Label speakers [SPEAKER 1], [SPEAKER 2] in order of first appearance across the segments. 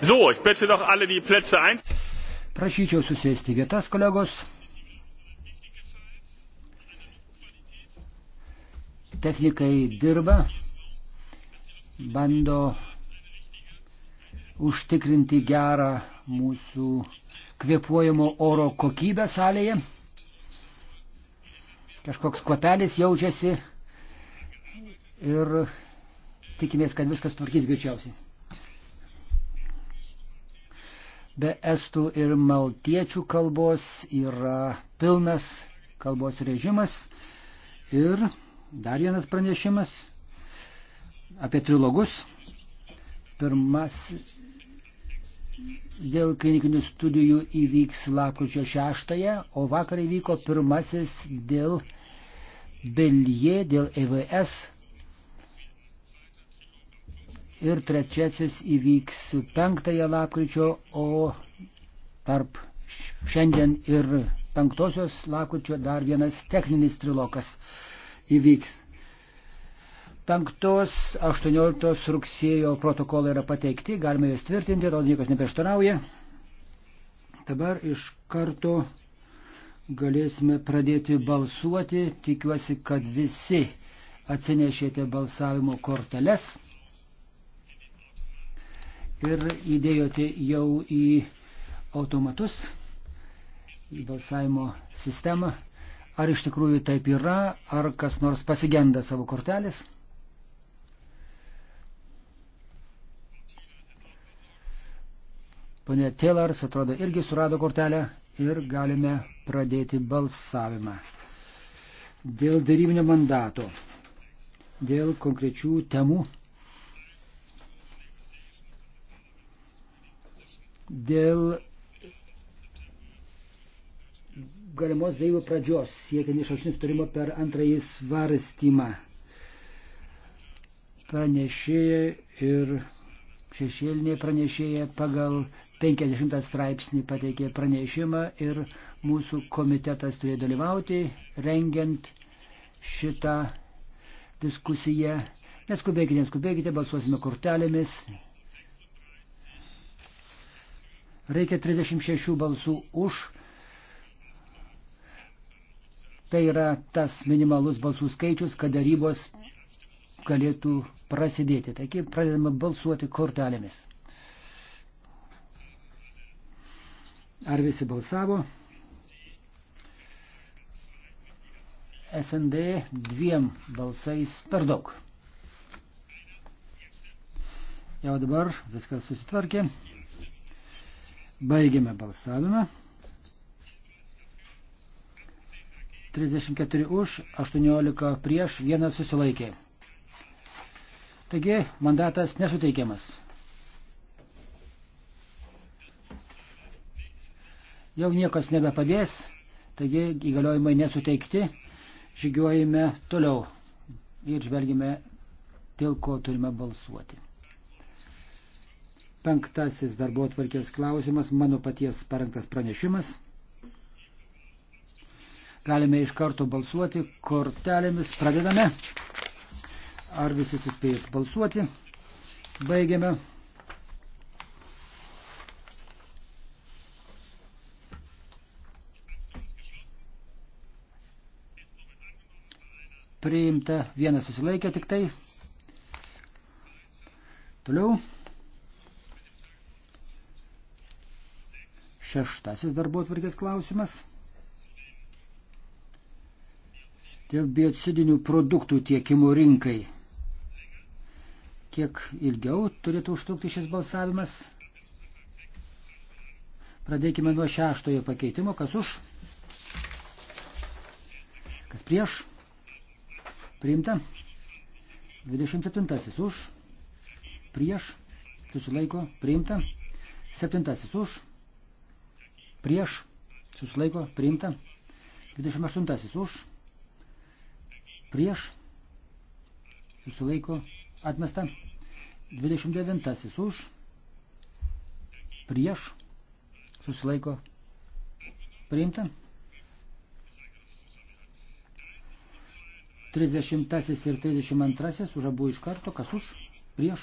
[SPEAKER 1] So, ich bitte doch alle die Plätze ein.
[SPEAKER 2] Prašyčiau susėsti vietas, kolegos. Technikai dirba, bando užtikrinti gerą mūsų kvepuojamo oro kokybę salėje. Kažkoks kvapelis jaučiasi ir tikimės, kad viskas tvarkys greičiausiai. be estų ir maltiečių kalbos yra pilnas kalbos režimas. Ir dar vienas pranešimas apie trilogus. Pirmas dėl klinikinių studijų įvyks lakrūčio 6, o vakar įvyko pirmasis dėl Belie, dėl EVS ir trečiasis įvyks 5 lapkričio, o tarp šiandien ir 5 lapkričio dar vienas techninis trilokas įvyks. 5-18 rugsėjo protokolai yra pateikti, galime juos tvirtinti, to niekas neprieštarauja. Dabar iš karto galėsime pradėti balsuoti. Tikiuosi, kad visi atsinešėte balsavimo korteles ir įdėjote jau į automatus, į balsavimo sistemą. Ar iš tikrųjų taip yra, ar kas nors pasigenda savo kortelės? Pone Tėlars atrodo irgi surado kortelę ir galime pradėti balsavimą. Dėl darybinio mandato, dėl konkrečių temų. dėl galimos dėjų pradžios, siekiant išaukštinį sutarimo per antrąjį svarstymą. Pranešėja ir šešėlinė pranešėja pagal 50 straipsnį pateikė pranešimą ir mūsų komitetas turėjo dalyvauti, rengiant šitą diskusiją. Neskubėkite, neskubėkite, balsuosime kortelėmis, Reikia 36 balsų už. Tai yra tas minimalus balsų skaičius, kad darybos galėtų prasidėti. Taigi pradedame balsuoti kortelėmis. Ar visi balsavo? SND dviem balsais per daug. Jau dabar viskas susitvarkė. Baigiame balsavimą. 34 už, 18 prieš, vienas susilaikė. Taigi mandatas nesuteikiamas. Jau niekas nebepadės, taigi įgaliojimai nesuteikti. Žygiuojame toliau ir žvelgime, dėl ko turime balsuoti. Penktasis darbo atvarkės klausimas, mano paties parengtas pranešimas. Galime iš karto balsuoti kortelėmis. Pradedame. Ar visi suspėjo balsuoti? Baigiame. Priimta vienas susilaikė tik tai. Toliau. Šeštasis darbo atvarkės klausimas. Dėl biocidinių produktų tiekimo rinkai. Kiek ilgiau turėtų užtrukti šis balsavimas? Pradėkime nuo šeštojo pakeitimo. Kas už? Kas prieš? Priimta. 27 už. Prieš. Susilaiko. Priimta. 7 už prieš, susilaiko, priimta. 28 už, prieš, susilaiko, atmesta. 29 už, prieš, susilaiko, priimta. 30 ir 32 už abu iš karto, kas už, prieš,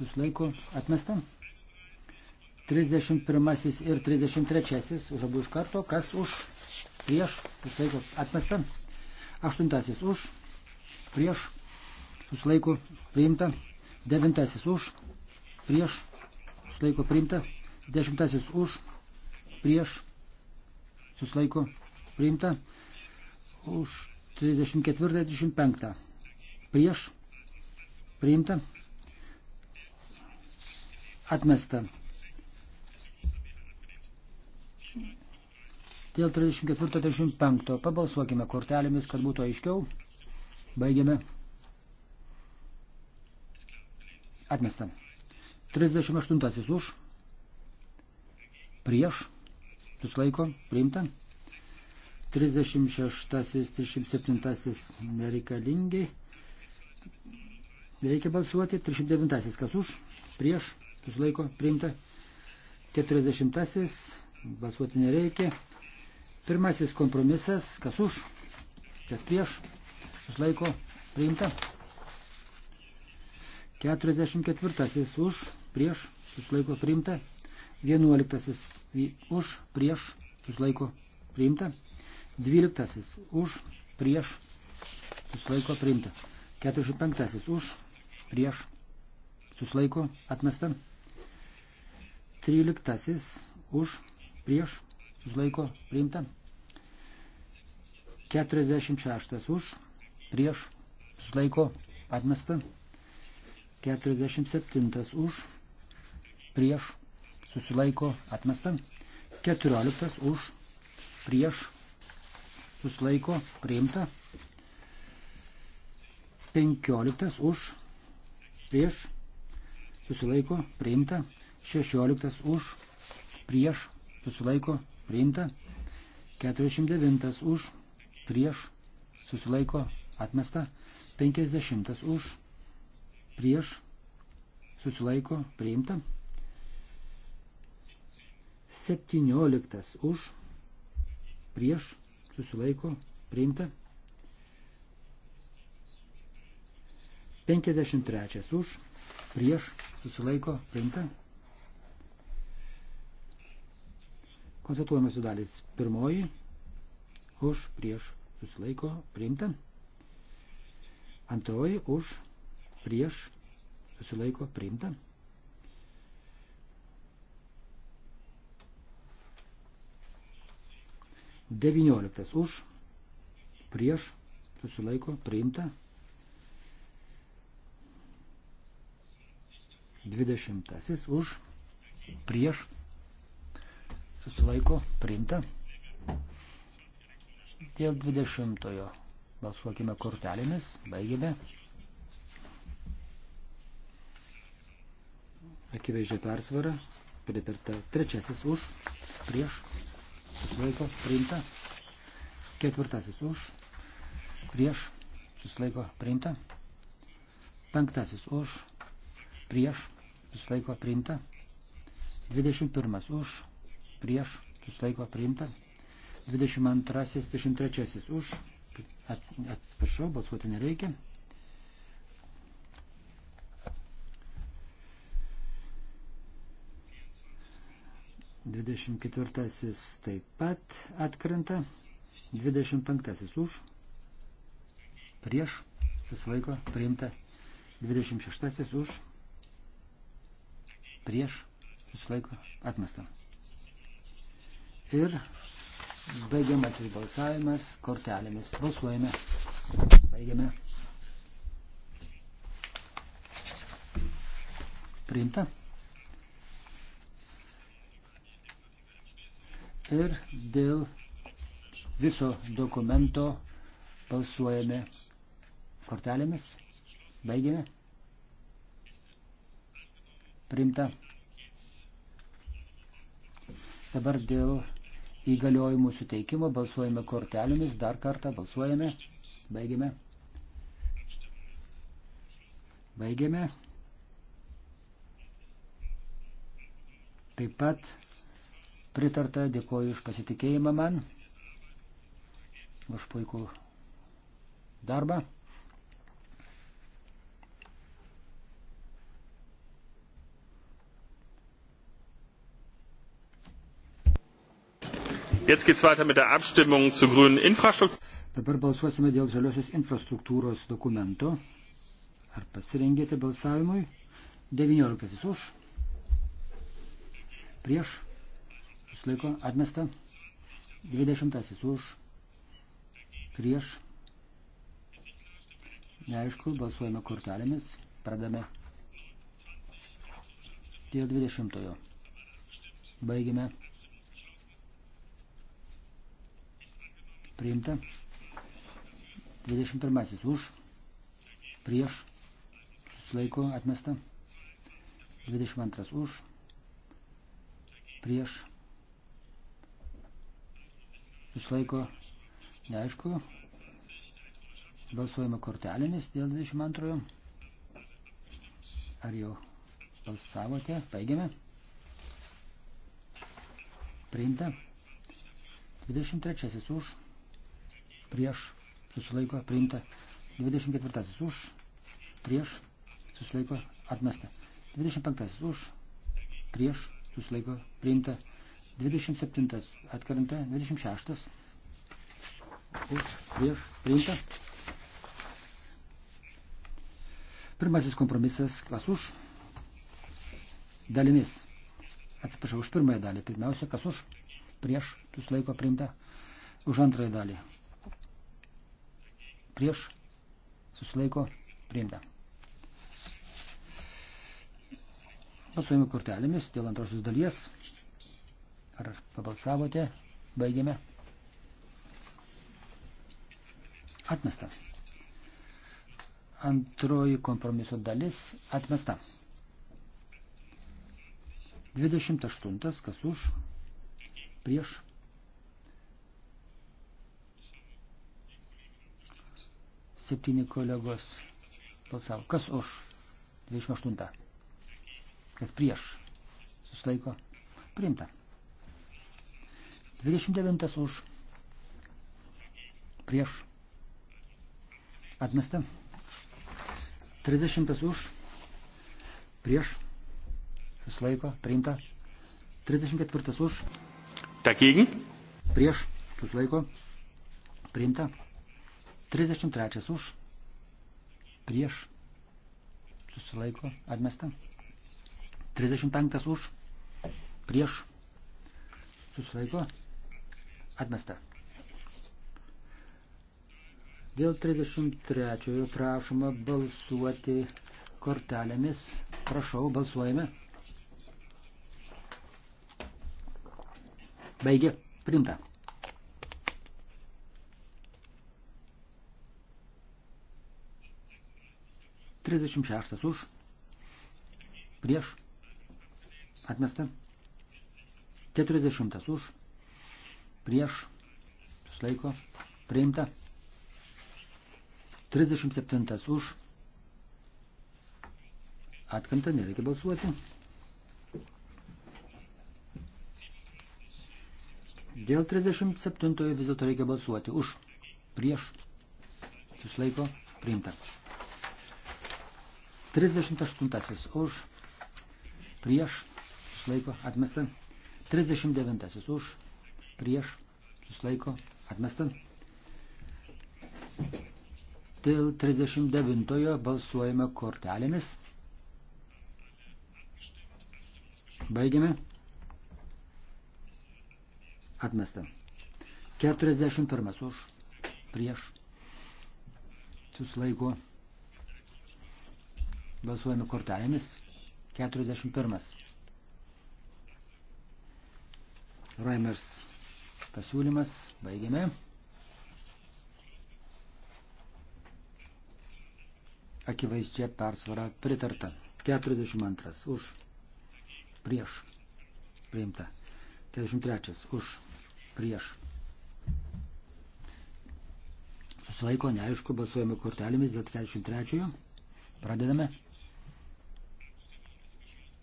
[SPEAKER 2] susilaiko, atmesta. 31 ir 33 už abu iš karto, kas už, prieš, susilaiko atmesta, 8 už, prieš, susilaiko priimta, 9 už, prieš, susilaiko priimta, 10 už, prieš, susilaiko priimta, už 34-35, prieš, priimta, atmesta. Dėl 34-35 pabalsuokime kortelėmis, kad būtų aiškiau. Baigiame. Atmesta. 38 už. Prieš. Suslaiko. Priimta. 36-37 nereikalingi. Reikia balsuoti. 39 kas už. Prieš. Suslaiko. Priimta. 40 balsuoti nereikia. Pirmasis kompromisas, kas už, kas prieš, išlaiko priimta. 44 už, prieš, išlaiko priimta. 11 už, prieš, išlaiko priimta. 12 už, prieš, susilaiko priimta. 45 už, prieš, susilaiko atmesta. 13 už, prieš, išlaiko priimta. 46 už, prieš, išlaiko atmesta. 47 už, prieš, susilaiko atmesta. 14 už, prieš, susilaiko priimta. 15 už, prieš, susilaiko priimta. 16 už, prieš, susilaiko priimta. 409 už, prieš, susilaiko, atmesta. 50 už, prieš, susilaiko, priimta. 17 už, prieš, susilaiko, priimta. 53 už, prieš, susilaiko, priimta. Konstatuojamos dalis pirmoji, už, prieš, susilaiko, priimta. Antroji, už, prieš, susilaiko, priimta. Devynioliktas už, prieš, susilaiko, priimta. Dvidešimtasis už, prieš, susilaiko priimta. Dėl 20. Balsuokime kortelėmis. Baigėme. Akivaizdžiai persvara. Pritarta trečiasis už, prieš, susilaiko, priimta. Ketvirtasis už, prieš, susilaiko, priimta. Penktasis už, prieš, susilaiko, priimta. Dvidešimt pirmas už, prieš, susilaiko priimta. 22, 23 už, atpašau, balsuoti nereikia. Dvidešimt ketvirtasis taip pat atkrenta. Dvidešimt penktasis už. Prieš. Susilaiko. Priimta. Dvidešimt šeštasis už. Prieš. Susilaiko. Atmesta. Ir baigiamas ir balsavimas kortelėmis. Balsuojame. Baigiame. Priimta. Ir dėl viso dokumento balsuojame kortelėmis. Baigiame. Priimta. Dabar dėl įgaliojimų suteikimo. Balsuojame kortelėmis. Dar kartą balsuojame. Baigiame. Baigiame. Taip pat pritarta, dėkoju už pasitikėjimą man, už puikų darbą.
[SPEAKER 1] Jetzt geht's weiter mit der Abstimmung zu grünen Infrastruktur.
[SPEAKER 2] Dabar balsuosime dėl žaliosios infrastruktūros dokumento. Ar pasirengėte balsavimui? 19 už. Prieš. Susilaiko. Atmesta. 20 už. Prieš. Neaišku, balsuojame kortelėmis. Pradame. Dėl 20. Baigime. priimta. 21 už, prieš, susilaiko atmesta. 22 už, prieš, susilaiko neaišku. Balsuojame kortelėmis dėl 22. Ar jau balsavote? Baigiame. Priimta. 23 už prieš, susilaiko, priimta. 24 už, prieš, susilaiko, atmesta. 25 už, prieš, susilaiko, priimta. 27 atkrenta, 26 už, prieš, priimta. Pirmasis kompromisas, kas už, dalimis. Atsiprašau, už pirmąją dalį. Pirmiausia, kas už, prieš, susilaiko, priimta. Už antrąją dalį, prieš susilaiko priimta. Balsuojame kortelėmis dėl antrosios dalies. Ar pabalsavote? Baigėme. Atmesta. Antroji kompromiso dalis atmesta. 28. Kas už? Prieš Septyni kolegos balsavo. Kas už 28? Kas prieš? Suslaiko. Priimta. 29 už. Prieš. Atmesta. 30 už. Prieš. Suslaiko. Priimta. 34 už. Dagegen. Prieš. Suslaiko. Priimta. 33 už, prieš, susilaiko, atmesta. 35 už, prieš, susilaiko, atmesta. Dėl 33 prašoma balsuoti kortelėmis. Prašau, balsuojame. Baigė. Primta. 36 už, prieš, atmesta, 40 už, prieš, suslaiko, priimta, 37 už, atkrenta, nereikia balsuoti. Dėl 37 vis dėlto reikia balsuoti už, prieš, suslaiko, priimta. 38 už, prieš, susilaiko, atmesta. 39 už, prieš, susilaiko, atmesta. Dėl 39 balsuojame kortelėmis. Baigiame. Atmesta. 41 už, prieš, susilaiko, atmesta Balsuojame kortelėmis. 41. Reimers pasiūlymas. Baigiame. Akivaizdžia persvara pritarta. 42. Už. Prieš. Priimta. 43. Už. Prieš. Susilaiko neaišku, balsuojame kortelėmis dėl 43. Pradedame.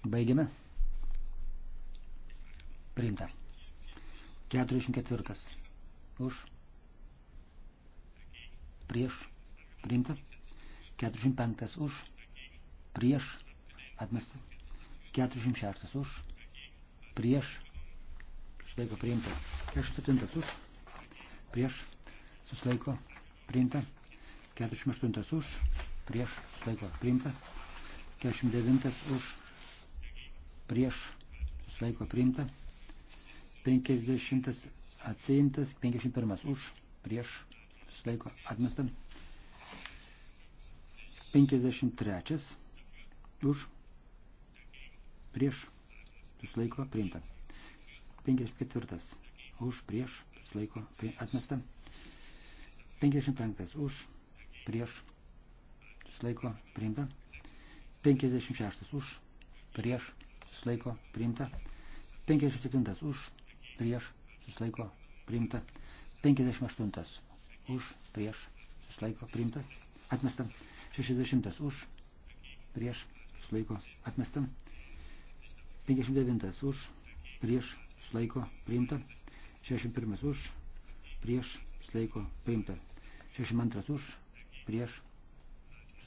[SPEAKER 2] Baigiame. Priimta. 44. Už. Prieš. Priimta. 45. Už. Prieš. Atmesta. 46. Už. Prieš. Susilaiko priimta. 47. Už. Prieš. Susilaiko priimta. 48. Už prieš laiko priimta, 49 už prieš laiko priimta, 50 atsiimtas, 51 už prieš laiko atmestą, 53 už prieš laiko priimta, 54 už prieš laiko atmestą, 55 už prieš susilaiko priimta. 56 už, prieš, susilaiko priimta. 57 už, prieš, susilaiko priimta. 58 už, prieš, susilaiko priimta. Atmesta. 60 už, prieš, susilaiko atmesta. 59 už, prieš, susilaiko priimta. 61 už, prieš, susilaiko priimta. 62 už, prieš,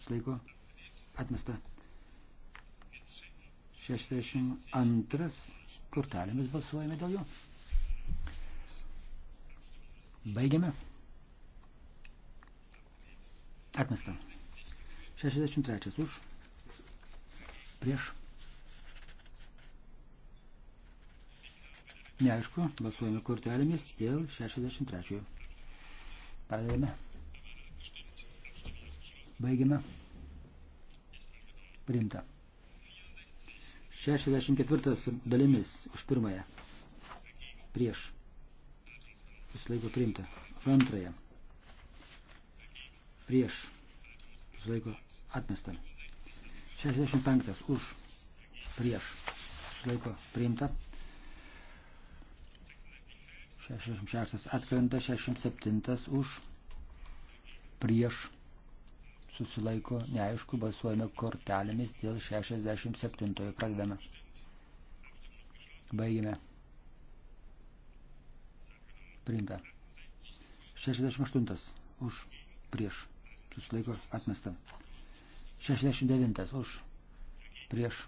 [SPEAKER 2] susilaiko atmesta. 62 kortelėmis balsuojame dėl jo. Baigiame. Atmesta. 63 už. Prieš. Neaišku, balsuojame kortelėmis dėl 63. Pradedame. Baigiame. Priimta. 64 dalimis už pirmąją. Prieš. Susilaiko priimta. Už antrąją. Prieš. Susilaiko atmesta. 65 už. Prieš. Susilaiko priimta. 66 atkrenta. 67 už. Prieš susilaiko, neaišku, balsuojame kortelėmis dėl 67. Pradedame. Baigime. Priimta. 68. Už. Prieš. Susilaiko. Atmesta. 69. Už. Prieš.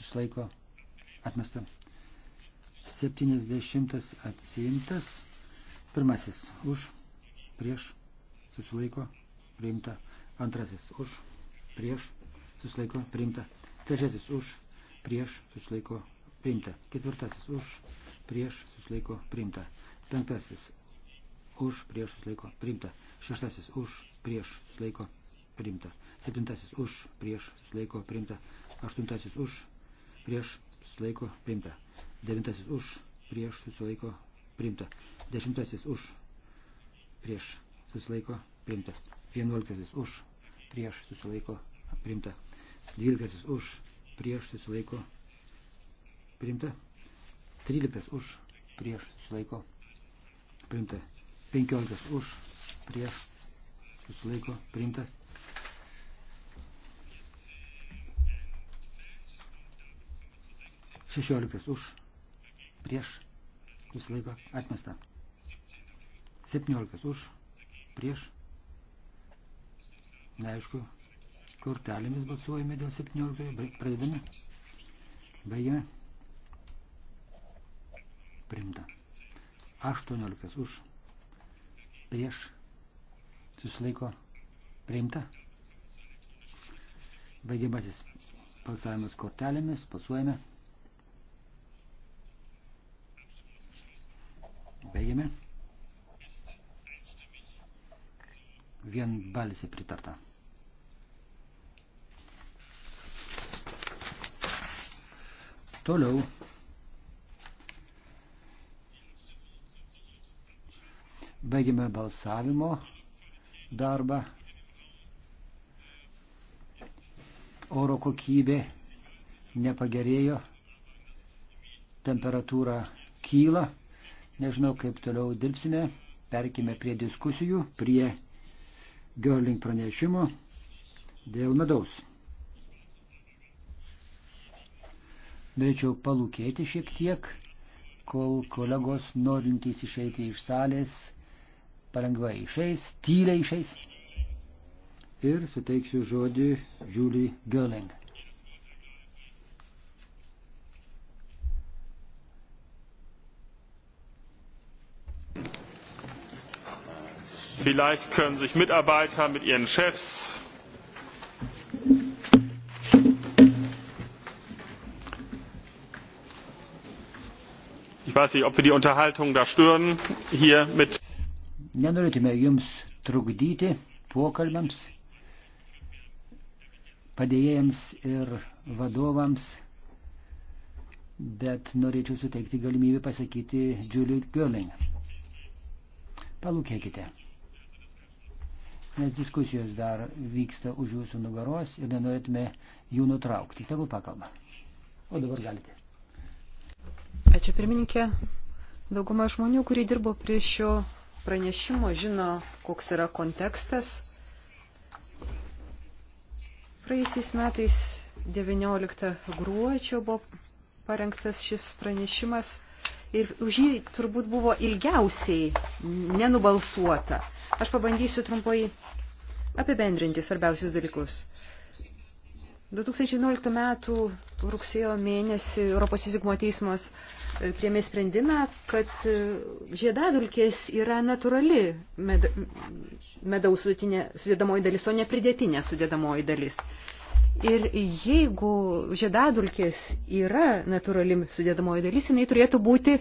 [SPEAKER 2] Susilaiko. Atmesta. 70. Atsiimtas. Pirmasis. Už. Prieš. Susilaiko. Priimta. Antrasis už, prieš, susilaiko priimta. Trečiasis už, prieš, susilaiko priimta. Ketvirtasis už, prieš, susilaiko priimta. Penktasis už, prieš, susilaiko priimta. Šeštasis už, prieš, susilaiko priimta. Septintasis už, prieš, susilaiko priimta. Aštuntasis už, prieš, susilaiko priimta. Devintasis už, prieš, susilaiko priimta. Dešimtasis už, prieš, susilaiko priimta. 11 už, prieš susilaiko primta. 12 už, prieš susilaiko primta. 13 už, prieš susilaiko primta. 15 už, prieš susilaiko primta. Šešioliktas už, prieš, susilaiko, atmesta. Septynioliktas už, prieš, Neaišku, kortelėmis balsuojame dėl 17. Pradedame. Baigiame. Primta. 18 už. Prieš. Susilaiko. Priimta. Baigiamasis balsavimas kortelėmis. Balsuojame. Baigiame. Vien balsiai pritarta. Toliau. Baigime balsavimo darbą. Oro kokybė nepagerėjo, temperatūra kyla. Nežinau, kaip toliau dirbsime. Perkime prie diskusijų, prie Görling pranešimo dėl medaus. Norėčiau palūkėti šiek tiek, kol kolegos norintys išeiti iš salės palengvai išeis, tyliai išeis. Ir suteiksiu žodį Julie Gerling.
[SPEAKER 1] Vielleicht können sich Mitarbeiter mit ihren Chefs weiß nicht, ob wir die Unterhaltung da stören hier mit.
[SPEAKER 2] Nenorėtume jums trukdyti pokalbiams, padėjėjams ir vadovams, bet norėčiau suteikti galimybę pasakyti Julie Girling. Palūkėkite, nes diskusijos dar vyksta už jūsų nugaros ir nenorėtume jų nutraukti. Tegul pakalba. O dabar galite. Ačiū
[SPEAKER 3] pirmininkė. Dauguma žmonių, kurie dirbo prie šio pranešimo, žino, koks yra kontekstas. Praėjusiais metais 19 gruodžio buvo parengtas šis pranešimas ir už jį turbūt buvo ilgiausiai nenubalsuota. Aš pabandysiu trumpai apibendrinti svarbiausius dalykus. 2011 m. rugsėjo mėnesį Europos teisingumo teismas e, priemė sprendimą, kad e, žiedadulkės yra natūrali med, medaus sudėdamoji dalis, o ne pridėtinė sudėdamoji dalis. Ir jeigu žiedadulkės yra natūrali sudėdamoji dalis, jinai turėtų būti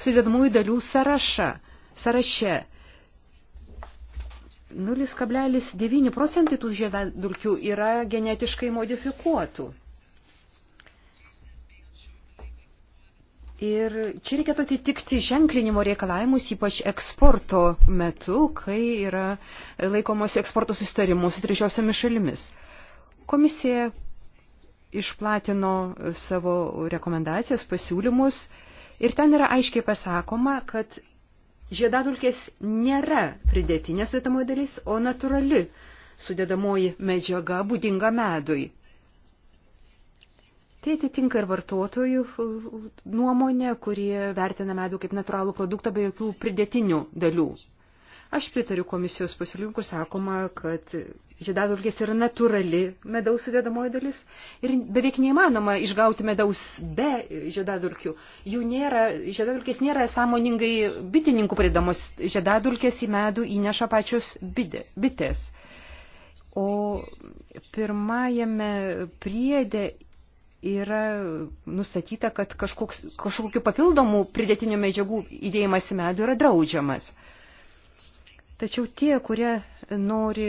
[SPEAKER 3] sudėdamųjų dalių sąraša, sąraše. 0,9 procentai tų žiedadulkių yra genetiškai modifikuotų. Ir čia reikėtų atitikti ženklinimo reikalavimus, ypač eksporto metu, kai yra laikomos eksporto sustarimų su trečiosiomis šalimis. Komisija išplatino savo rekomendacijas, pasiūlymus ir ten yra aiškiai pasakoma, kad Žiedadulkės nėra pridėtinė sudėdamoji dalis, o natūrali sudėdamoji medžiaga būdinga medui. Tai atitinka ir vartotojų nuomonė, kurie vertina medų kaip natūralų produktą be jokių pridėtinių dalių. Aš pritariu komisijos pasiūlymui, kur sakoma, kad žiedadulkės yra natūrali medaus sudėdamoji dalis ir beveik neįmanoma išgauti medaus be žiedadulkių. Jų nėra, žiedadulkės nėra sąmoningai bitininkų pridamos, žiedadulkės į medų įneša pačios bidė, bitės. O pirmajame priedė yra nustatyta, kad kažkoks, kažkokiu papildomų pridėtinių medžiagų įdėjimas į medų yra draudžiamas. Tačiau tie, kurie nori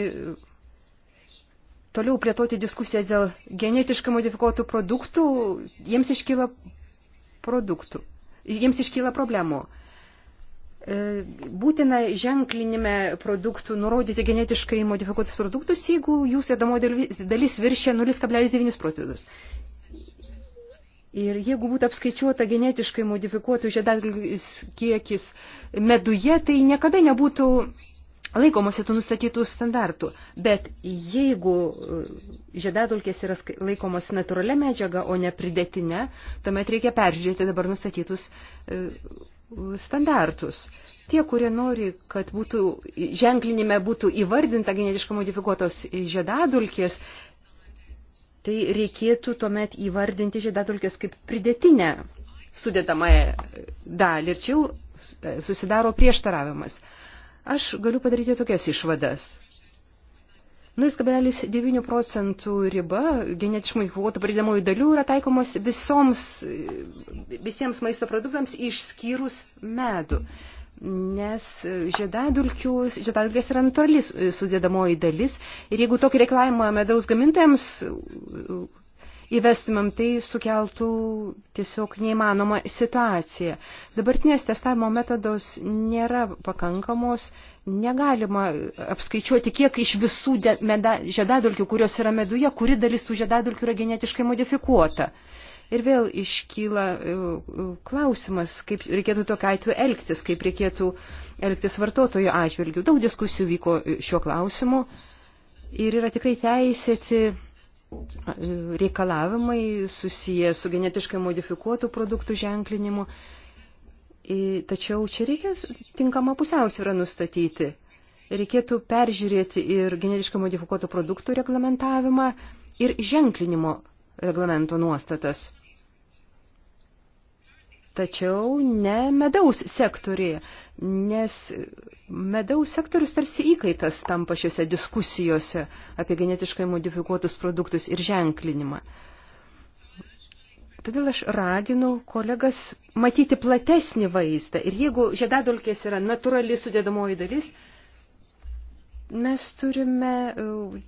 [SPEAKER 3] toliau plėtoti diskusijas dėl genetiškai modifikuotų produktų, jiems iškyla produktų, jiems iškyla problemų. E, būtina ženklinime produktų nurodyti genetiškai modifikuotus produktus, jeigu jūs ėdamo dalis viršė 0,9 procentus. Ir jeigu būtų apskaičiuota genetiškai modifikuotų žiedadulkių kiekis meduje, tai niekada nebūtų laikomasi tų nustatytų standartų. Bet jeigu e, žiedadulkės yra laikomos natūralia medžiaga, o ne pridėtinė, tuomet reikia peržiūrėti dabar nustatytus e, standartus. Tie, kurie nori, kad būtų, ženklinime būtų įvardinta genetiškai modifikuotos žiedadulkės, tai reikėtų tuomet įvardinti žiedadulkės kaip pridėtinę sudėtamąją dalį. Ir čia jau e, susidaro prieštaravimas. Aš galiu padaryti tokias išvadas. 0,9 procentų riba genetiškai kvotų pridamųjų dalių yra taikomos visoms, visiems maisto produktams išskyrus medų. Nes žiedadulkės yra natūralis sudėdamoji dalis ir jeigu tokį reklamą medaus gamintojams įvestumėm, tai sukeltų tiesiog neįmanomą situaciją. Dabartinės testavimo metodos nėra pakankamos, negalima apskaičiuoti, kiek iš visų žiedadulkių, kurios yra meduje, kuri dalis tų žiedadulkių yra genetiškai modifikuota. Ir vėl iškyla e, e, klausimas, kaip reikėtų tokia atveju elgtis, kaip reikėtų elgtis vartotojų atžvilgių. Daug diskusijų vyko šiuo klausimu ir yra tikrai teisėti reikalavimai susiję su genetiškai modifikuotų produktų ženklinimu. Tačiau čia reikia tinkamą pusiausvyrą nustatyti. Reikėtų peržiūrėti ir genetiškai modifikuotų produktų reglamentavimą ir ženklinimo reglamento nuostatas. Tačiau ne medaus sektorėje nes medaus sektorius tarsi įkaitas tampa šiuose diskusijose apie genetiškai modifikuotus produktus ir ženklinimą. Todėl aš raginau kolegas matyti platesnį vaizdą. Ir jeigu žiedadulkės yra natūrali sudėdamoji dalis, mes turime e,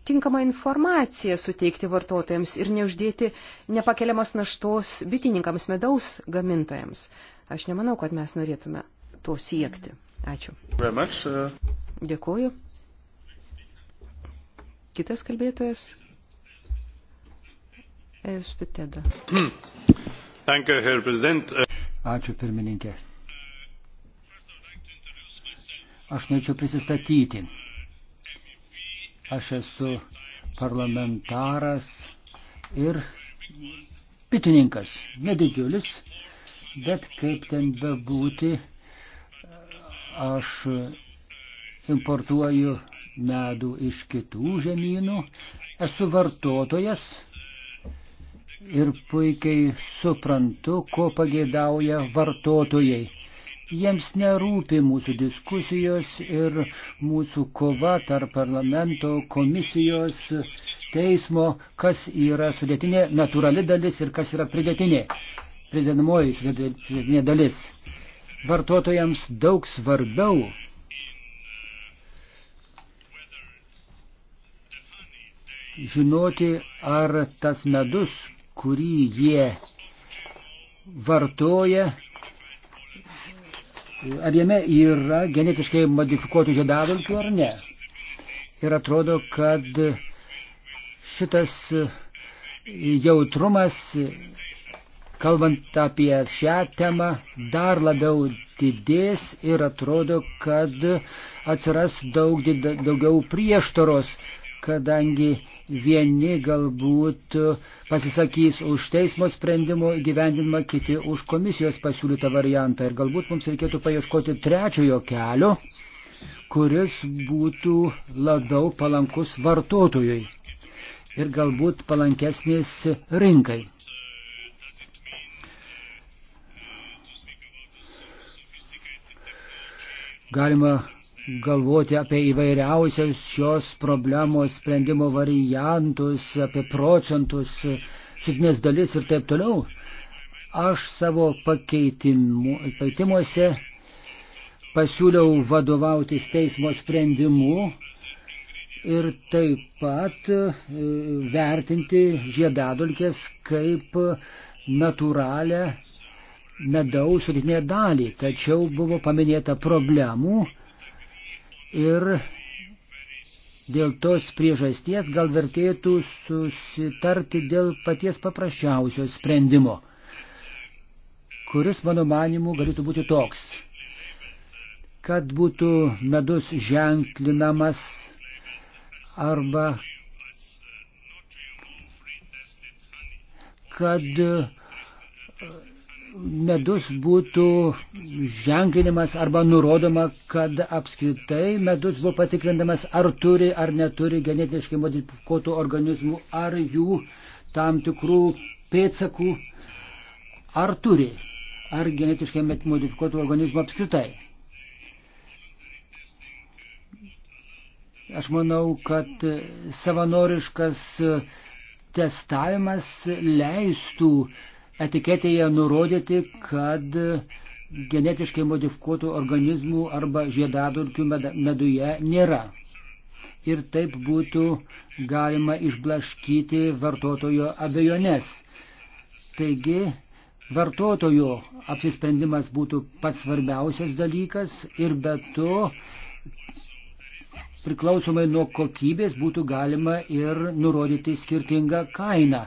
[SPEAKER 3] tinkamą informaciją suteikti vartotojams ir neuždėti nepakeliamas naštos bitininkams, medaus gamintojams. Aš nemanau, kad mes norėtume to siekti. Ačiū. Uh, Dėkuoju.
[SPEAKER 2] Kitas kalbėtojas. Espiteda.
[SPEAKER 3] Ačiū
[SPEAKER 2] pirmininkė. Aš norėčiau prisistatyti. Aš esu parlamentaras ir bitininkas. Nedidžiulis, bet kaip ten bebūti, aš importuoju medų iš kitų žemynų, esu vartotojas ir puikiai suprantu, ko pageidauja vartotojai. Jiems nerūpi mūsų diskusijos ir mūsų kova tarp parlamento, komisijos, teismo, kas yra sudėtinė, natūrali dalis ir kas yra pridėtinė, pridedamoji sudėtinė dalis vartotojams daug svarbiau žinoti, ar tas medus, kurį jie vartoja, ar jame yra genetiškai modifikuotų žiedadulkių ar ne. Ir atrodo, kad šitas jautrumas kalbant apie šią temą, dar labiau didės ir atrodo, kad atsiras daug, daugiau prieštaros, kadangi vieni galbūt pasisakys už teismo sprendimo gyvendinimą, kiti už komisijos pasiūlytą variantą. Ir galbūt mums reikėtų paieškoti trečiojo kelio, kuris būtų labiau palankus vartotojui ir galbūt palankesnis rinkai. Galima galvoti apie įvairiausias šios problemos sprendimo variantus, apie procentus, fizinės dalis ir taip toliau. Aš savo pakeitimuose pasiūliau vadovautis teismo sprendimu ir taip pat e, vertinti žiedadulkės kaip natūralią medaus sudėtinę dalį, tačiau buvo paminėta problemų ir dėl tos priežasties gal vertėtų susitarti dėl paties paprasčiausio sprendimo, kuris mano manimu galėtų būti toks, kad būtų medus ženklinamas arba kad medus būtų ženklinimas arba nurodoma, kad apskritai medus buvo patikrindamas, ar turi ar neturi genetiškai modifikuotų organizmų, ar jų tam tikrų pėtsakų, ar turi, ar genetiškai modifikuotų organizmų apskritai. Aš manau, kad savanoriškas testavimas leistų uh, etiketėje nurodyti, kad genetiškai modifikuotų organizmų arba žiedadulkių meduje nėra. Ir taip būtų galima išblaškyti vartotojo abejonės. Taigi, vartotojo apsisprendimas būtų pats svarbiausias dalykas ir be to priklausomai nuo kokybės būtų galima ir nurodyti skirtingą kainą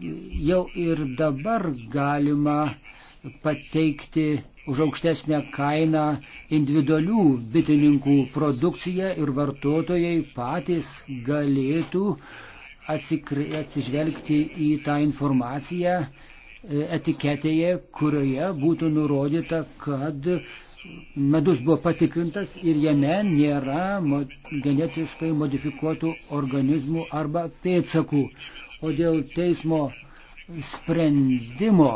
[SPEAKER 2] jau ir dabar galima pateikti už aukštesnę kainą individualių bitininkų produkciją ir vartotojai patys galėtų atsikri, atsižvelgti į tą informaciją e, etiketėje, kurioje būtų nurodyta, kad medus buvo patikrintas ir jame nėra genetiškai modifikuotų organizmų arba pėdsakų. O dėl teismo sprendimo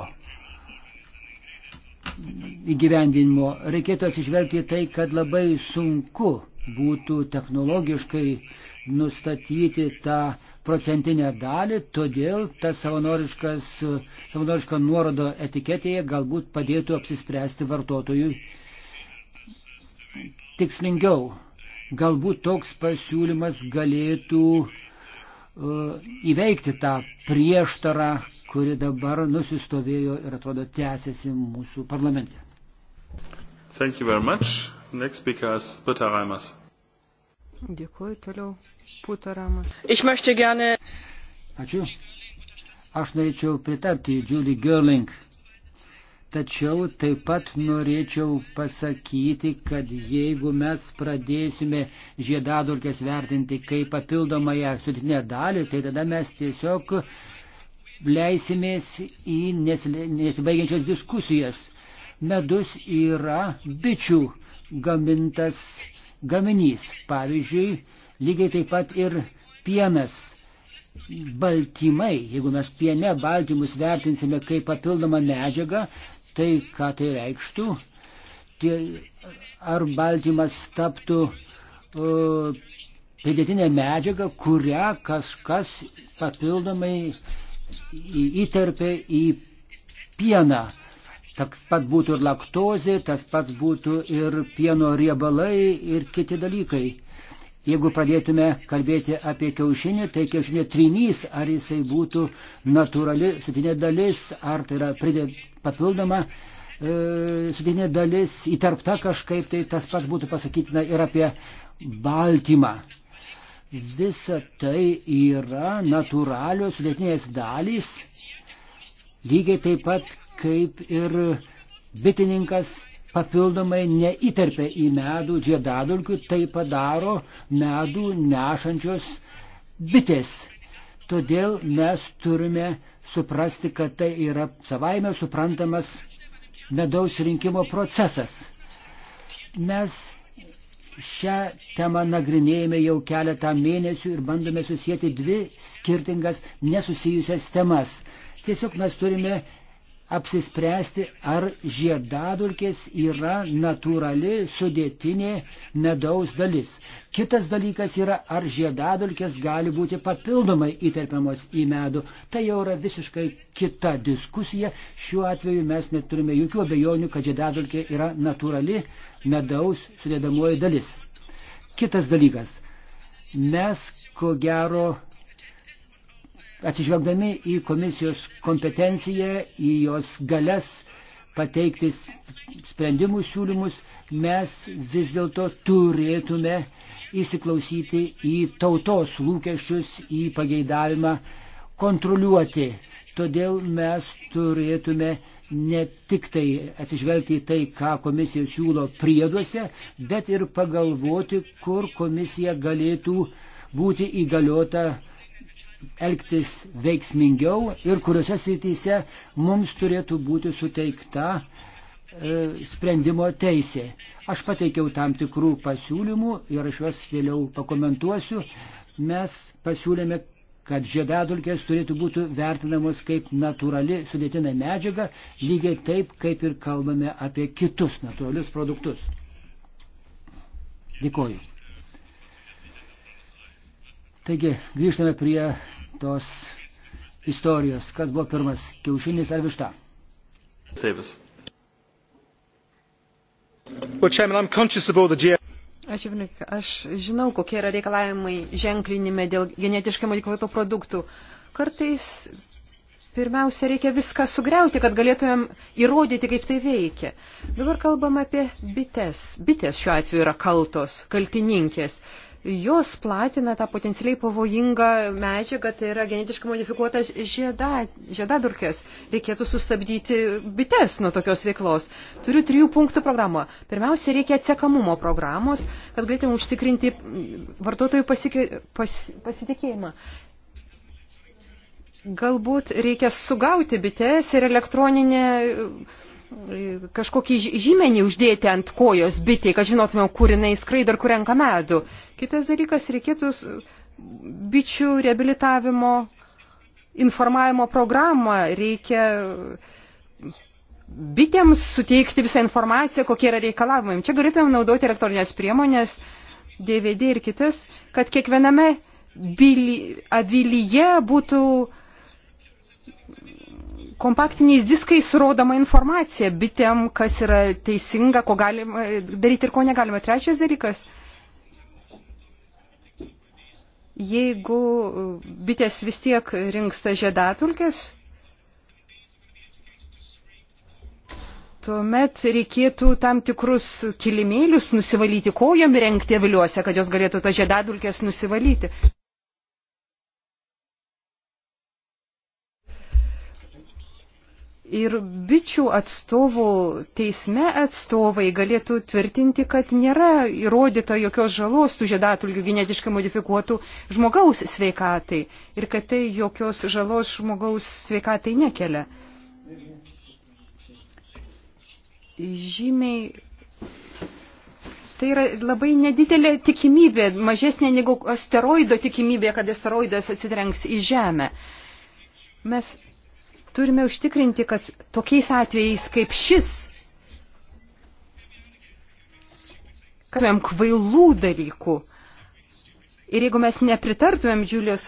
[SPEAKER 2] įgyvendinimo reikėtų atsižvelgti į tai, kad labai sunku būtų technologiškai nustatyti tą procentinę dalį, todėl ta savanoriška nuoroda etiketėje galbūt padėtų apsispręsti vartotojui tikslingiau. Galbūt toks pasiūlymas galėtų įveikti tą prieštarą, kuri dabar nusistovėjo ir atrodo tęsiasi mūsų parlamente. Thank you very much.
[SPEAKER 3] Next speaker is Puta Raimas.
[SPEAKER 2] Dėkuoju toliau, Puta Raimas. Ich möchte gerne. Ačiū. Aš norėčiau pritarti Julie Gerling Tačiau taip pat norėčiau pasakyti, kad jeigu mes pradėsime žiedadulkės vertinti kaip papildomąją sudėtinę dalį, tai tada mes tiesiog leisimės į nesibaigiančias diskusijas. Medus yra bičių gamintas gaminys. Pavyzdžiui, lygiai taip pat ir pienas baltymai, jeigu mes piene baltymus vertinsime kaip papildomą medžiagą, Tai, ką tai reikštų, tie, ar baltymas taptų uh, pridėtinė medžiaga, kurią kažkas papildomai įterpė į pieną. Tas pat būtų ir laktozė, tas pats būtų ir pieno riebalai ir kiti dalykai. Jeigu pradėtume kalbėti apie kiaušinį, tai kiaušinio trinys, ar jisai būtų natūrali sutinė dalis, ar tai yra pridė, papildoma e, sudėtinė dalis įterpta kažkaip, tai tas pats būtų pasakytina ir apie baltymą. Visa tai yra natūralios sudėtinės dalys, lygiai taip pat kaip ir bitininkas papildomai neįterpia į medų žiedadulkių, tai padaro medų nešančios bitės. Todėl mes turime suprasti, kad tai yra savaime suprantamas medaus rinkimo procesas. Mes šią temą nagrinėjame jau keletą mėnesių ir bandome susijęti dvi skirtingas nesusijusias temas. Tiesiog mes turime apsispręsti, ar žiedadulkės yra natūrali sudėtinė medaus dalis. Kitas dalykas yra, ar žiedadulkės gali būti papildomai įterpiamos į medų. Tai jau yra visiškai kita diskusija. Šiuo atveju mes neturime jokių abejonių, kad žiedadulkė yra natūrali medaus sudėdamoji dalis. Kitas dalykas. Mes, ko gero, atsižvelgdami į komisijos kompetenciją, į jos galias pateikti sprendimų siūlymus, mes vis dėlto turėtume įsiklausyti į tautos lūkesčius, į pageidavimą kontroliuoti. Todėl mes turėtume ne tik tai atsižvelgti į tai, ką komisija siūlo prieduose, bet ir pagalvoti, kur komisija galėtų būti įgaliota elgtis veiksmingiau ir kuriuose srityse mums turėtų būti suteikta e, sprendimo teisė. Aš pateikiau tam tikrų pasiūlymų ir aš juos vėliau pakomentuosiu. Mes pasiūlėme, kad žiedadulkės turėtų būti vertinamos kaip natūrali sudėtinė medžiaga, lygiai taip, kaip ir kalbame apie kitus natūralius produktus. Dėkoju. Taigi, grįžtame prie tos istorijos. Kas buvo pirmas, kiaušinis ar višta? Davis. Well, Chairman,
[SPEAKER 1] I'm conscious of all the GM.
[SPEAKER 3] Aš, aš žinau, kokie yra reikalavimai ženklinime dėl genetiškai modifikuotų produktų. Kartais pirmiausia reikia viską sugriauti, kad galėtumėm įrodyti, kaip tai veikia. Dabar kalbam apie bites. Bites šiuo atveju yra kaltos, kaltininkės jos platina tą potencialiai pavojingą medžiagą, tai yra genetiškai modifikuotas žieda, žiedadurkės. Reikėtų sustabdyti bites nuo tokios veiklos. Turiu trijų punktų programą. Pirmiausia, reikia atsekamumo programos, kad galėtume užtikrinti vartotojų pasike, pas, pasitikėjimą. Galbūt reikia sugauti bites ir elektroninę kažkokį žymenį uždėti ant kojos bitė, kad žinotumėm, kur jinai skraido ir kur renka medų. Kitas dalykas, reikėtų bičių reabilitavimo informavimo programą, reikia bitėms suteikti visą informaciją, kokie yra reikalavimai. Čia galėtumėm naudoti elektroninės priemonės, DVD ir kitas, kad kiekviename avily, avilyje būtų uh, kompaktiniais diskais rodoma informacija bitėm, kas yra teisinga, ko galima e, daryti ir ko negalima. Trečias dalykas, jeigu e, bitės vis tiek rinksta žiedatulkės, tuomet reikėtų tam tikrus kilimėlius nusivalyti kojom įrengti aviliuose, kad jos galėtų tą žiedadulkės nusivalyti. ir bičių atstovų teisme atstovai galėtų tvirtinti, kad nėra įrodyta jokios žalos tų žiedatulgių genetiškai modifikuotų žmogaus sveikatai ir kad tai jokios žalos žmogaus sveikatai nekelia. Žymiai. Tai yra labai nedidelė tikimybė, mažesnė negu asteroido tikimybė, kad asteroidas atsitrenks į Žemę. Mes turime užtikrinti, kad tokiais atvejais kaip šis, kad turėm kvailų dalykų. Ir jeigu mes nepritartumėm Džiulios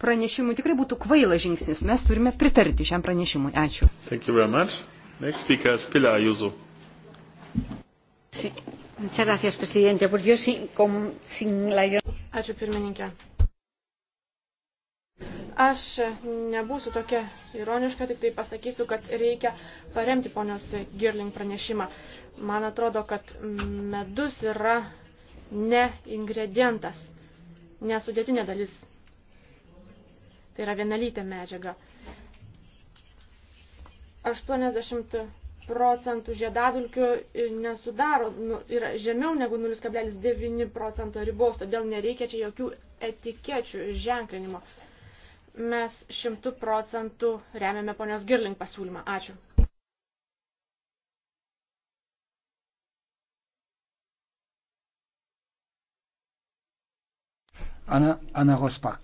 [SPEAKER 3] pranešimui, tikrai būtų kvaila žingsnis. Mes turime pritarti šiam pranešimui. Ačiū.
[SPEAKER 1] Thank you very much. Next speaker is Pilar Ayuso. Sí. Muchas gracias, presidente. Pues yo sí, con, sin la... Ačiū, pirmininkė. Aš nebūsiu tokia ironiška, tik tai pasakysiu, kad reikia paremti ponios Girling pranešimą. Man atrodo, kad medus yra ne ingredientas, nesudėtinė dalis. Tai yra vienalytė medžiaga. 80 procentų žiedadulkių nesudaro, nu, yra žemiau negu 0,9 procento ribos, todėl nereikia čia jokių etikečių ženklinimo. Mes šimtų procentų remiame ponios Girling pasiūlymą. Ačiū.
[SPEAKER 2] Anna, Anna Rosbach.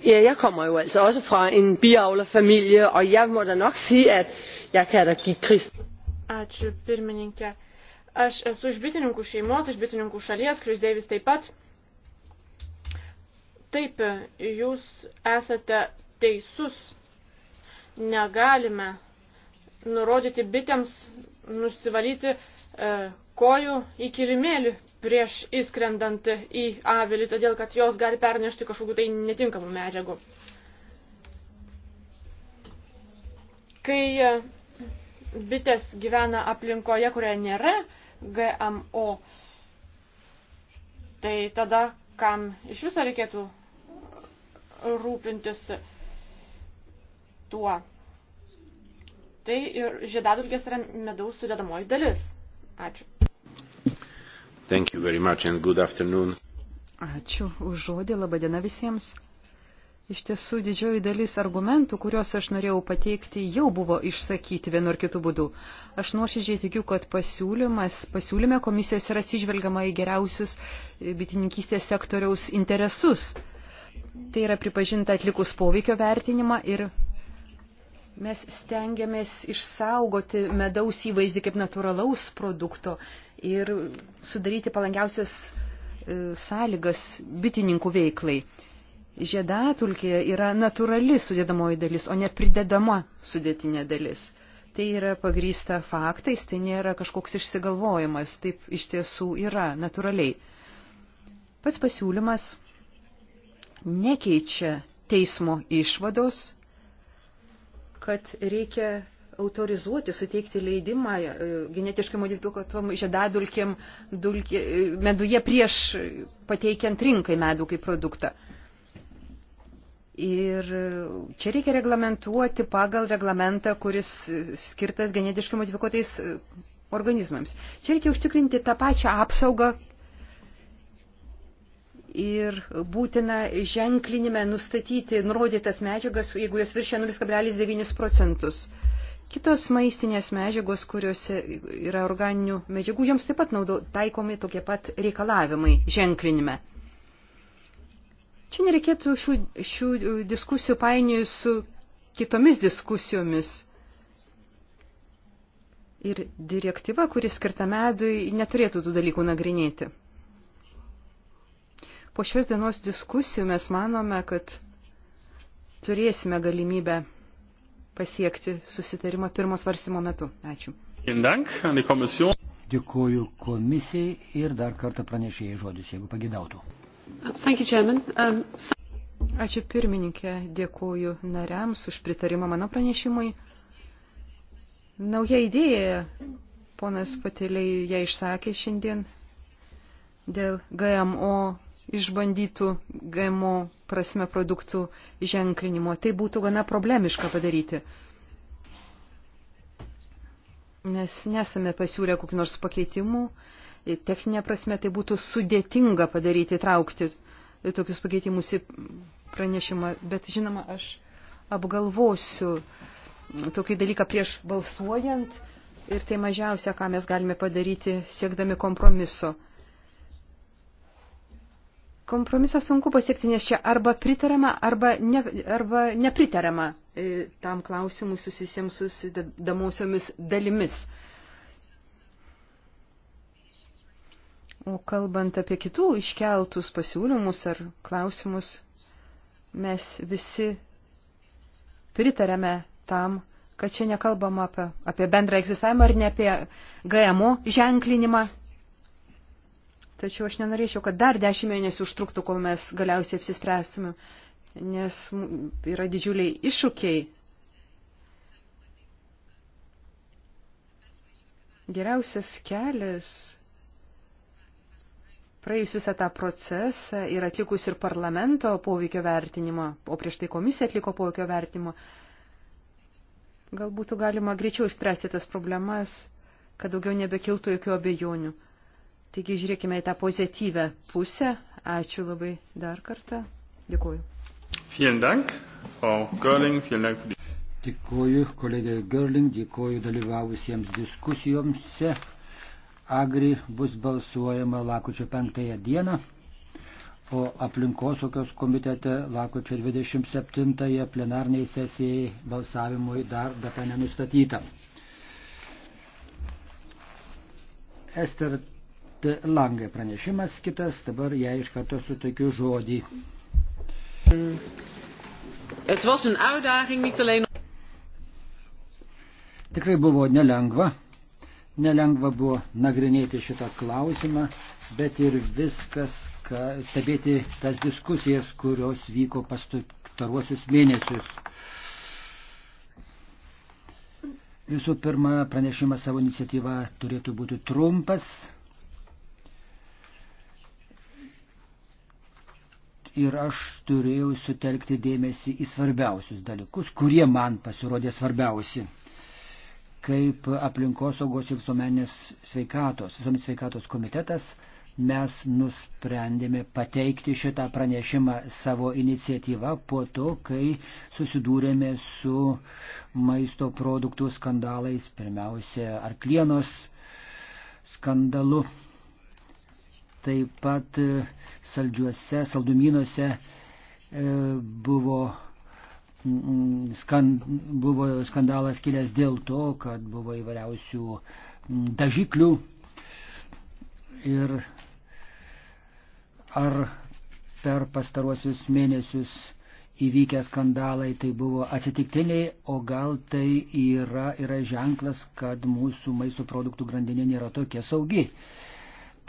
[SPEAKER 3] Ja, jeg kommer jo altså også fra en biavlerfamilie, og jeg må da nok sige, at jeg kan da give krist.
[SPEAKER 1] Ačiū pirmininkė. Aš esu iš bitininkų šeimos, iš bitininkų šalies, Kris Deivis taip pat. Taip, jūs esate teisus. Negalime nurodyti bitėms nusivalyti e, kojų į kilimėlį prieš įskrendant į avilį, todėl kad jos gali pernešti kažkokiu tai netinkamų medžiagų. Kai e, bitės gyvena aplinkoje, kurioje nėra GMO, tai tada kam iš viso reikėtų rūpintis tuo. Tai ir žiedadulkės yra medaus sudedamoji
[SPEAKER 3] dalis. Ačiū. Thank you very much and good afternoon. Ačiū už žodį, labadiena visiems. Iš tiesų didžioji dalis argumentų, kuriuos aš norėjau pateikti, jau buvo išsakyti vienu ar kitu būdu. Aš nuoširdžiai tikiu, kad pasiūlymas, pasiūlyme komisijos yra atsižvelgiama į geriausius bitininkystės sektoriaus interesus. Tai yra pripažinta atlikus poveikio vertinimą ir mes stengiamės išsaugoti medaus įvaizdį kaip natūralaus produkto ir sudaryti palankiausias e, sąlygas bitininkų veiklai. Žiedatulkė yra natūrali sudėdamoji dalis, o ne pridedama sudėtinė dalis. Tai yra pagrįsta faktais, tai nėra kažkoks išsigalvojimas, taip iš tiesų yra natūraliai. Pats pasiūlymas nekeičia teismo išvados, kad reikia autorizuoti, suteikti leidimą e, genetiškai modifikuotom žiedadulkėm dulkė, e, meduje prieš pateikiant rinkai medų kaip produktą. Ir čia reikia reglamentuoti pagal reglamentą, kuris skirtas genetiškai modifikuotais e, organizmams. Čia reikia užtikrinti tą pačią apsaugą ir būtina ženklinime nustatyti nurodytas medžiagas, jeigu jos viršia 0,9 procentus. Kitos maistinės medžiagos, kuriuose yra organinių medžiagų, joms taip pat naudo, taikomi tokie pat reikalavimai ženklinime. Čia nereikėtų šių, šių diskusijų painijų su kitomis diskusijomis. Ir direktyva, kuris skirta medui, neturėtų tų dalykų nagrinėti. Po šios dienos diskusijų mes manome, kad turėsime galimybę pasiekti susitarimą pirmo svarstymo metu. Ačiū.
[SPEAKER 2] Dėkuoju komisijai ir dar kartą pranešėjai žodis, jeigu pagidautų.
[SPEAKER 3] Um, Ačiū pirmininkė, dėkuoju nariams už pritarimą mano pranešimui. Nauja idėja, ponas Patėliai ją išsakė šiandien dėl GMO išbandytų GMO prasme produktų ženklinimo. Tai būtų gana problemiška padaryti. Nes nesame pasiūlę kokių nors pakeitimų. Techninė prasme tai būtų sudėtinga padaryti, traukti tokius pakeitimus į pranešimą. Bet žinoma, aš apgalvosiu tokį dalyką prieš balsuojant ir tai mažiausia, ką mes galime padaryti siekdami kompromiso. Kompromisą sunku pasiekti, nes čia arba pritarama, arba, ne, arba nepritarama e, tam klausimui susisiems susidamosiomis dalimis. O kalbant apie kitų iškeltus pasiūlymus ar klausimus, mes visi pritarėme tam, kad čia nekalbama apie, apie bendrą egzistavimą ir ne apie GMO ženklinimą, Tačiau aš nenorėčiau, kad dar dešimt mėnesių užtruktų, kol mes galiausiai apsispręstume, nes yra didžiuliai iššūkiai. Geriausias kelias praėjus visą tą procesą ir atlikus ir parlamento poveikio vertinimą, o prieš tai komisija atliko poveikio vertinimą, gal būtų galima greičiau išspręsti tas problemas, kad daugiau nebekiltų jokių abejonių. Taigi žiūrėkime į tą pozityvę pusę. Ačiū labai dar kartą. Dėkuoju.
[SPEAKER 2] Dėkuoju kolegė Gerling, dėkuoju dalyvavusiems diskusijomse. Agri bus balsuojama lakučio 5 dieną, o aplinkosaugos komitete lakučio 27 plenarniai sesijai balsavimui dar data nenustatyta. Ester Langai pranešimas kitas, dabar jai iš karto suteikiu žodį. Het was een uitdaging, niet alleen... Tikrai buvo nelengva. Nelengva buvo nagrinėti šitą klausimą, bet ir viskas, ka, stebėti tas diskusijas, kurios vyko pastaruosius mėnesius. Visų pirma, pranešimas savo iniciatyvą turėtų būti trumpas, ir aš turėjau sutelkti dėmesį į svarbiausius dalykus, kurie man pasirodė svarbiausi, kaip aplinkosaugos ir visuomenės sveikatos, visuomenės sveikatos komitetas. Mes nusprendėme pateikti šitą pranešimą savo iniciatyvą po to, kai susidūrėme su maisto produktų skandalais, pirmiausia, arklienos skandalu taip pat e, saldžiuose, saldumynuose e, buvo, skand, buvo skandalas kilęs dėl to, kad buvo įvairiausių dažiklių. Ir ar per pastaruosius mėnesius įvykę skandalai tai buvo atsitiktiniai, o gal tai yra, yra ženklas, kad mūsų maisto produktų grandinė nėra tokia saugi.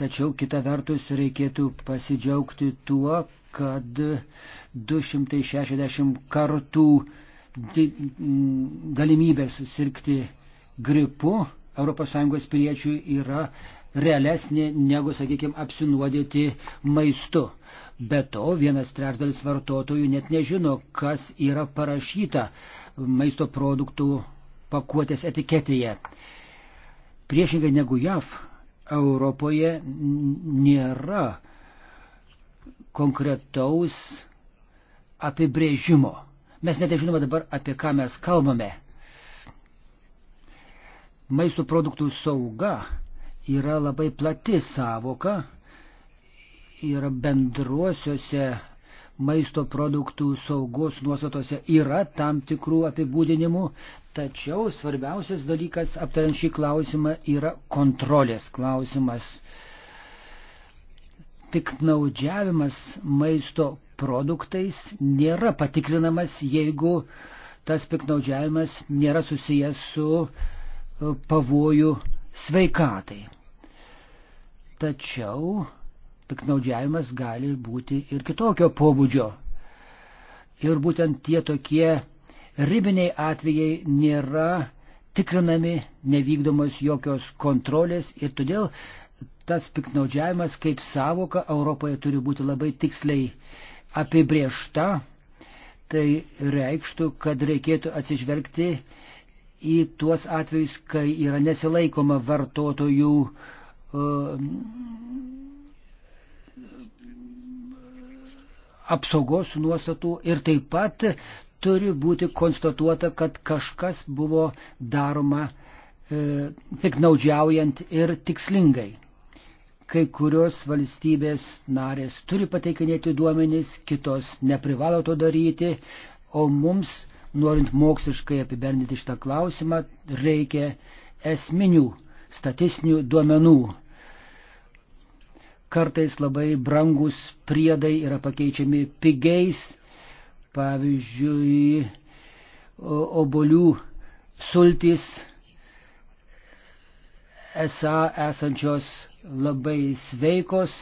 [SPEAKER 2] Tačiau kita vertus reikėtų pasidžiaugti tuo, kad 260 kartų mm, galimybė susirgti gripu ES piliečių yra realesnė negu, sakykime, apsinuodyti maistu. Be to, vienas trečdalis vartotojų net nežino, kas yra parašyta maisto produktų pakuotės etiketėje. Priešingai negu JAV, Europoje nėra konkretaus apibrėžimo. Mes net nežinome dabar, apie ką mes kalbame. Maisto produktų sauga yra labai plati savoka ir bendruosiuose maisto produktų saugos nuostatose yra tam tikrų apibūdinimų, tačiau svarbiausias dalykas aptariant šį klausimą yra kontrolės klausimas. Piknaudžiavimas maisto produktais nėra patikrinamas, jeigu tas piknaudžiavimas nėra susijęs su e, pavojų sveikatai. Tačiau piknaudžiavimas gali būti ir kitokio pobūdžio. Ir būtent tie tokie ribiniai atvejai nėra tikrinami, nevykdomos jokios kontrolės ir todėl tas piknaudžiavimas kaip savoka Europoje turi būti labai tiksliai apibriešta. Tai reikštų, kad reikėtų atsižvelgti į tuos atvejus, kai yra nesilaikoma vartotojų uh, apsaugos nuostatų ir taip pat turi būti konstatuota, kad kažkas buvo daroma e, piknaudžiaujant ir tikslingai. Kai kurios valstybės narės turi pateikinėti duomenys, kitos neprivalo to daryti, o mums, norint moksliškai apibendinti šitą klausimą, reikia esminių statistinių duomenų Kartais labai brangus priedai yra pakeičiami pigiais, pavyzdžiui, obolių sultys esą esančios labai sveikos,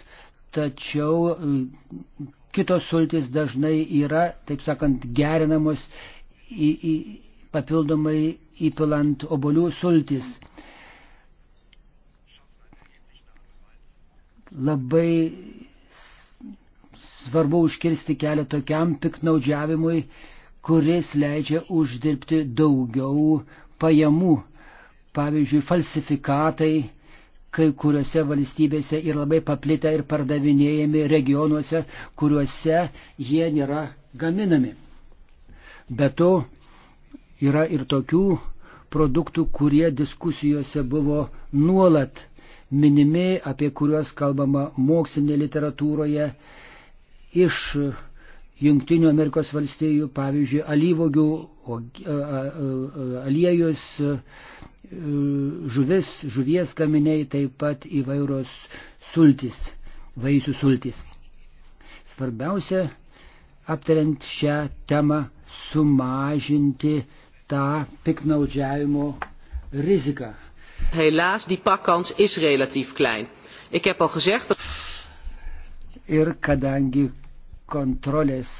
[SPEAKER 2] tačiau kitos sultys dažnai yra, taip sakant, gerinamos į, į, papildomai įpilant obolių sultis. labai svarbu užkirsti kelią tokiam piknaudžiavimui, kuris leidžia uždirbti daugiau pajamų. Pavyzdžiui, falsifikatai kai kuriuose valstybėse yra labai paplitę ir pardavinėjami regionuose, kuriuose jie nėra gaminami. Be to, yra ir tokių produktų, kurie diskusijose buvo nuolat minimi, apie kuriuos kalbama mokslinė literatūroje iš Junktinių Amerikos valstijų, pavyzdžiui, alyvogių, aliejus, e, žuvis, žuvies gaminiai, taip pat įvairios sultis, vaisių sultis. Svarbiausia, aptariant šią temą, sumažinti tą piknaudžiavimo riziką.
[SPEAKER 1] Helaas, die pakkans is relatief klein. Ik heb al gezegd dat...
[SPEAKER 2] Ir kadangi kontrolės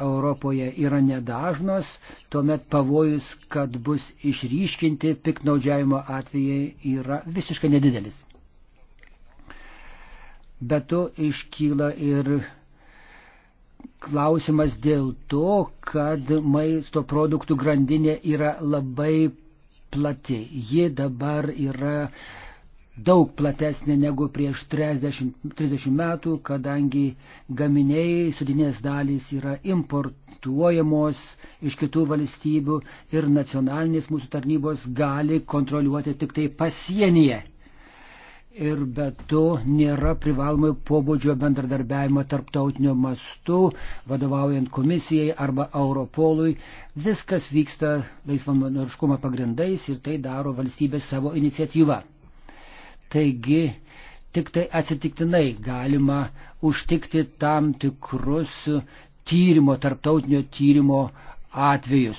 [SPEAKER 2] Europoje yra nedažnos, tuomet pavojus, kad bus išryškinti piknaudžiavimo atvejai yra visiškai nedidelis. Bet to iškyla ir klausimas dėl to, kad maisto produktų grandinė yra labai plati. Ji dabar yra daug platesnė negu prieš 30, 30 metų, kadangi gaminiai, sudinės dalys yra importuojamos iš kitų valstybių ir nacionalinės mūsų tarnybos gali kontroliuoti tik tai pasienyje ir be to nėra privalomojo pobūdžio bendradarbiavimo tarptautinio mastu, vadovaujant komisijai arba Europolui. Viskas vyksta laisvamanoriškumo pagrindais ir tai daro valstybė savo iniciatyvą. Taigi, tik tai atsitiktinai galima užtikti tam tikrus tyrimo, tarptautinio tyrimo atvejus.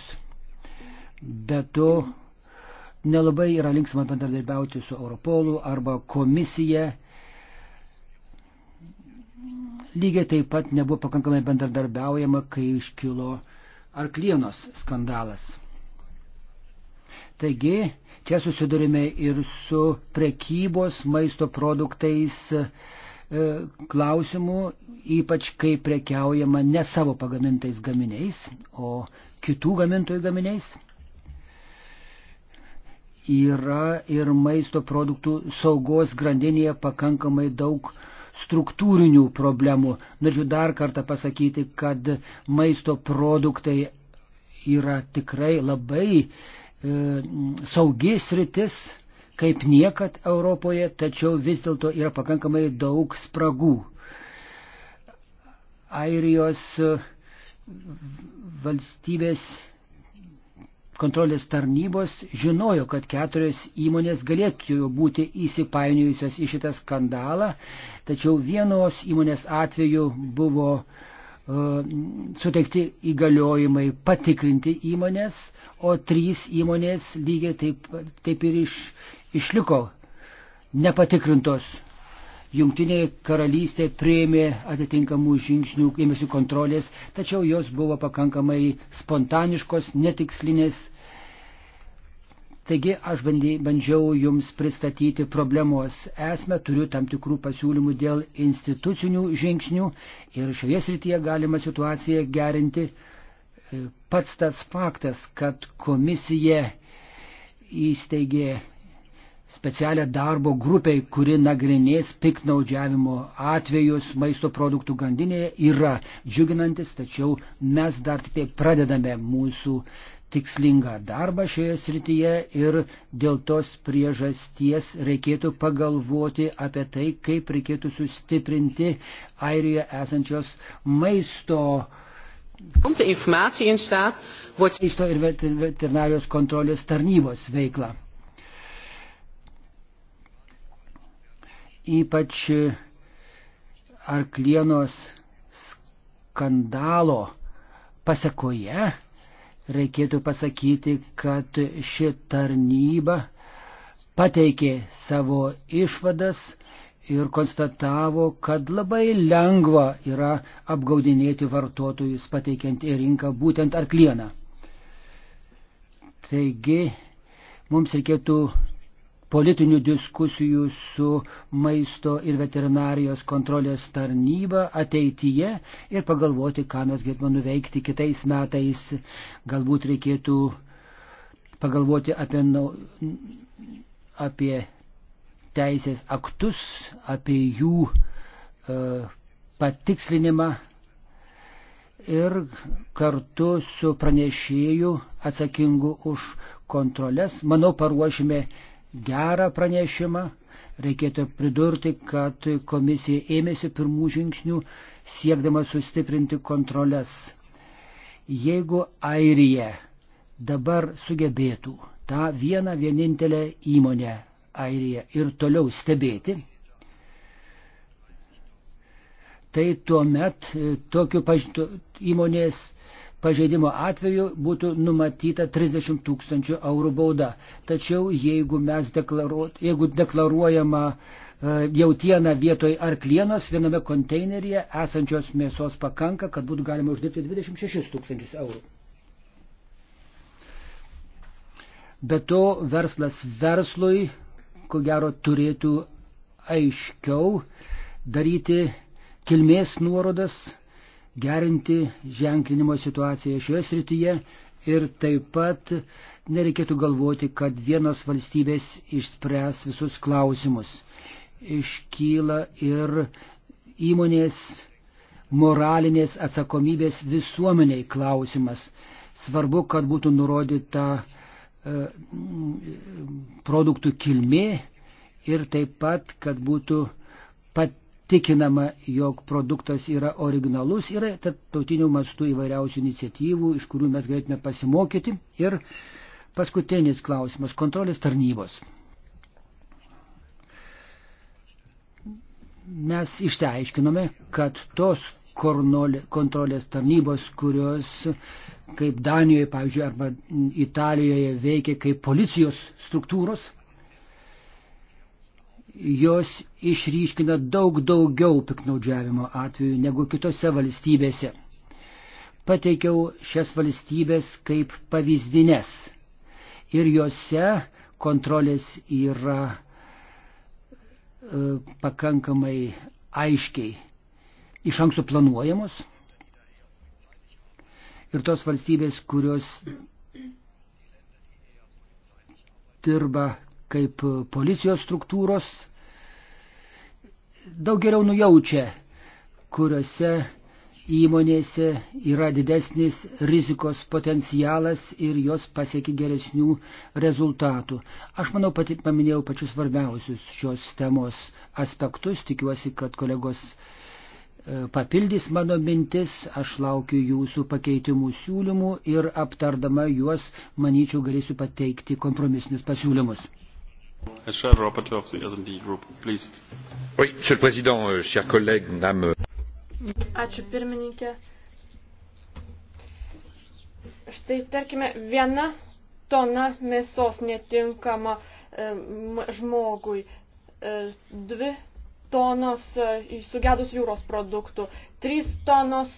[SPEAKER 2] Be to, nelabai yra linksma bendradarbiauti su Europolu arba komisija. Lygiai taip pat nebuvo pakankamai bendradarbiaujama, kai iškilo arklienos skandalas. Taigi, čia susidurime ir su prekybos maisto produktais e, klausimų, ypač kai prekiaujama ne savo pagamintais gaminiais, o kitų gamintojų gaminiais yra ir maisto produktų saugos grandinėje pakankamai daug struktūrinių problemų. Norėčiau dar kartą pasakyti, kad maisto produktai yra tikrai labai e, saugi sritis, kaip niekad Europoje, tačiau vis dėlto yra pakankamai daug spragų. Airijos valstybės kontrolės tarnybos žinojo, kad keturios įmonės galėtų būti įsipainiojusios į šitą skandalą, tačiau vienos įmonės atveju buvo uh, suteikti įgaliojimai patikrinti įmonės, o trys įmonės lygiai taip, taip ir iš, išliko nepatikrintos. Jungtinė karalystė prieimė atitinkamų žingsnių, ėmėsi kontrolės, tačiau jos buvo pakankamai spontaniškos, netikslinės. Taigi aš bandžiau jums pristatyti problemos esmę, turiu tam tikrų pasiūlymų dėl institucinių žingsnių ir šioje srityje galima situaciją gerinti. Pats tas faktas, kad komisija įsteigė specialią darbo grupę, kuri nagrinės piknaudžiavimo atvejus maisto produktų grandinėje, yra džiuginantis, tačiau mes dar tik tai pradedame mūsų tikslingą darbą šioje srityje ir dėl tos priežasties reikėtų pagalvoti apie tai, kaip reikėtų sustiprinti Airijoje esančios maisto. Maisto ir veterinarijos kontrolės tarnybos veikla. ypač arklienos skandalo pasakoje reikėtų pasakyti, kad ši tarnyba pateikė savo išvadas ir konstatavo, kad labai lengva yra apgaudinėti vartotojus pateikiant į rinką būtent arklieną. Taigi mums reikėtų politinių diskusijų su maisto ir veterinarijos kontrolės tarnyba ateityje ir pagalvoti, ką mes galėtume nuveikti kitais metais. Galbūt reikėtų pagalvoti apie, apie teisės aktus, apie jų e, patikslinimą ir kartu su pranešėju atsakingu už kontrolės, manau, paruošime gerą pranešimą. Reikėtų pridurti, kad komisija ėmėsi pirmų žingsnių siekdama sustiprinti kontrolės. Jeigu Airija dabar sugebėtų tą vieną vienintelę įmonę Airiją ir toliau stebėti, tai tuomet e, tokių paž... įmonės pažeidimo atveju būtų numatyta 30 tūkstančių eurų bauda. Tačiau jeigu mes deklaruot, jeigu deklaruojama e, jautieną vietoj arklienos viename konteineryje esančios mėsos pakanka, kad būtų galima uždirbti 26 tūkstančius eurų. Be to verslas verslui, ko gero, turėtų aiškiau daryti kilmės nuorodas gerinti ženklinimo situaciją šioje srityje ir taip pat nereikėtų galvoti, kad vienos valstybės išspręs visus klausimus. Iškyla ir įmonės moralinės atsakomybės visuomeniai klausimas. Svarbu, kad būtų nurodyta e, produktų kilmė ir taip pat, kad būtų tikinama, jog produktas yra originalus, yra tarptautinių mastų įvairiausių iniciatyvų, iš kurių mes galėtume pasimokyti. Ir paskutinis klausimas - kontrolės tarnybos. Mes išsiaiškinome, kad tos kontrolės tarnybos, kurios kaip Danijoje, pavyzdžiui, arba Italijoje veikia kaip policijos struktūros, jos išryškina daug daugiau piknaudžiavimo atvejų negu kitose valstybėse. Pateikiau šias valstybės kaip pavyzdinės ir jose kontrolės yra e, pakankamai aiškiai iš anksto planuojamos. Ir tos valstybės, kurios dirba kaip policijos struktūros, daug geriau nujaučia, kuriuose įmonėse yra didesnis rizikos potencialas ir jos pasiekia geresnių rezultatų. Aš manau, pati paminėjau pačius svarbiausius šios temos aspektus, tikiuosi, kad kolegos e, papildys mano mintis, aš laukiu jūsų pakeitimų siūlymų ir aptardama juos, manyčiau, galėsiu pateikti kompromisinius pasiūlymus.
[SPEAKER 1] Monsieur le Président, euh, chers collègues, Madame. Euh, Ačiū pirmininkė. Štai, tarkime, viena tona mėsos netinkama e, žmogui, e, dvi tonos e, sugedus jūros produktų, trys tonos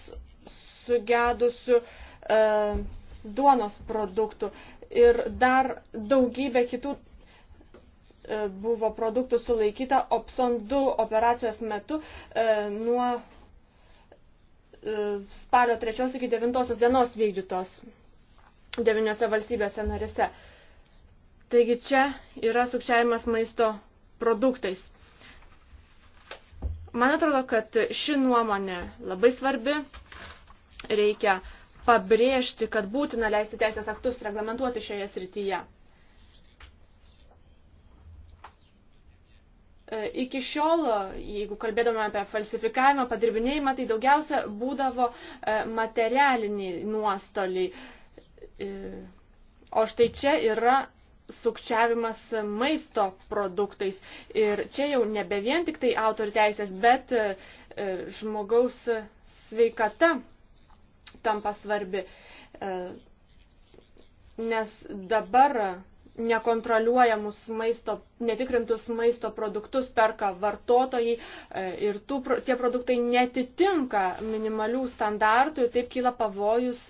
[SPEAKER 1] sugedusių e, duonos produktų ir dar daugybė kitų E, buvo produktų sulaikyta Opson 2 operacijos metu e, nuo e, spalio 3 iki 9 dienos vykdytos devyniose valstybėse narise. Taigi čia yra sukčiavimas maisto produktais. Man atrodo, kad ši nuomonė labai svarbi. Reikia pabrėžti, kad būtina leisti teisės aktus reglamentuoti šioje srityje. E, iki šiol, jeigu kalbėdame apie falsifikavimą, padirbinėjimą, tai daugiausia būdavo e, materialiniai nuostoliai. E, o štai čia yra sukčiavimas maisto produktais. Ir čia jau nebe vien tik tai autorių teisės, bet žmogaus sveikata tampa svarbi. Nes dabar nekontroliuojamus maisto, netikrintus maisto produktus perka vartotojai e, ir tų, tie produktai netitinka minimalių standartų ir taip kyla pavojus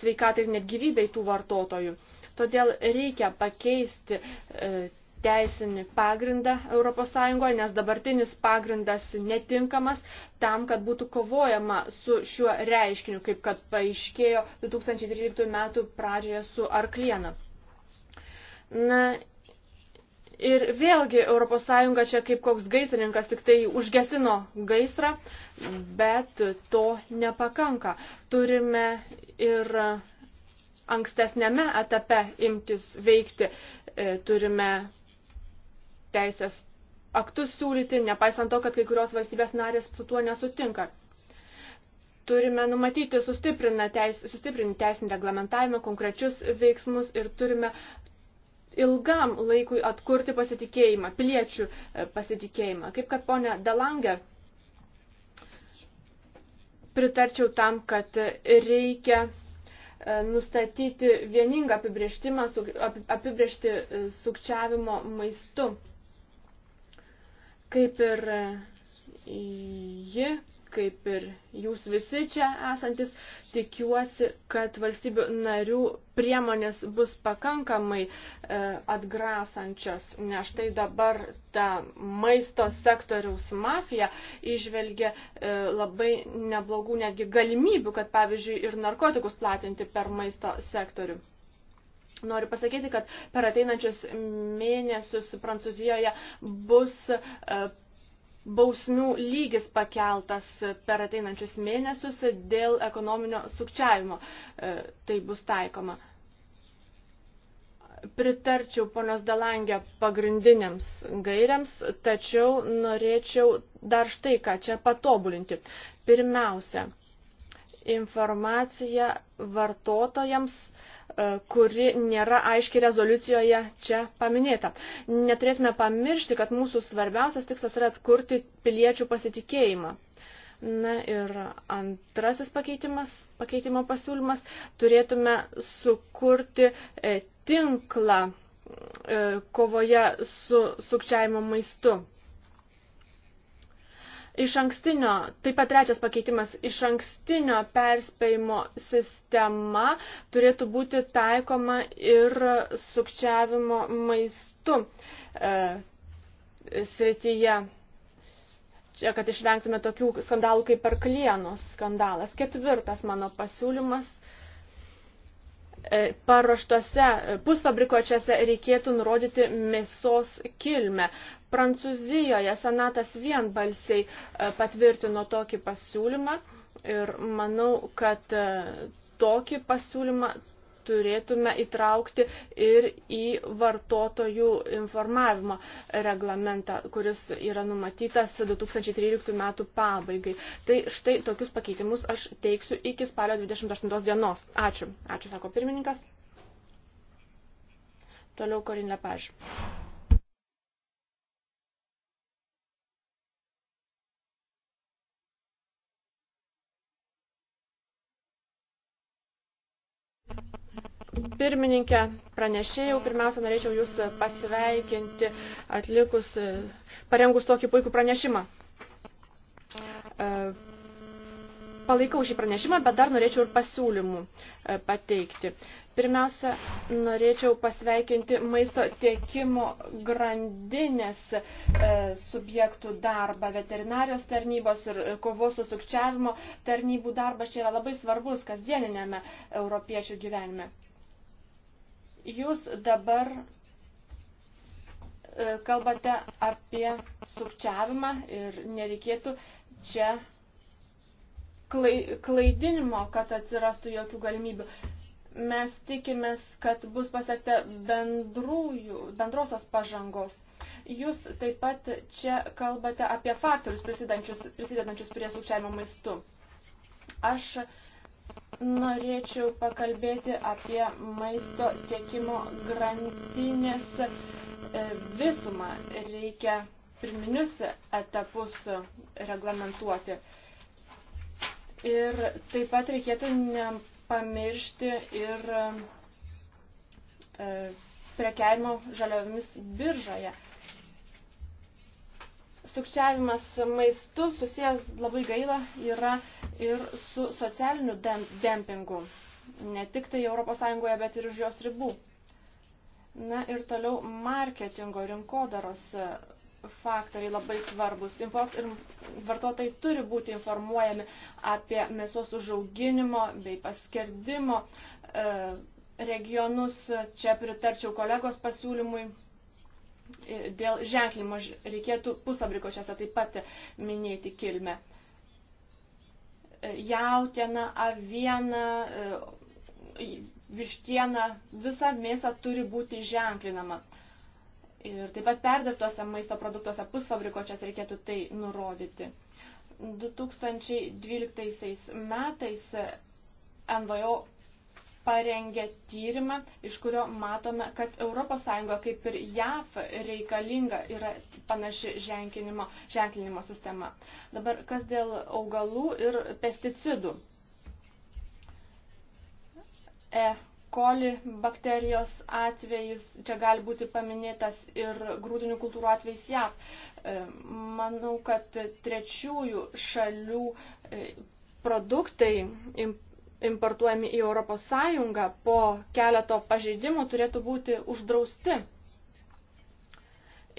[SPEAKER 1] sveikatai ir net gyvybei tų vartotojų. Todėl reikia pakeisti e, teisinį pagrindą ES, nes dabartinis pagrindas netinkamas tam, kad būtų kovojama su šiuo reiškiniu, kaip kad paaiškėjo 2013 m. pradžioje su Arkliena. Na, ir vėlgi ES čia kaip koks gaisrininkas tik tai užgesino gaisrą, bet to nepakanka. Turime ir ankstesnėme etape imtis veikti, e, turime teisės aktus siūlyti, nepaisant to, kad kai kurios valstybės narės su tuo nesutinka. Turime numatyti sustiprinti teisinį reglamentavimą, konkrečius veiksmus ir turime ilgam laikui atkurti pasitikėjimą, piliečių e, pasitikėjimą. Kaip kad ponė Delangė, pritarčiau tam, kad reikia e, nustatyti vieningą apibrieštimą, apibriešti e, sukčiavimo maistu. Kaip ir ji kaip ir jūs visi čia esantis, tikiuosi, kad valstybių narių priemonės bus pakankamai e, atgrasančios, nes štai dabar ta maisto sektoriaus mafija išvelgia e, labai neblogų netgi galimybių, kad pavyzdžiui ir narkotikus platinti per maisto sektorių. Noriu pasakyti, kad per ateinančius mėnesius Prancūzijoje bus e, bausmių lygis pakeltas per ateinančius mėnesius dėl ekonominio sukčiavimo. E, tai bus taikoma. Pritarčiau ponios Dalangė pagrindiniams gairiams, tačiau norėčiau dar štai ką čia patobulinti. Pirmiausia, informacija vartotojams uh, E, kuri nėra aiškiai rezoliucijoje čia paminėta. Neturėtume pamiršti, kad mūsų svarbiausias tikslas yra atkurti piliečių pasitikėjimą. Na ir antrasis pakeitimas, pakeitimo pasiūlymas, turėtume sukurti e, tinklą e, kovoje su sukčiavimo maistu iš ankstinio, taip pat trečias pakeitimas, iš ankstinio perspėjimo sistema turėtų būti taikoma ir sukčiavimo maistu e, srityje. Čia, kad išvengtume tokių skandalų kaip per klienos skandalas. Ketvirtas mano pasiūlymas – E, paruoštose pusfabrikočiuose reikėtų nurodyti mėsos kilmę. Prancūzijoje senatas vienbalsiai e, patvirtino tokį pasiūlymą ir manau, kad e, tokį pasiūlymą turėtume įtraukti ir į vartotojų informavimo reglamentą, kuris yra numatytas 2013 metų pabaigai. Tai štai tokius pakeitimus aš teiksiu iki spalio 28 dienos. Ačiū. Ačiū, sako pirmininkas. Toliau Korin Lepaž. pirmininkė, pranešėjau, pirmiausia, norėčiau Jūs pasveikinti atlikus, e, parengus tokį puikų pranešimą. E, palaikau šį pranešimą, bet dar norėčiau ir pasiūlymų e, pateikti. Pirmiausia, norėčiau pasveikinti maisto tiekimo grandinės e, subjektų darbą, veterinarijos tarnybos ir kovos su sukčiavimo tarnybų darbas čia yra labai svarbus kasdieninėme europiečių gyvenime. Jūs dabar e, kalbate apie sukčiavimą ir nereikėtų čia klaidinimo, kad atsirastų jokių galimybių. Mes tikimės, kad bus pasiekta bendrosios pažangos. Jūs taip pat čia kalbate apie faktorius prisidedančius, prisidedančius prie sukčiavimo maistu. Aš uh, norėčiau pakalbėti apie maisto tiekimo grandinės e, visumą. Reikia pirminius etapus reglamentuoti. Ir taip pat reikėtų nepamiršti ir e, prekiavimo žaliomis biržoje sukčiavimas maistu susijęs labai gaila yra ir su socialiniu dempingu. Ne tik tai ES, bet ir už jos ribų. Na ir toliau marketingo rinkodaros e, faktoriai labai svarbus. Import, vartotojai turi būti informuojami apie mėsos užauginimo bei paskerdimo e, regionus. Čia pritarčiau kolegos pasiūlymui dėl ženklimo reikėtų pusabrikočiuose taip pat minėti kilmę. Jautiena, aviena, e, vištiena, visa mėsa turi būti ženklinama. Ir taip pat perdirbtuose maisto produktuose pusfabrikočiuose reikėtų tai nurodyti. 2012 metais NVO parengė tyrimą, iš kurio matome, kad ES kaip ir JAF reikalinga yra panaši ženklinimo, ženklinimo sistema. Dabar kas dėl augalų ir pesticidų. E. coli bakterijos atvejais, čia gali būti paminėtas ir grūdinių kultūrų atvejais JAV. E, manau, kad trečiųjų šalių e, produktai importuojami į ES po keleto pažeidimų turėtų būti uždrausti.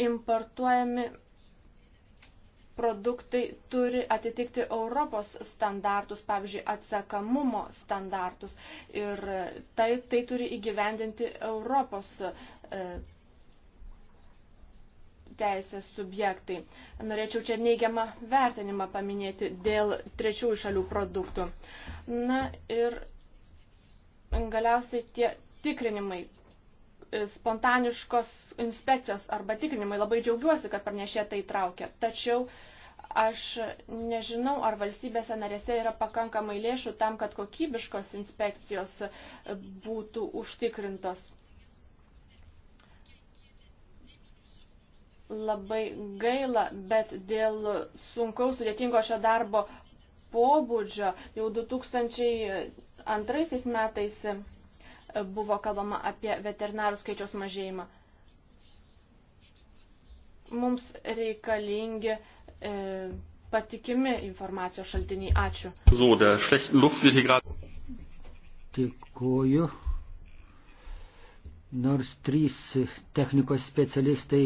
[SPEAKER 1] Importuojami produktai turi atitikti Europos standartus, pavyzdžiui, atsakamumo standartus. Ir tai, tai turi įgyvendinti Europos e, teisės subjektai. Norėčiau čia neigiamą vertinimą paminėti dėl trečiųjų šalių produktų. Na ir galiausiai tie tikrinimai, e, spontaniškos inspekcijos arba tikrinimai, labai džiaugiuosi, kad pranešė tai traukia. Tačiau aš nežinau, ar valstybėse narėse yra pakankamai lėšų tam, kad kokybiškos inspekcijos e, būtų užtikrintos. Labai gaila, bet dėl sunkaus sudėtingo šio darbo pobūdžio jau 2002 metais e, buvo kalbama apie veterinarų skaičiaus mažėjimą. Mums reikalingi e, patikimi informacijos šaltiniai. Ačiū.
[SPEAKER 2] Dėkuoju. Nors trys technikos specialistai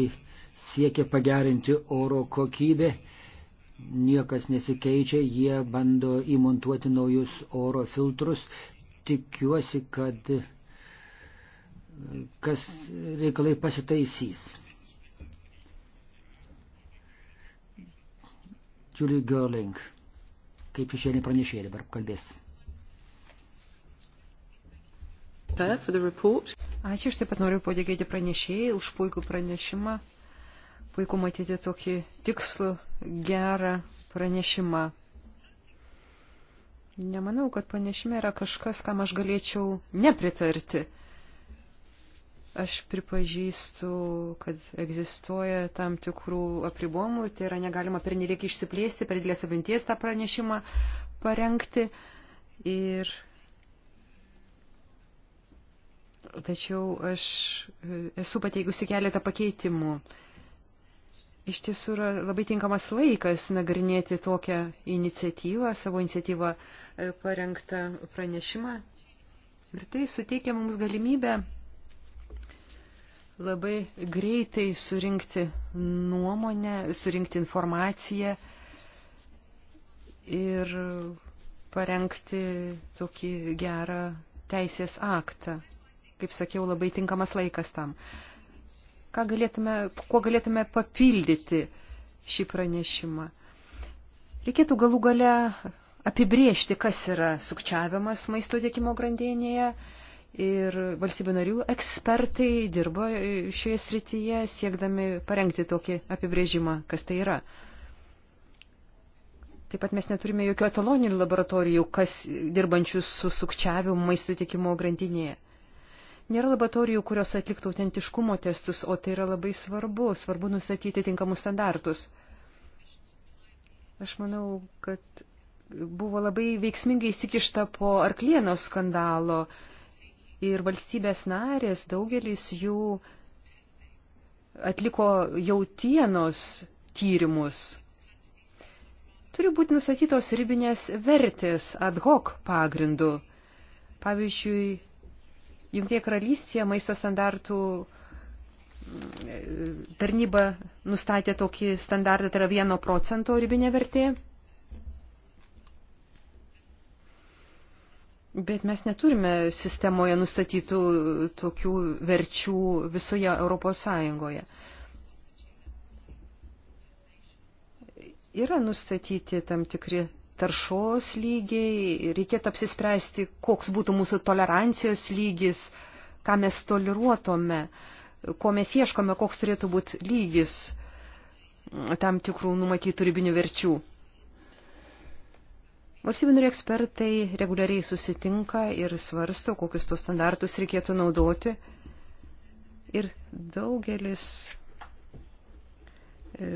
[SPEAKER 2] siekia pagerinti oro kokybę, niekas nesikeičia, jie bando įmontuoti naujus oro filtrus. Tikiuosi, kad e, kas reikalai pasitaisys. Julie Gerling, kaip išėlė pranešėjai dabar kalbės. Ačiū,
[SPEAKER 3] aš taip pat noriu padėkėti pranešėjai už puikų pranešimą puiku matyti tokį tikslų, gerą pranešimą. Nemanau, kad panešime yra kažkas, kam aš galėčiau nepritarti. Aš pripažįstu, kad egzistuoja tam tikrų apribomų, tai yra negalima per nereikia išsiplėsti, per didelės apimties tą pranešimą parengti. Ir tačiau aš e, esu pateikusi keletą pakeitimų. Iš tiesų yra labai tinkamas laikas nagrinėti tokią iniciatyvą, savo iniciatyvą e, parengtą pranešimą. Ir tai suteikia mums galimybę labai greitai surinkti nuomonę, surinkti informaciją ir parengti tokį gerą teisės aktą. Kaip sakiau, labai tinkamas laikas tam. Uh, ką galėtume, kuo galėtume papildyti šį pranešimą. Reikėtų galų gale apibriežti, kas yra sukčiavimas maisto tiekimo grandinėje. Ir valstybių narių ekspertai dirba šioje srityje, siekdami parengti tokį apibrėžimą, kas tai yra. Taip pat mes neturime jokių etaloninių laboratorijų, kas dirbančių su sukčiavimu maisto tiekimo grandinėje. Nėra laboratorijų, kurios atliktų autentiškumo testus, o tai yra labai svarbu, svarbu nustatyti tinkamus standartus. Aš manau, kad buvo labai veiksmingai įsikišta po arklieno skandalo ir valstybės narės, daugelis jų atliko jautienos tyrimus. Turi būti nusatytos ribinės vertės ad hoc pagrindu. Pavyzdžiui, Jungtėje karalystėje maisto standartų mm, tarnyba nustatė tokį standartą, tai yra vieno procento ribinė vertė. Bet mes neturime sistemoje nustatytų tokių verčių visoje Europos Sąjungoje. Yra nustatyti tam tikri taršos lygiai, reikėtų apsispręsti, koks būtų mūsų tolerancijos lygis, ką mes toleruotume, ko mes ieškome, koks turėtų būti lygis tam tikrų numatytų ribinių verčių. Valstybinarių ekspertai reguliariai susitinka ir svarsto, kokius tos standartus reikėtų naudoti. Ir daugelis E,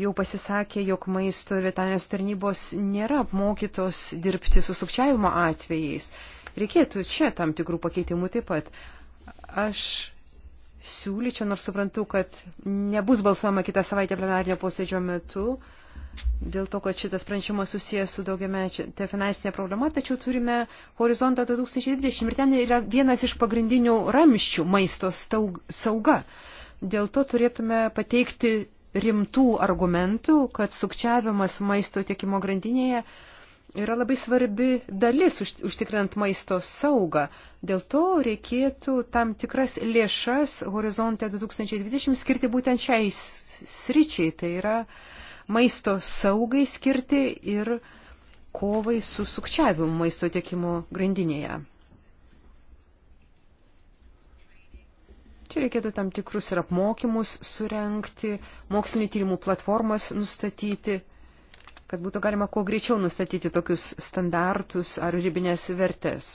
[SPEAKER 3] jau pasisakė, jog maisto ir vietinės tarnybos nėra apmokytos dirbti su sukčiavimo atvejais. Reikėtų čia tam tikrų pakeitimų taip pat. Aš siūlyčiau, nors suprantu, kad nebus balsuojama kitą savaitę plenarinio posėdžio metu, dėl to, kad šitas pranešimas susijęs su daugiamečia finansinė problema, tačiau turime horizontą 2020 ir ten yra vienas iš pagrindinių ramščių maisto staug, sauga. Dėl to turėtume pateikti rimtų argumentų, kad sukčiavimas maisto tiekimo grandinėje yra labai svarbi dalis užtikrinant maisto saugą. Dėl to reikėtų tam tikras lėšas horizonte 2020 skirti būtent šiai sričiai, tai yra maisto saugai skirti ir kovai su sukčiavimu maisto tiekimo grandinėje. Čia reikėtų tam tikrus ir apmokymus surenkti, mokslinio tyrimų platformas nustatyti, kad būtų galima kuo greičiau nustatyti tokius standartus ar ribinės vertės.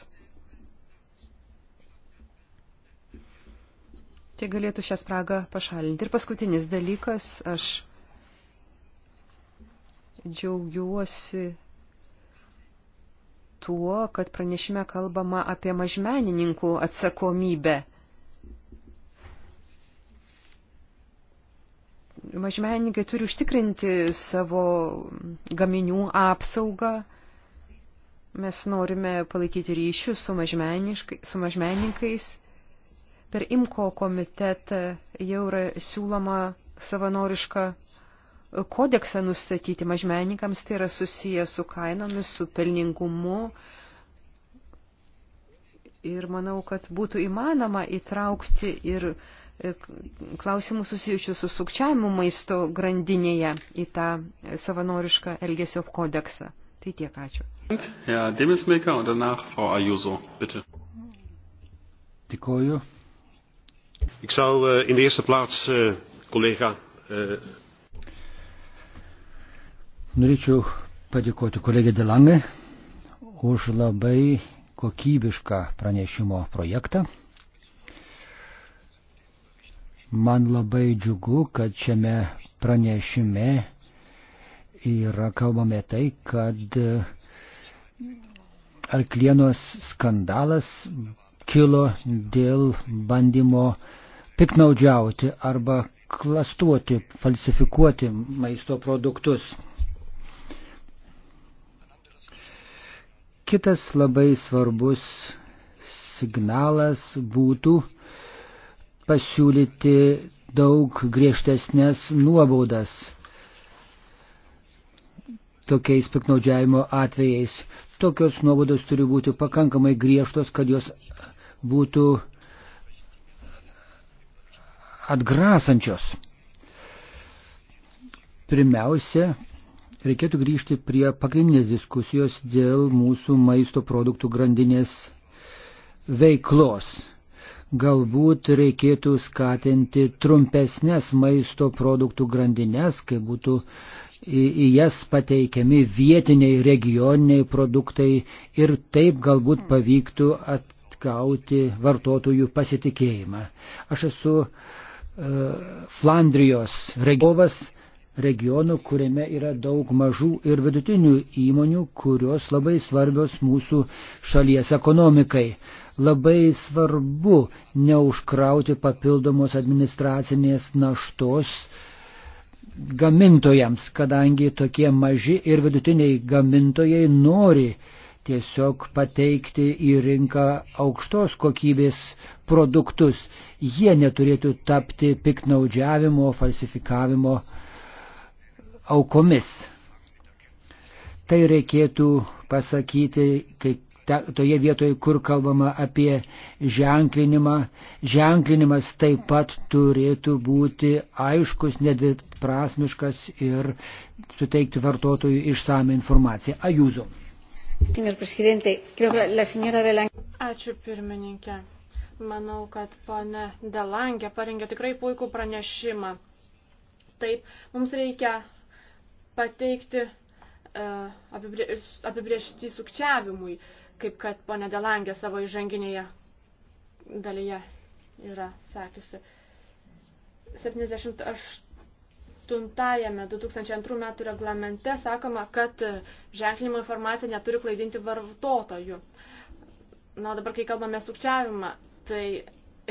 [SPEAKER 3] Tai galėtų šią spragą pašalinti. Ir paskutinis dalykas, aš džiaugiuosi tuo, kad pranešime kalbama apie mažmenininkų atsakomybę mažmenininkai turi užtikrinti savo gaminių apsaugą. Mes norime palaikyti ryšius su, su mažmenininkais. Per IMKO komitetą jau yra siūloma savanoriška kodeksą nustatyti mažmenininkams, tai yra susiję su kainomis, su pelningumu. Ir manau, kad būtų įmanoma įtraukti ir uh, klausimų susijusių su sukčiavimu maisto grandinėje į tą savanorišką elgesio kodeksą. Tai tiek ačiū. Herr Demesmaker und danach Frau Ayuso, bitte. Dėkoju. Ik zou eh, in de eerste plaats, eh, collega. Eh,
[SPEAKER 2] Norėčiau padėkoti kolegė Delangai už labai kokybišką pranešimo projektą. Man labai džiugu, kad šiame pranešime yra kalbame tai, kad arklienos skandalas kilo dėl bandymo piknaudžiauti arba klastuoti, falsifikuoti maisto produktus. Kitas labai svarbus signalas būtų, pasiūlyti daug griežtesnės nuobaudas tokiais piknaudžiavimo atvejais. Tokios nuobaudos turi būti pakankamai griežtos, kad jos būtų atgrasančios. Pirmiausia, reikėtų grįžti prie pagrindinės diskusijos dėl mūsų maisto produktų grandinės veiklos galbūt reikėtų skatinti trumpesnės maisto produktų grandinės, kai būtų į jas pateikiami vietiniai regioniniai produktai ir taip galbūt pavyktų atgauti vartotojų pasitikėjimą. Aš esu uh, Flandrijos regionas, regionų, kuriame yra daug mažų ir vidutinių įmonių, kurios labai svarbios mūsų šalies ekonomikai. Labai svarbu neužkrauti papildomos administracinės naštos gamintojams, kadangi tokie maži ir vidutiniai gamintojai nori tiesiog pateikti į rinką aukštos kokybės produktus. Jie neturėtų tapti piknaudžiavimo, falsifikavimo aukomis. Tai reikėtų pasakyti, kai ta, toje vietoje, kur kalbama apie ženklinimą, ženklinimas taip pat turėtų būti aiškus, nedviprasmiškas ir suteikti vartotojui išsame informaciją. Ajūzo.
[SPEAKER 1] Ačiū pirmininkė. Manau, kad pone Delangė parengė tikrai puikų pranešimą. Taip, mums reikia pateikti e, apibriežti sukčiavimui kaip kad ponė Delangė savo įžanginėje dalyje yra sakiusi. 78-ame 2002 metų reglamente sakoma, kad ženklinimo informacija neturi klaidinti vartotojų. Na, o dabar, kai kalbame sukčiavimą, tai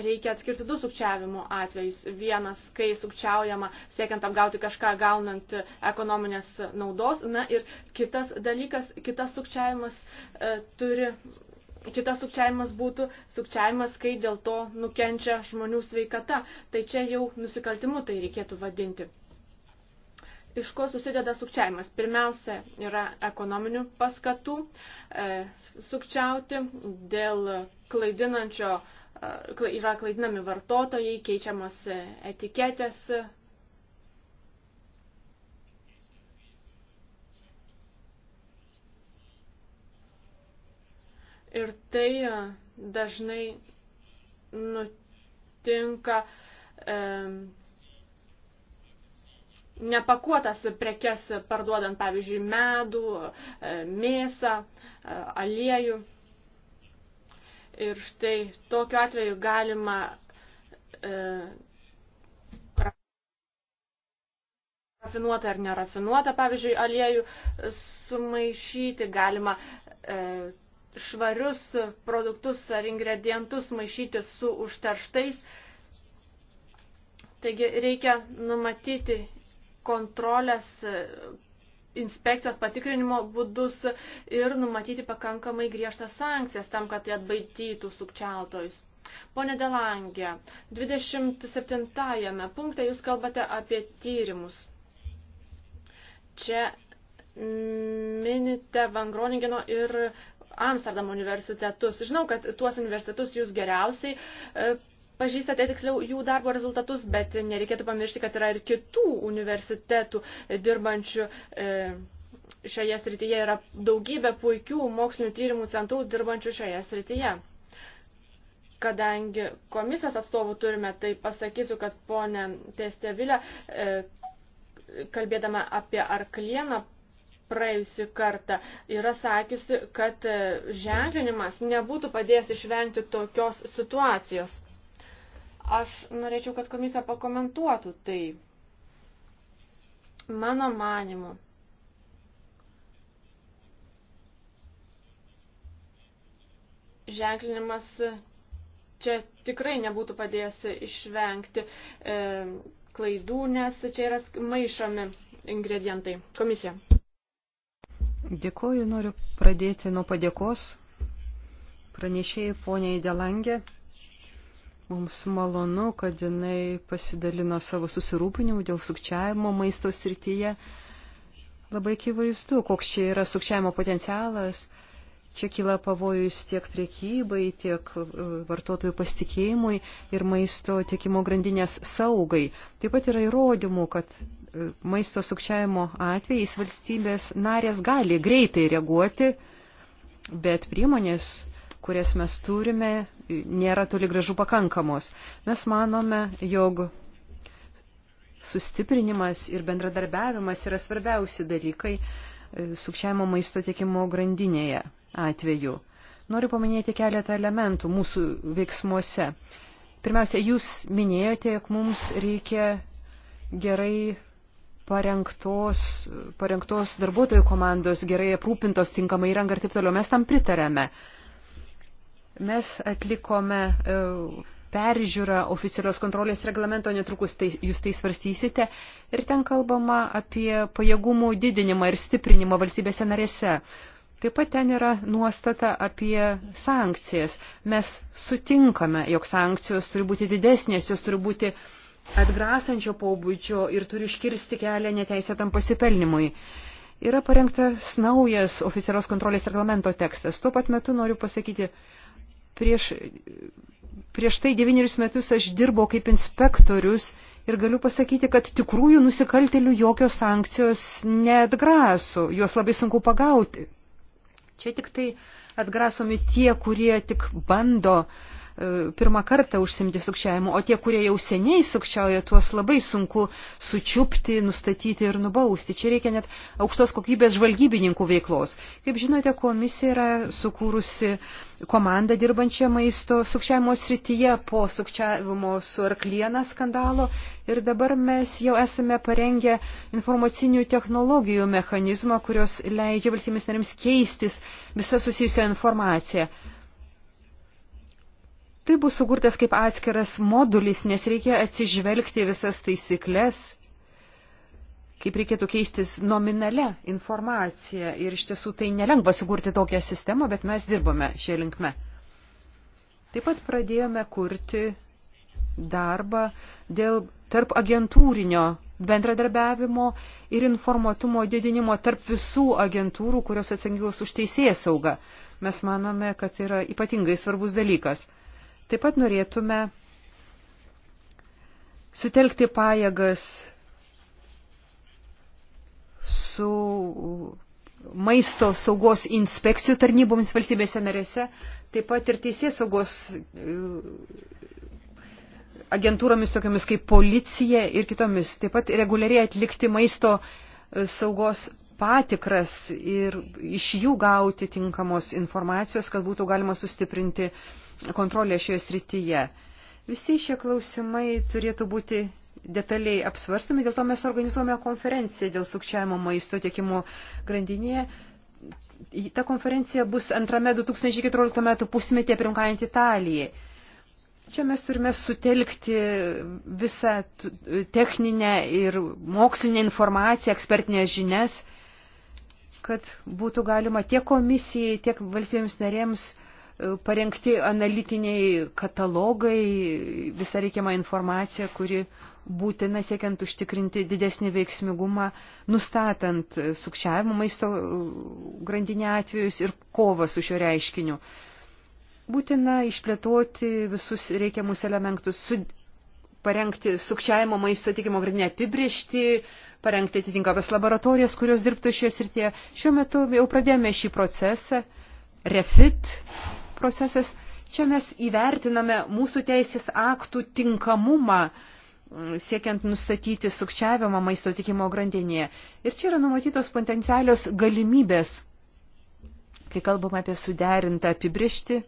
[SPEAKER 1] reikia atskirti du sukčiavimo atvejus. Vienas, kai sukčiaujama siekiant apgauti kažką gaunant ekonominės naudos. Na ir kitas dalykas, kitas sukčiavimas e, turi. Kitas sukčiavimas būtų sukčiavimas, kai dėl to nukenčia žmonių sveikata. Tai čia jau nusikaltimu tai reikėtų vadinti. Iš ko susideda sukčiavimas? Pirmiausia, yra ekonominių paskatų e, sukčiauti dėl klaidinančio e, yra klaidinami vartotojai, keičiamos e, etiketės. Ir tai e, dažnai nutinka e, nepakuotas prekes parduodant, pavyzdžiui, medų, e, mėsą, e, aliejų. Ir štai tokiu atveju galima e, rafinuotą ar nerafinuotą, pavyzdžiui, aliejų sumaišyti, galima e, švarius produktus ar ingredientus maišyti su užterštais. Taigi reikia numatyti kontrolės inspekcijos patikrinimo būdus ir numatyti pakankamai griežtas sankcijas tam, kad jie tai atbaidytų sukčiautojus. Pone Delangė, 27 punkte jūs kalbate apie tyrimus. Čia minite Vangroningeno ir Amsterdamo universitetus. Žinau, kad tuos universitetus jūs geriausiai e, pažįstate tiksliau jų darbo rezultatus, bet nereikėtų pamiršti, kad yra ir kitų universitetų dirbančių e, šioje srityje, yra daugybė puikių mokslinių tyrimų centrų dirbančių šioje srityje. Kadangi komisijos atstovų turime, tai pasakysiu, kad ponė Testevilė, e, kalbėdama apie arklieną, praėjusi kartą yra sakiusi, kad e, ženklinimas nebūtų padėjęs išvengti tokios situacijos. Aš norėčiau, kad komisija pakomentuotų tai. Mano manimu. Ženklinimas čia tikrai nebūtų padėjęs išvengti e, klaidų, nes čia yra maišomi ingredientai. Komisija.
[SPEAKER 3] Dėkuoju, noriu pradėti nuo padėkos pranešėjai poniai Delangė Mums malonu, kad jinai pasidalino savo susirūpinimu dėl sukčiavimo maisto srityje. Labai akivaizdu, koks čia yra sukčiavimo potencialas. Čia kyla pavojus tiek priekybai, tiek e, vartotojų pasitikėjimui ir maisto tiekimo grandinės saugai. Taip pat yra įrodymų, kad e, maisto sukčiavimo atvejais valstybės narės gali greitai reaguoti, bet priemonės kurias mes turime, nėra toli gražu pakankamos. Mes manome, jog sustiprinimas ir bendradarbiavimas yra svarbiausi dalykai e, sukčiavimo maisto tiekimo grandinėje atveju. Noriu paminėti keletą elementų mūsų veiksmuose. Pirmiausia, jūs minėjote, jog mums reikia gerai parengtos, parengtos darbuotojų komandos, gerai aprūpintos tinkamai įrangą ir taip toliau. Mes tam pritarėme. Mes atlikome e, peržiūrą oficialios kontrolės reglamento, netrukus tai, jūs tai svarstysite, ir ten kalbama apie pajėgumų didinimą ir stiprinimą valstybėse narėse. Taip pat ten yra nuostata apie sankcijas. Mes sutinkame, jog sankcijos turi būti didesnės, jos turi būti atgrasančio pobūdžio ir turi iškirsti kelią neteisėtam pasipelnimui. Yra parengtas naujas oficialios kontrolės reglamento tekstas. Tuo pat metu noriu pasakyti, Prieš, prieš tai devynerius metus aš dirbau kaip inspektorius ir galiu pasakyti, kad tikrųjų nusikaltelių jokios sankcijos neatgraso, juos labai sunku pagauti. Čia tik tai atgrasomi tie, kurie tik bando uh, pirmą kartą užsimti sukčiavimu, o tie, kurie jau seniai sukčiauja, tuos labai sunku sučiupti, nustatyti ir nubausti. Čia reikia net aukštos kokybės žvalgybininkų veiklos. Kaip žinote, komisija yra sukūrusi komandą dirbančią maisto sukčiavimo srityje po sukčiavimo su arklieną skandalo ir dabar mes jau esame parengę informacinių technologijų mechanizmą, kurios leidžia valstybės narims keistis visą susijusią informaciją. Tai bus sukurtas kaip atskiras modulis, nes reikia atsižvelgti visas taisyklės, kaip reikėtų keistis nominale informacija. Ir iš tiesų tai nelengva sukurti tokią sistemą, bet mes dirbome šią linkme. Taip pat pradėjome kurti darbą dėl tarp agentūrinio bendradarbiavimo ir informatumo didinimo tarp visų agentūrų, kurios atsakingos už teisėją saugą. Mes manome, kad tai yra ypatingai svarbus dalykas. Taip pat norėtume sutelkti pajėgas su maisto saugos inspekcijų tarnybomis valstybėse narėse, taip pat ir teisės saugos e, agentūromis tokiamis kaip policija ir kitomis, taip pat reguliariai atlikti maisto e, saugos patikras ir iš jų gauti tinkamos informacijos, kad būtų galima sustiprinti uh, kontrolę šioje srityje. Visi šie klausimai turėtų būti detaliai apsvarstami, dėl to mes organizuojame konferenciją dėl sukčiavimo maisto tiekimo grandinėje. Ta konferencija bus antrame 2014 metų pusmetėje primkajant Italijai. Čia mes turime sutelkti visą techninę ir mokslinę informaciją, ekspertinės žinias, kad būtų galima tiek komisijai, tiek valstybėms narėms uh, parengti analitiniai katalogai, visa reikiama informacija, kuri būtina siekiant užtikrinti didesnį veiksmigumą, nustatant sukčiavimo maisto grandinė atvejus ir kovą su šiuo reiškiniu. Būtina išplėtoti visus reikiamus elementus, su, parengti sukčiavimo maisto tikimo grandinę apibriežti, parengti atitinkamas laboratorijas, kurios dirbtų šioje srityje. Šiuo metu jau pradėjome šį procesą. Refit procesas. Čia mes įvertiname mūsų teisės aktų tinkamumą, mm, siekiant nustatyti sukčiavimą maisto tikimo grandinėje. Ir čia yra numatytos potencialios galimybės, kai kalbam apie suderintą apibrišti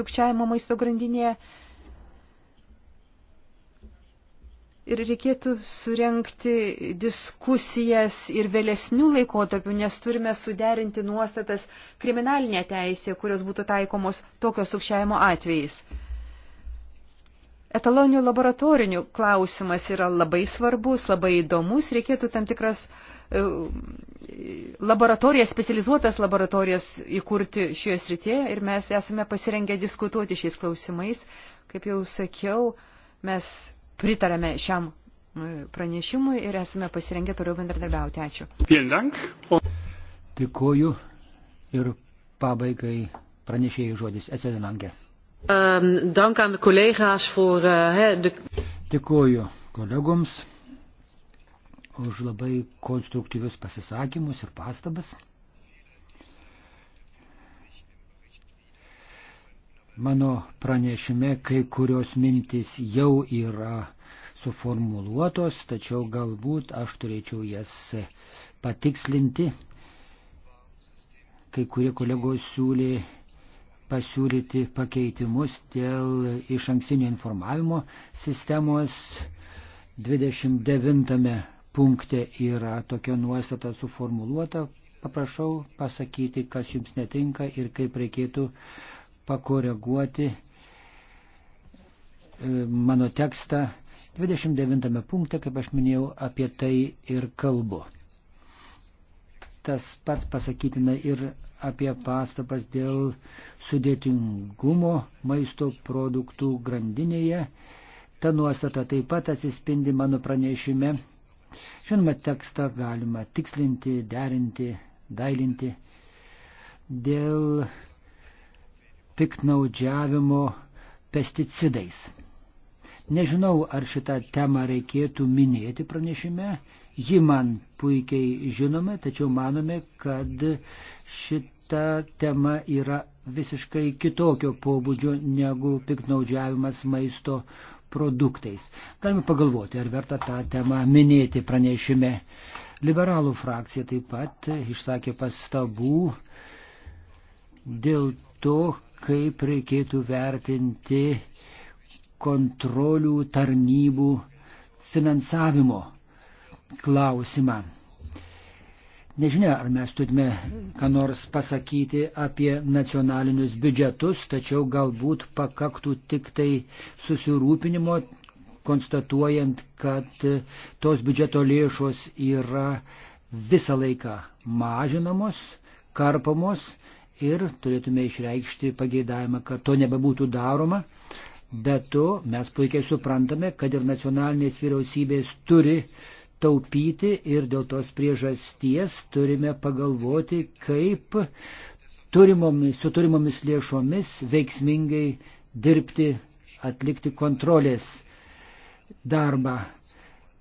[SPEAKER 3] sukčiavimo maisto grandinėje Ir reikėtų surenkti diskusijas ir vėlesnių laikotarpių, nes turime suderinti nuostatas kriminalinė teisė, kurios būtų taikomos tokios sukčiavimo atvejais. Etaloninių laboratorinių klausimas yra labai svarbus, labai įdomus, reikėtų tam tikras e, laboratorijas, specializuotas laboratorijas įkurti šioje srityje ir mes esame pasirengę diskutuoti šiais klausimais. Kaip jau sakiau, mes pritarėme šiam e, pranešimui ir esame pasirengę toliau bendradarbiauti.
[SPEAKER 2] Ačiū. Tikuoju ir pabaigai pranešėjai žodis Esedinangė. Um, ehm, dank aan de collega's voor uh, de... Dėkuoju kolegoms už labai konstruktyvius pasisakymus ir pastabas. Mano pranešime kai kurios mintis jau yra suformuluotos, tačiau galbūt aš turėčiau jas patikslinti. Kai kurie kolegos siūlė pasiūlyti pakeitimus dėl iš ankstinio informavimo sistemos. 29 punkte yra tokia nuostata suformuluota. Paprašau pasakyti, kas jums netinka ir kaip reikėtų uh, pakoreguoti e, mano tekstą 29 punkte, kaip aš minėjau, apie tai ir kalbu. Tas pats pasakytina ir apie pastabas dėl sudėtingumo maisto produktų grandinėje. Ta nuostata taip pat atsispindi mano pranešime. Žinoma, tekstą galima tikslinti, derinti, dailinti. Dėl piknaudžiavimo pesticidais. Nežinau, ar šitą temą reikėtų minėti pranešime, ji man puikiai žinoma, tačiau manome, kad šita tema yra visiškai kitokio pobūdžio negu piknaudžiavimas maisto produktais. Galime pagalvoti, ar verta tą temą minėti pranešime. Liberalų frakcija taip pat išsakė pastabų dėl to, kaip reikėtų vertinti kontrolių tarnybų finansavimo klausimą. Nežinia, ar mes turime ką nors pasakyti apie nacionalinius biudžetus, tačiau galbūt pakaktų tik tai susirūpinimo, konstatuojant, kad tos biudžeto lėšos yra visą laiką mažinamos, karpamos ir turėtume išreikšti pageidavimą, kad to nebebūtų daroma. Be to, mes puikiai suprantame, kad ir nacionalinės vyriausybės turi taupyti ir dėl tos priežasties turime pagalvoti, kaip turimomis, su turimomis lėšomis veiksmingai dirbti, atlikti kontrolės darbą.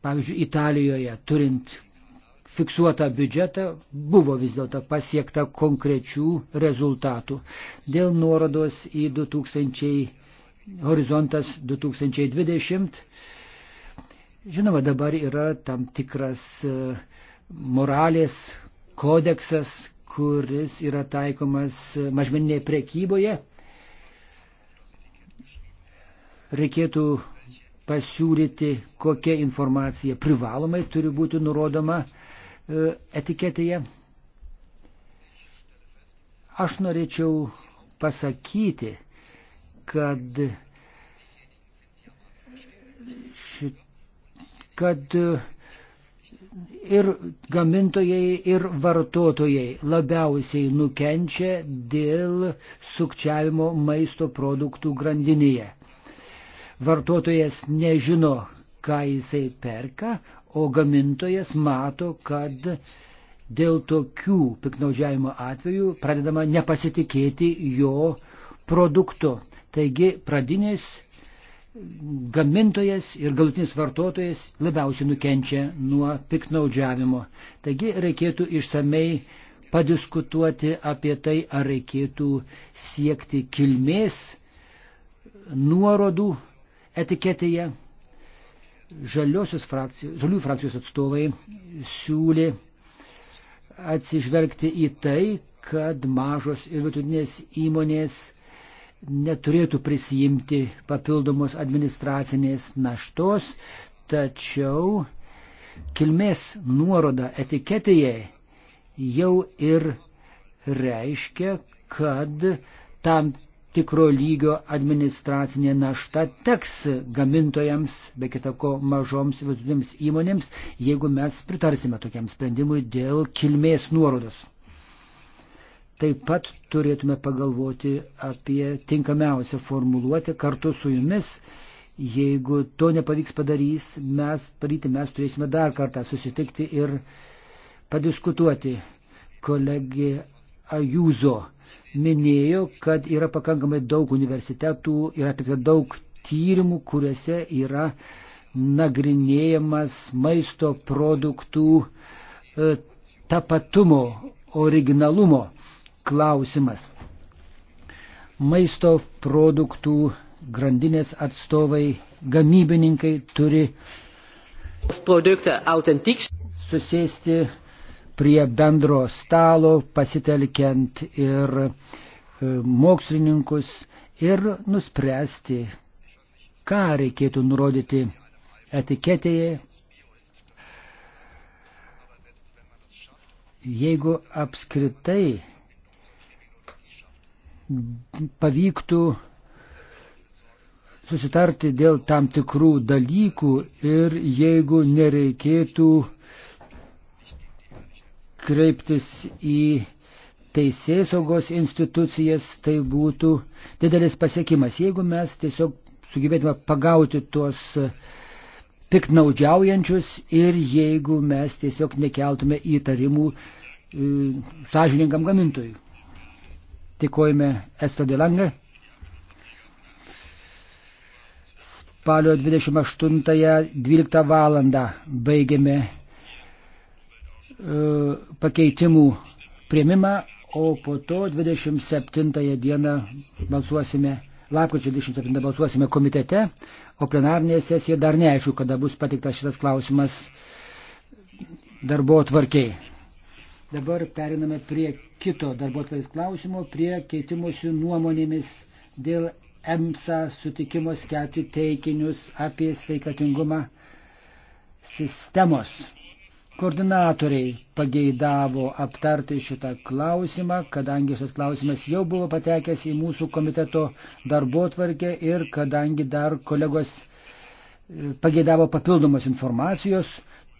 [SPEAKER 2] Pavyzdžiui, Italijoje turint fiksuotą biudžetą buvo vis dėlto pasiekta konkrečių rezultatų. Dėl nuorodos į 2000 horizontas 2020, žinoma, dabar yra tam tikras e, moralės kodeksas, kuris yra taikomas e, mažmeninėje prekyboje. Reikėtų pasiūlyti, kokia informacija privalomai turi būti nurodoma E, etiketėje. Aš norėčiau pasakyti, kad, ši, kad ir gamintojai, ir vartotojai labiausiai nukenčia dėl sukčiavimo maisto produktų grandinėje. Vartotojas nežino, ką jisai perka, o gamintojas mato, kad dėl tokių piknaudžiavimo atvejų pradedama nepasitikėti jo produktu. Taigi pradinis gamintojas ir galutinis vartotojas labiausiai nukenčia nuo piknaudžiavimo. Taigi reikėtų išsamei padiskutuoti apie tai, ar reikėtų siekti kilmės nuorodų etiketėje žaliosios frakcijos, žalių frakcijos atstovai siūlė atsižvelgti į tai, kad mažos ir vidutinės įmonės neturėtų prisijimti papildomos administracinės naštos, tačiau kilmės nuoroda etiketėje jau ir reiškia, kad tam tikro lygio administracinė našta teks gamintojams, be kitako mažoms ir vidutinėms įmonėms, jeigu mes pritarsime tokiam sprendimui dėl kilmės nuorodos. Taip pat turėtume pagalvoti apie tinkamiausią formuluotę kartu su jumis. Jeigu to nepavyks padarys, mes, padaryti, mes turėsime dar kartą susitikti ir padiskutuoti. Kolegė Ajūzo minėjo, kad yra pakankamai daug universitetų, yra tikrai daug tyrimų, kuriuose yra nagrinėjamas maisto produktų e, tapatumo, originalumo klausimas. Maisto produktų grandinės atstovai, gamybininkai turi susėsti prie bendro stalo, pasitelkiant ir e, mokslininkus ir nuspręsti, ką reikėtų nurodyti etiketėje. Jeigu apskritai pavyktų susitarti dėl tam tikrų dalykų ir jeigu nereikėtų uh, kreiptis į teisėsaugos institucijas, tai būtų didelis pasiekimas. Jeigu mes tiesiog sugebėtume pagauti tuos piknaudžiaujančius ir jeigu mes tiesiog nekeltume įtarimų e, sąžiningam gamintojui. Tikojame Esto Delangą. Spalio 28-12 val. baigėme E, pakeitimų prieimimą, o po to 27 dieną balsuosime, lapkričio 27 balsuosime komitete, o plenarinė sesija dar neaišku, kada bus patiktas šitas klausimas darbo tvarkiai. Dabar periname prie kito darbo tvarkės klausimo, prie keitimosi nuomonėmis dėl EMSA sutikimo skelbti teikinius apie sveikatingumą sistemos. Koordinatoriai pageidavo aptarti šitą klausimą, kadangi šis klausimas jau buvo patekęs į mūsų komiteto darbo tvarkę ir kadangi dar kolegos e, pageidavo papildomos informacijos,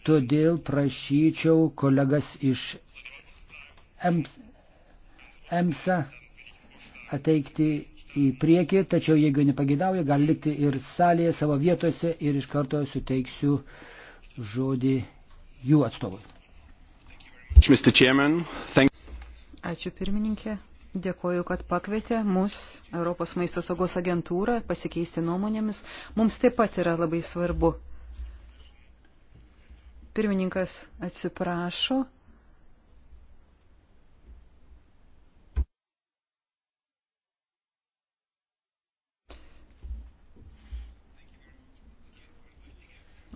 [SPEAKER 2] todėl prašyčiau kolegas iš EMSA ateikti į priekį, tačiau jeigu nepagėdauja, gali likti ir salėje savo vietose ir iš karto suteiksiu žodį jų atstovui.
[SPEAKER 3] Ačiū pirmininkė. Dėkoju, kad pakvietė mus, Europos maisto saugos agentūrą, pasikeisti nuomonėmis. Mums taip pat yra labai svarbu. Pirmininkas atsiprašo.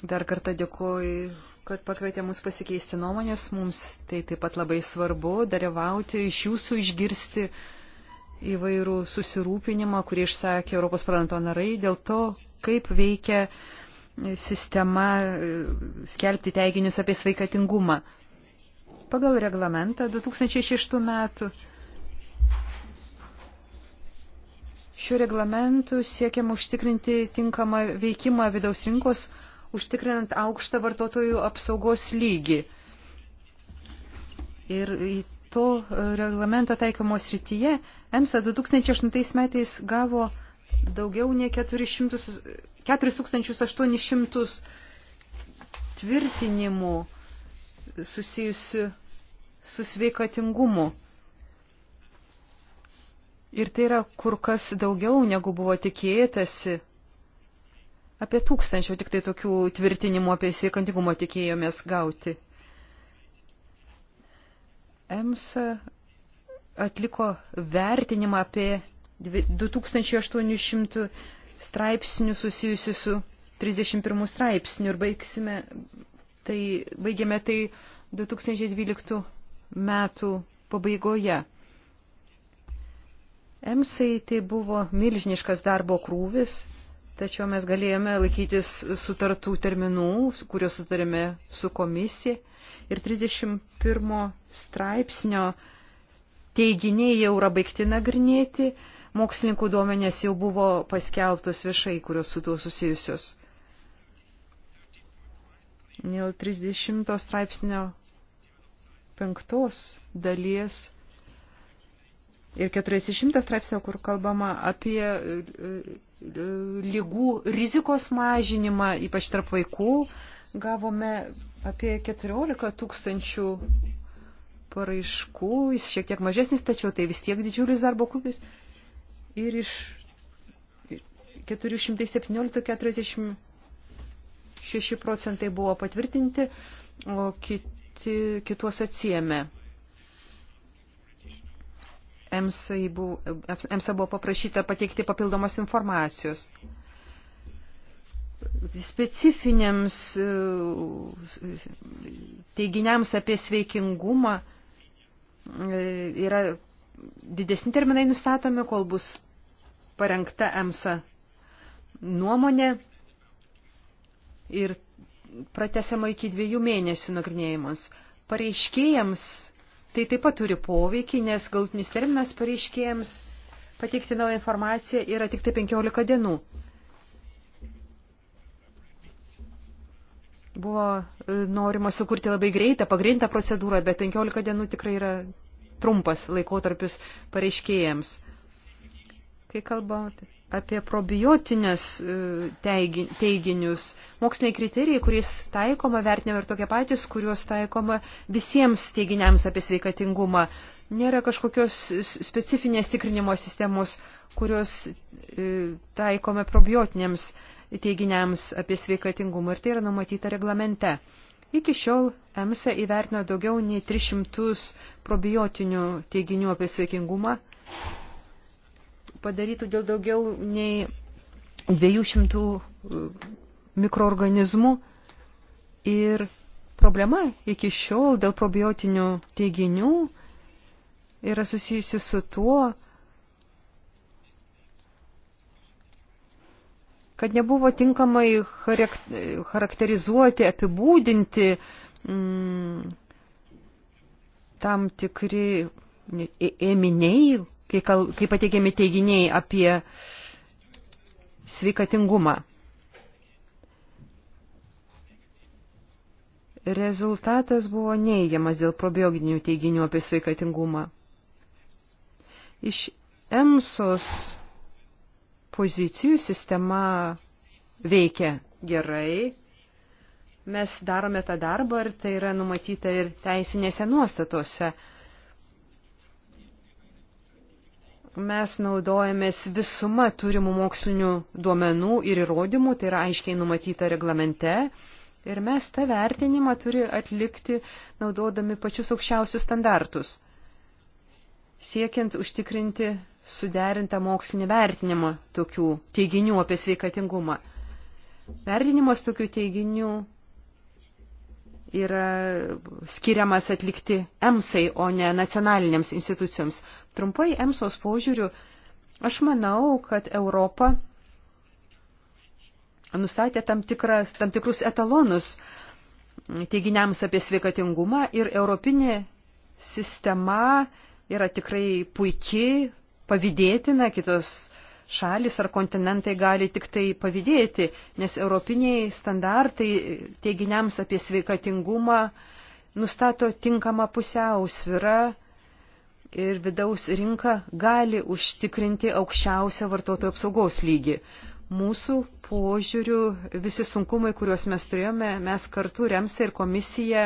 [SPEAKER 3] Dar kartą dėkoju kad pakvietė mus pasikeisti nuomonės. Mums tai taip pat labai svarbu dalyvauti, iš jūsų išgirsti įvairų susirūpinimą, kurį išsakė Europos parlamento narai, dėl to, kaip veikia sistema e, skelbti teiginius apie sveikatingumą. Pagal reglamentą 2006 metų šiuo reglamentu siekiam užtikrinti tinkamą veikimą vidaus rinkos užtikrinant aukštą vartotojų apsaugos lygį. Ir to e, reglamento taikymo srityje EMSA 2008 metais gavo daugiau nei 4800 tvirtinimų susijusių su sveikatingumu. Ir tai yra kur kas daugiau, negu buvo tikėtasi Apie tūkstančių tik tai tokių tvirtinimų apie sveikatingumo tikėjomės gauti. EMSA atliko vertinimą apie 2800 straipsnių susijusių su 31 straipsniu ir baigsime, tai, baigėme tai 2012 metų pabaigoje. EMSAI tai buvo milžiniškas darbo krūvis, Tačiau mes galėjome laikytis sutartų terminų, kuriuos sutarėme su komisija. Ir 31 straipsnio teiginiai jau yra baigti nagrinėti, mokslininkų duomenės jau buvo paskelbtos viešai, kurios su tuo susijusios. Dėl 30 straipsnio penktos dalies ir 40 straipsnio, kur kalbama apie lygų rizikos mažinimą, ypač tarp vaikų. Gavome apie 14 tūkstančių paraiškų, jis šiek tiek mažesnis, tačiau tai vis tiek didžiulis darbo krūvis. Ir iš 417-46 procentai buvo patvirtinti, o kiti, kituos atsiemė. EMSA buvo, EMSA buvo paprašyta pateikti papildomos informacijos specifiniams e, teiginiams apie sveikingumą e, yra didesni terminai nustatomi, kol bus parengta EMSA nuomonė ir pratesiama iki dviejų mėnesių nagrinėjimas. Pareiškėjams Tai taip pat turi poveikį, nes galutinis terminas pareiškėjams pateikti naują informaciją yra tik tai 15 dienų. Buvo e, norima sukurti labai greitą, pagrindintą procedūrą, bet 15 dienų tikrai yra trumpas laikotarpis pareiškėjams. Kai kalba apie probiotinės e, teiginius. Moksliniai kriterijai, kuriais taikoma vertinama ir tokie patys, kuriuos taikoma visiems teiginiams apie sveikatingumą. Nėra kažkokios specifinės tikrinimo sistemos, kurios e, taikome probiotinėms teiginiams apie sveikatingumą ir tai yra numatyta reglamente. Iki šiol EMSA įvertino daugiau nei 300 probiotinių teiginių apie sveikingumą padarytų dėl daugiau nei 200 e, mikroorganizmų ir problema iki šiol dėl probiotinių teiginių yra susijusi su tuo, kad nebuvo tinkamai charakterizuoti, apibūdinti mm, tam tikri e, ėminiai, kai, kal, kai pateikiami teiginiai apie sveikatingumą. Rezultatas buvo neigiamas dėl probioginių teiginių apie sveikatingumą. Iš EMSOS pozicijų sistema veikia gerai, mes darome tą darbą ir tai yra numatyta ir teisinėse nuostatose mes naudojamės visuma turimų mokslinių duomenų ir įrodymų, tai yra aiškiai numatyta reglamente. Ir mes tą vertinimą turi atlikti naudodami pačius aukščiausius standartus, siekiant užtikrinti suderintą mokslinį vertinimą tokių teiginių apie sveikatingumą. Vertinimas tokių teiginių yra skiriamas atlikti EMSai, o ne nacionalinėms institucijoms. Trumpai EMSos požiūriu, aš manau, kad Europa nustatė tam, tikras, tam tikrus etalonus teiginiams apie sveikatingumą ir europinė sistema yra tikrai puikiai, pavydėtina, kitos uh, šalis ar kontinentai gali tik tai pavydėti, nes europiniai standartai teiginiams apie sveikatingumą nustato tinkamą pusiausvyrą ir vidaus rinka gali užtikrinti aukščiausią vartotojų apsaugos lygį. Mūsų požiūrių visi sunkumai, kuriuos mes turėjome, mes kartu remsą ir komisiją,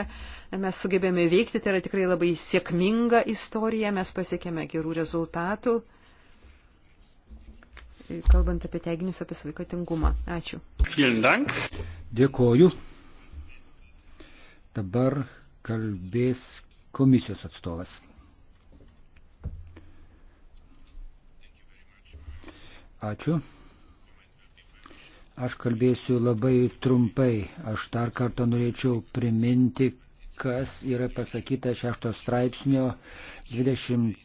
[SPEAKER 3] mes sugebėjome veikti, tai yra tikrai labai sėkminga istorija, mes pasiekėme gerų rezultatų kalbant apie teiginius apie sveikatingumą. Ačiū.
[SPEAKER 2] Dėkoju. Dabar kalbės komisijos atstovas. Ačiū. Aš kalbėsiu labai trumpai. Aš dar kartą norėčiau priminti, kas yra pasakyta 6 straipsnio 20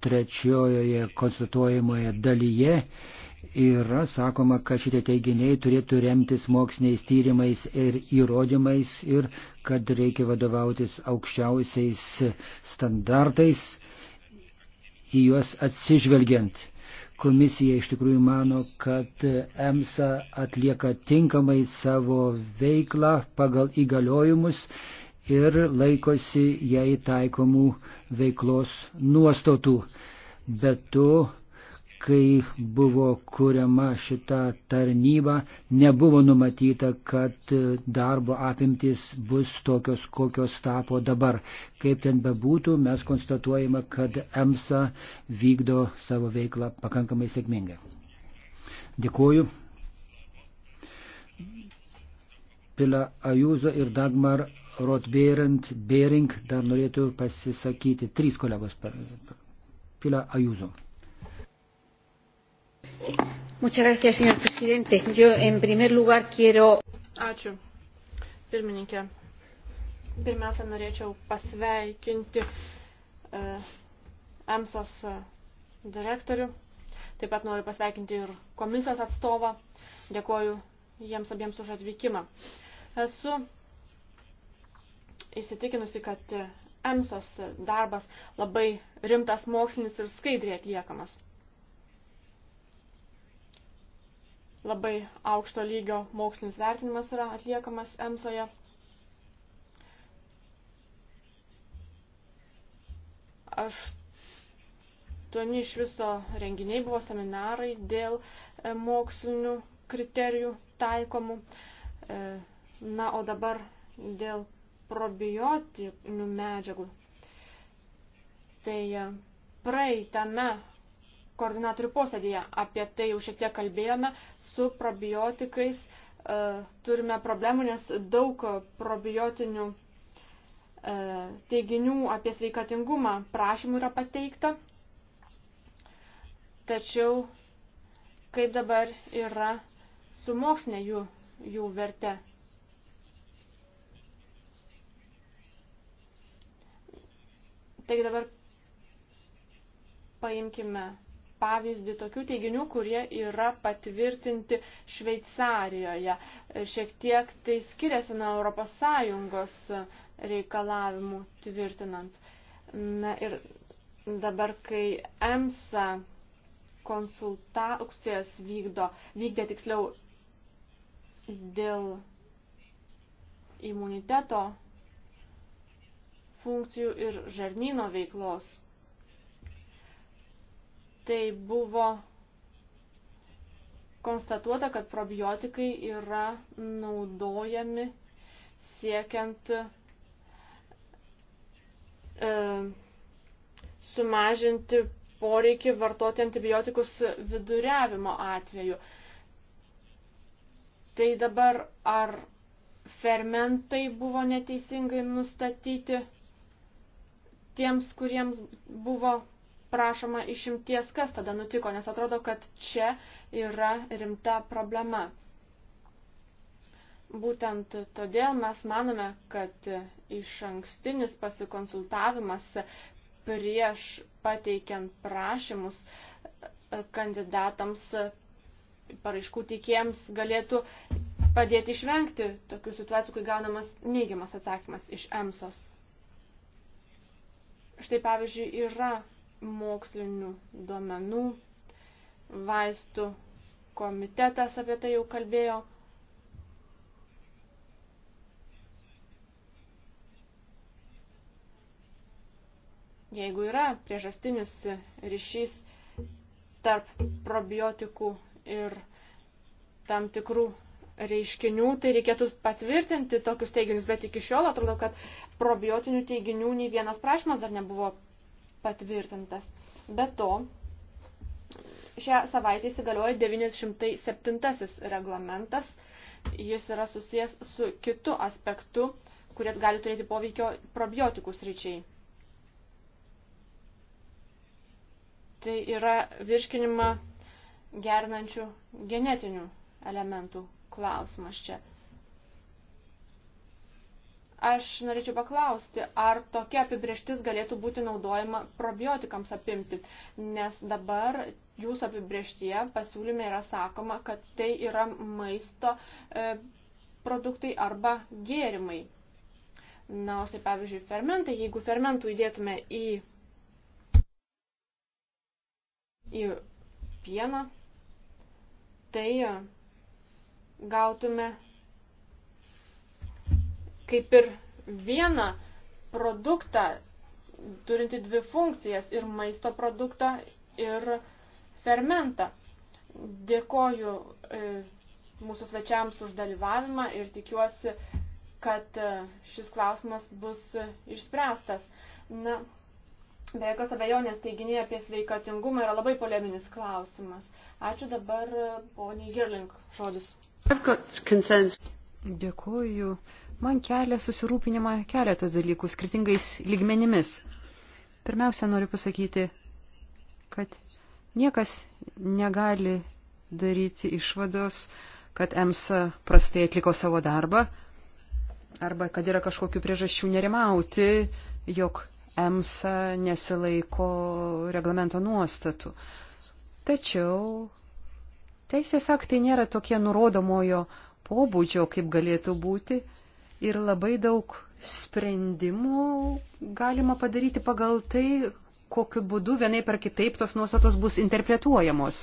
[SPEAKER 2] trečiojoje konstatuojamoje dalyje yra sakoma, kad šitie teiginiai turėtų remtis moksliniais tyrimais ir įrodymais ir kad reikia vadovautis aukščiausiais standartais į juos atsižvelgiant. Komisija iš tikrųjų mano, kad EMSA atlieka tinkamai savo veiklą pagal įgaliojimus ir laikosi jai taikomų veiklos nuostatų. Bet tu, kai buvo kuriama šita tarnyba, nebuvo numatyta, kad darbo apimtis bus tokios, kokios tapo dabar. Kaip ten bebūtų, mes konstatuojame, kad EMSA vykdo savo veiklą pakankamai sėkmingai. Dėkuoju. Pila Ajuzo ir Dagmar Rotbėrant, Bering dar norėtų pasisakyti trys kolegos per Pila Ajuzo.
[SPEAKER 3] Muchas gracias, señor presidente. Yo, en primer lugar, quiero.
[SPEAKER 1] Ačiū. Pirmininkė. Pirmiausia, norėčiau pasveikinti uh, e, EMSOS e, direktorių. Taip pat noriu pasveikinti ir komisijos atstovą. Dėkoju jiems abiems už atvykimą. Esu įsitikinusi, kad EMSOS darbas labai rimtas mokslinis ir skaidriai atliekamas. Labai aukšto lygio mokslinis vertinimas yra atliekamas EMSOje. Aštuoni iš viso renginiai buvo seminarai dėl e, mokslinių kriterijų taikomų. E, na, o dabar dėl probiotinių medžiagų. Tai praeitame koordinatorių posėdėje apie tai jau šiek tiek kalbėjome su probiotikais. E, turime problemų, nes daug probiotinių e, teiginių apie sveikatingumą prašymų yra pateikta. Tačiau kaip dabar yra su mokslinė jų, jų verte. Taigi dabar paimkime pavyzdį tokių teiginių, kurie yra patvirtinti Šveicarijoje. Šiek tiek tai skiriasi nuo Europos Sąjungos reikalavimų tvirtinant. Na ir dabar, kai EMSA konsultacijas vykdo, vykdė tiksliau dėl imuniteto funkcijų ir žarnyno veiklos. Tai buvo konstatuota, kad probiotikai yra naudojami siekiant e, sumažinti poreikį vartoti antibiotikus viduriavimo atveju. Tai dabar ar fermentai buvo neteisingai nustatyti? tiems, kuriems buvo prašoma išimties, kas tada nutiko, nes atrodo, kad čia yra rimta problema. Būtent todėl mes manome, kad iš ankstinis pasikonsultavimas prieš pateikiant prašymus e, kandidatams e, paraiškų teikėjams galėtų padėti išvengti tokių situacijų, kai gaunamas neigiamas atsakymas iš EMSOS. Štai pavyzdžiui, yra mokslinių duomenų, vaistų komitetas apie tai jau kalbėjo. Jeigu yra priežastinis ryšys tarp probiotikų ir tam tikrų reiškinių, tai reikėtų patvirtinti tokius teiginius, bet iki šiol atrodo, kad probiotinių teiginių nei vienas prašymas dar nebuvo patvirtintas. Be to, šią savaitę įsigalioja 907 reglamentas, jis yra susijęs su kitu aspektu, kurie gali turėti poveikio probiotikų sričiai. Tai yra virškinimą gernančių genetinių elementų klausimas čia. Aš norėčiau paklausti, ar tokia apibrieštis galėtų būti naudojama probiotikams apimti, nes dabar jūsų apibrieštyje pasiūlyme yra sakoma, kad tai yra maisto e, produktai arba gėrimai. Na, o štai pavyzdžiui, fermentai, jeigu fermentų įdėtume į, į pieną, tai gautume kaip ir vieną produktą, turinti dvi funkcijas ir maisto produktą ir fermentą. Dėkoju e, mūsų svečiams už dalyvavimą ir tikiuosi, kad e, šis klausimas bus išspręstas. Na, be jokios abejonės teiginiai apie sveikatingumą yra labai poleminis klausimas. Ačiū dabar e, poniai Girlink žodis.
[SPEAKER 3] Dėkuoju. Man kelia susirūpinimą keletas dalykų skirtingais lygmenimis. Pirmiausia, noriu pasakyti, kad niekas negali daryti išvados, kad EMSA prastai atliko savo darbą, arba kad yra kažkokių priežasčių nerimauti, jog EMSA nesilaiko reglamento nuostatų. Tačiau Teisės aktai nėra tokie nurodomojo pobūdžio, kaip galėtų būti, ir labai daug sprendimų galima padaryti pagal tai, kokiu būdu vienai per kitaip tos nuostatos bus interpretuojamos.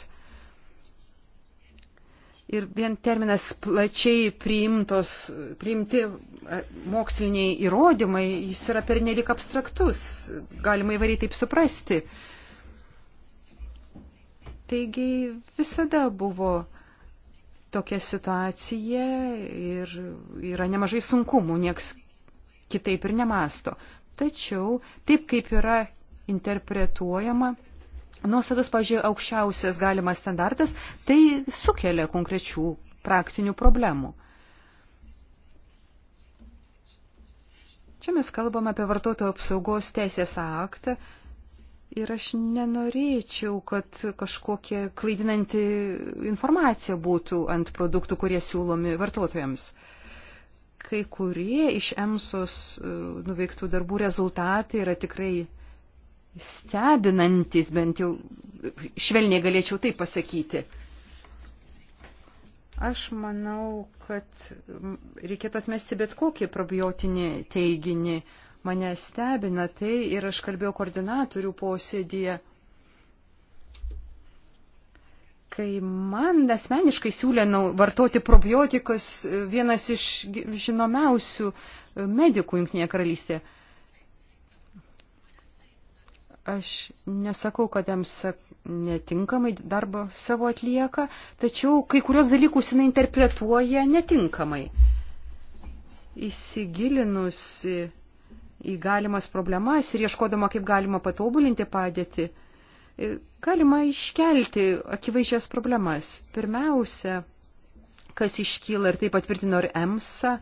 [SPEAKER 3] Ir vien terminas plačiai priimtos, priimti moksliniai įrodymai, jis yra pernelik abstraktus, galima įvariai taip suprasti. Taigi visada buvo tokia situacija ir yra nemažai sunkumų, nieks kitaip ir nemasto. Tačiau taip kaip yra interpretuojama, nuostatos, pažiūrėjau, aukščiausias galimas standartas, tai sukelia konkrečių praktinių problemų. Čia mes kalbame apie vartotojų apsaugos teisės aktą, Ir aš nenorėčiau, kad kažkokia klaidinanti informacija būtų ant produktų, kurie siūlomi vartotojams. Kai kurie iš EMSOS e, nuveiktų darbų rezultatai yra tikrai stebinantis, bent jau švelniai galėčiau tai pasakyti. Aš manau, kad reikėtų atmesti bet kokį probiotinį teiginį Mane stebina tai ir aš kalbėjau koordinatorių posėdėje kai man asmeniškai siūlė vartoti probiotikus e, vienas iš žinomiausių e, medikų Junktinėje karalystėje. Aš nesakau, kad jiems netinkamai darbą savo atlieka, tačiau kai kurios dalykus jinai interpretuoja netinkamai. Įsigilinusi į galimas problemas ir ieškodama, kaip galima patobulinti padėtį, e, galima iškelti akivaizdžias problemas. Pirmiausia, kas iškyla ir tai patvirtino ir EMSA,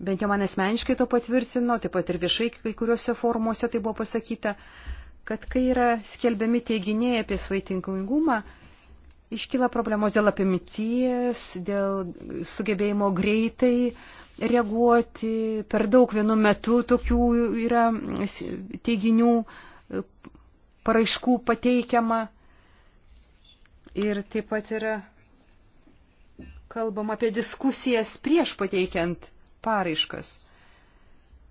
[SPEAKER 3] bent jau man asmeniškai to patvirtino, taip pat ir viešai kai kuriuose formuose tai buvo pasakyta, kad kai yra skelbiami teiginiai apie svaitinkamingumą, Iškyla problemos dėl apimties, dėl sugebėjimo greitai reaguoti, per daug vienu metu tokių yra teiginių paraiškų pateikiama. Ir taip pat yra kalbam apie diskusijas prieš pateikiant paraiškas.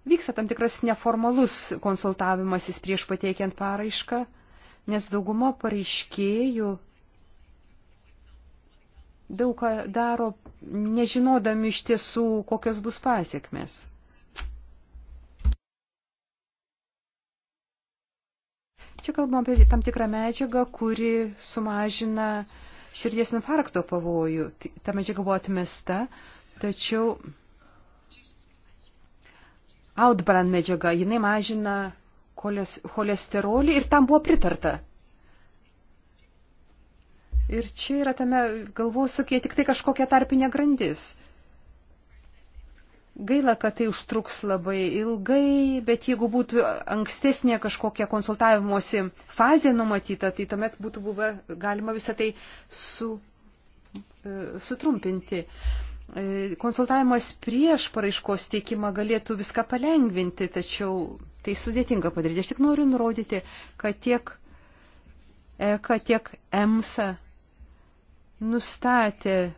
[SPEAKER 3] Vyksta tam tikras neformalus konsultavimasis prieš pateikiant paraišką, nes dauguma pareiškėjų daug ką daro, nežinodami iš tiesų, kokios bus pasiekmes. Čia kalbam apie tam tikrą medžiagą, kuri sumažina širdies infarkto pavojų. Tai ta medžiaga buvo atmesta, tačiau Outbrand medžiaga, jinai mažina cholesterolį ir tam buvo pritarta. Ir čia yra tame galvosūkyje tik tai kažkokia tarpinė grandis. Gaila, kad tai užtruks labai ilgai, bet jeigu būtų ankstesnė kažkokia konsultavimuosi fazė numatyta, tai tuomet būtų buvę galima visą tai su, e, sutrumpinti. E, konsultavimas prieš paraiškos teikimą galėtų viską palengvinti, tačiau tai sudėtinga padaryti. Aš tik noriu nurodyti, kad tiek ECA, tiek EMSA nustatė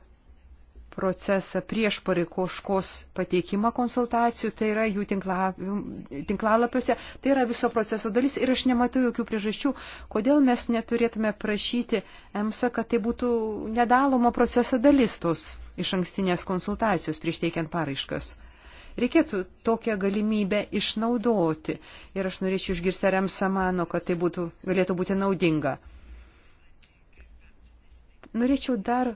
[SPEAKER 3] procesą prieš pareikoškos pateikimą konsultacijų, tai yra jų tinkla, tinklalapiuose, tai yra viso proceso dalis ir aš nematau jokių priežasčių, kodėl mes neturėtume prašyti EMSA, kad tai būtų nedaloma proceso dalis tos iš ankstinės konsultacijos prieš teikiant paraiškas. Reikėtų tokią galimybę išnaudoti ir aš norėčiau išgirsti, ar EMSA mano, kad tai būtų, galėtų būti naudinga. Norėčiau dar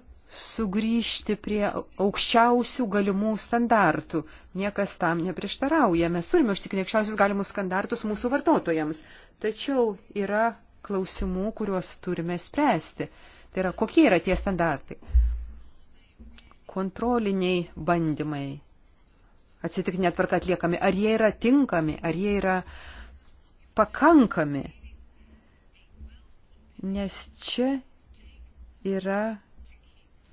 [SPEAKER 3] sugrįžti prie aukščiausių galimų standartų. Niekas tam neprieštarauja. Mes turime užtikrinti aukščiausius galimus standartus mūsų vartotojams. Tačiau yra klausimų, kuriuos turime spręsti. Tai yra, kokie yra tie standartai? Kontroliniai bandymai. Atsitiktinė tvarka atliekami. Ar jie yra tinkami, ar jie yra pakankami? Nes čia yra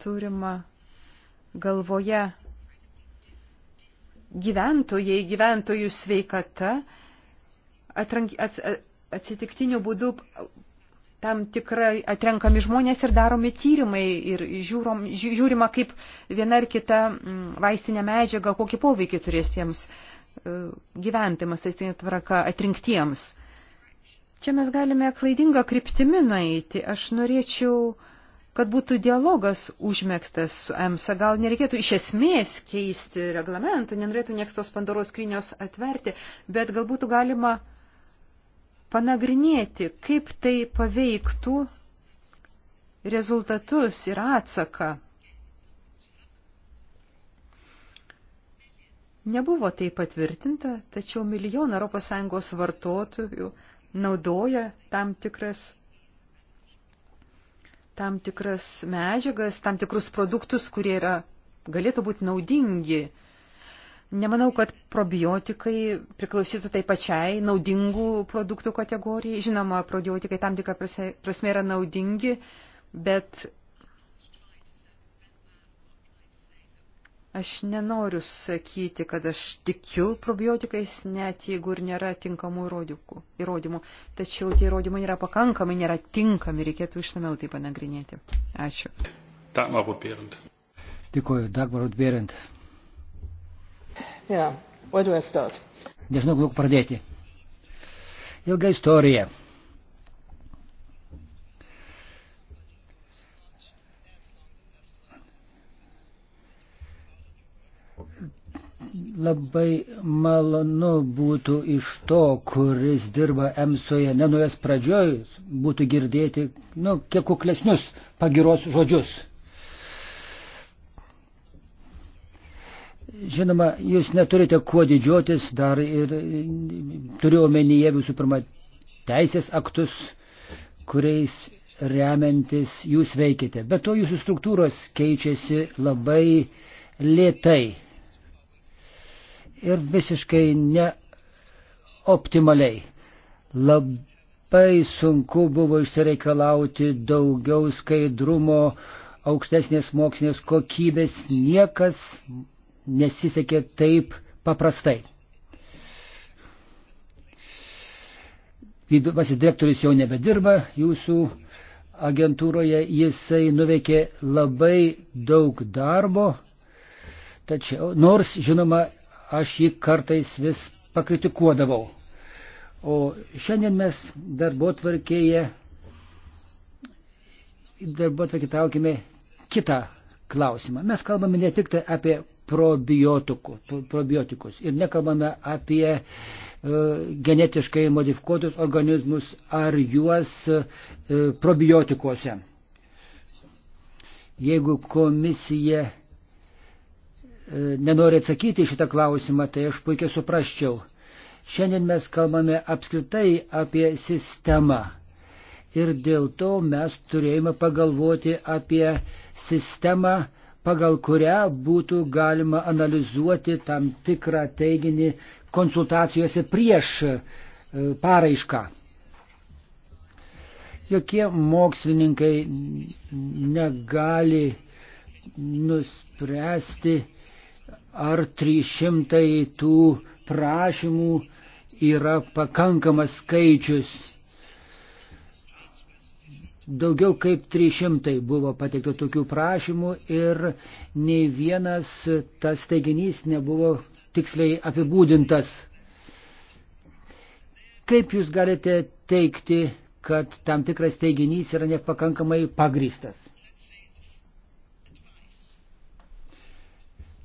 [SPEAKER 3] turima galvoje gyventojai, gyventojų sveikata, atrank, ats, atsitiktinių būdų tam tikrai atrenkami žmonės ir daromi tyrimai ir žiūrom, žiūrima, kaip viena ar kita mm, vaistinė medžiaga, kokį poveikį turės tiems e, gyventimas, aistinė tvarka, atrinktiems. Čia mes galime klaidingą kryptimį nueiti. Aš norėčiau uh, kad būtų dialogas užmėgstas su EMSA. Gal nereikėtų iš esmės keisti reglamentų, nenorėtų nieks tos Pandoros skrynios atverti, bet gal būtų galima panagrinėti, kaip tai paveiktų rezultatus ir atsaką. Nebuvo tai patvirtinta, tačiau milijonų ES vartotojų naudoja tam tikras tam tikras medžiagas, tam tikrus produktus, kurie yra, galėtų būti naudingi. Nemanau, kad probiotikai priklausytų tai pačiai naudingų produktų kategorijai. Žinoma, probiotikai tam tikrą prasme yra naudingi, bet Aš nenoriu sakyti, kad aš tikiu probiotikais, net jeigu ir nėra tinkamų įrodikų, įrodymų. Tačiau tie įrodymai yra pakankamai, nėra tinkami, reikėtų išsameu tai panagrinėti. Ačiū.
[SPEAKER 2] Dagmaro Bėrint. Dėkuoju, Dagmaro Bėrint. Yeah. Nežinau, kur pradėti. Ilga istorija. Labai malonu būtų iš to, kuris dirba EMSOje, nenuės pradžioj, būtų girdėti, nu, kiek kuklesnius pagiros žodžius. Žinoma, jūs neturite kuo didžiuotis, dar ir turiu omenyje visų pirma teisės aktus, kuriais remiantis jūs veikite. Bet to jūsų struktūros keičiasi labai lėtai ir visiškai neoptimaliai. Labai sunku buvo išsireikalauti daugiau skaidrumo, aukštesnės mokslinės kokybės, niekas nesisekė taip paprastai. vykdomasis direktorius jau nebedirba jūsų agentūroje, jisai nuveikė labai daug darbo, tačiau nors, žinoma, aš jį kartais vis pakritikuodavau. O šiandien mes darbo tvarkėje, darbo tvarkė traukime kitą klausimą. Mes kalbame ne tik tai apie probiotikus ir nekalbame apie uh, genetiškai modifikuotus organizmus ar juos uh, probiotikuose. Jeigu komisija E, nenori atsakyti šitą klausimą, tai aš puikiai suprasčiau. Šiandien mes kalbame apskritai apie sistemą. Ir dėl to mes turėjome pagalvoti apie sistemą, pagal kurią būtų galima analizuoti tam tikrą teiginį konsultacijose prieš e, paraišką. Jokie mokslininkai negali nuspręsti, ar 300 tų prašymų yra pakankamas skaičius. Daugiau kaip 300 buvo pateikta tokių prašymų ir nei vienas tas teiginys nebuvo tiksliai apibūdintas. Kaip jūs galite teikti, kad tam tikras teiginys yra nepakankamai pagristas?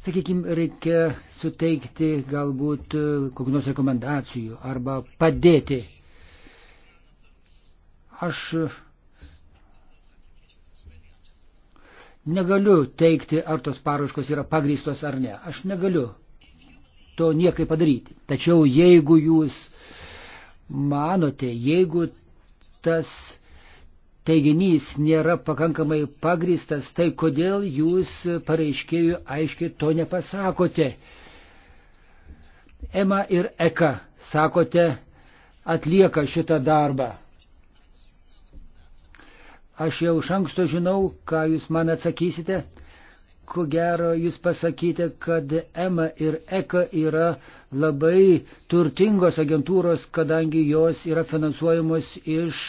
[SPEAKER 2] sakykime, reikia suteikti galbūt e, kokių nors rekomendacijų arba padėti. Aš negaliu teikti, ar tos paraškos yra pagrįstos ar ne. Aš negaliu to niekai padaryti. Tačiau jeigu jūs manote, jeigu tas teiginys nėra pakankamai pagristas, tai kodėl jūs pareiškėjų aiškiai to nepasakote? Ema ir Eka, sakote, atlieka šitą darbą. Aš jau iš anksto žinau, ką jūs man atsakysite. Ko gero, jūs pasakyti, kad EMA ir ECA yra labai turtingos agentūros, kadangi jos yra finansuojamos iš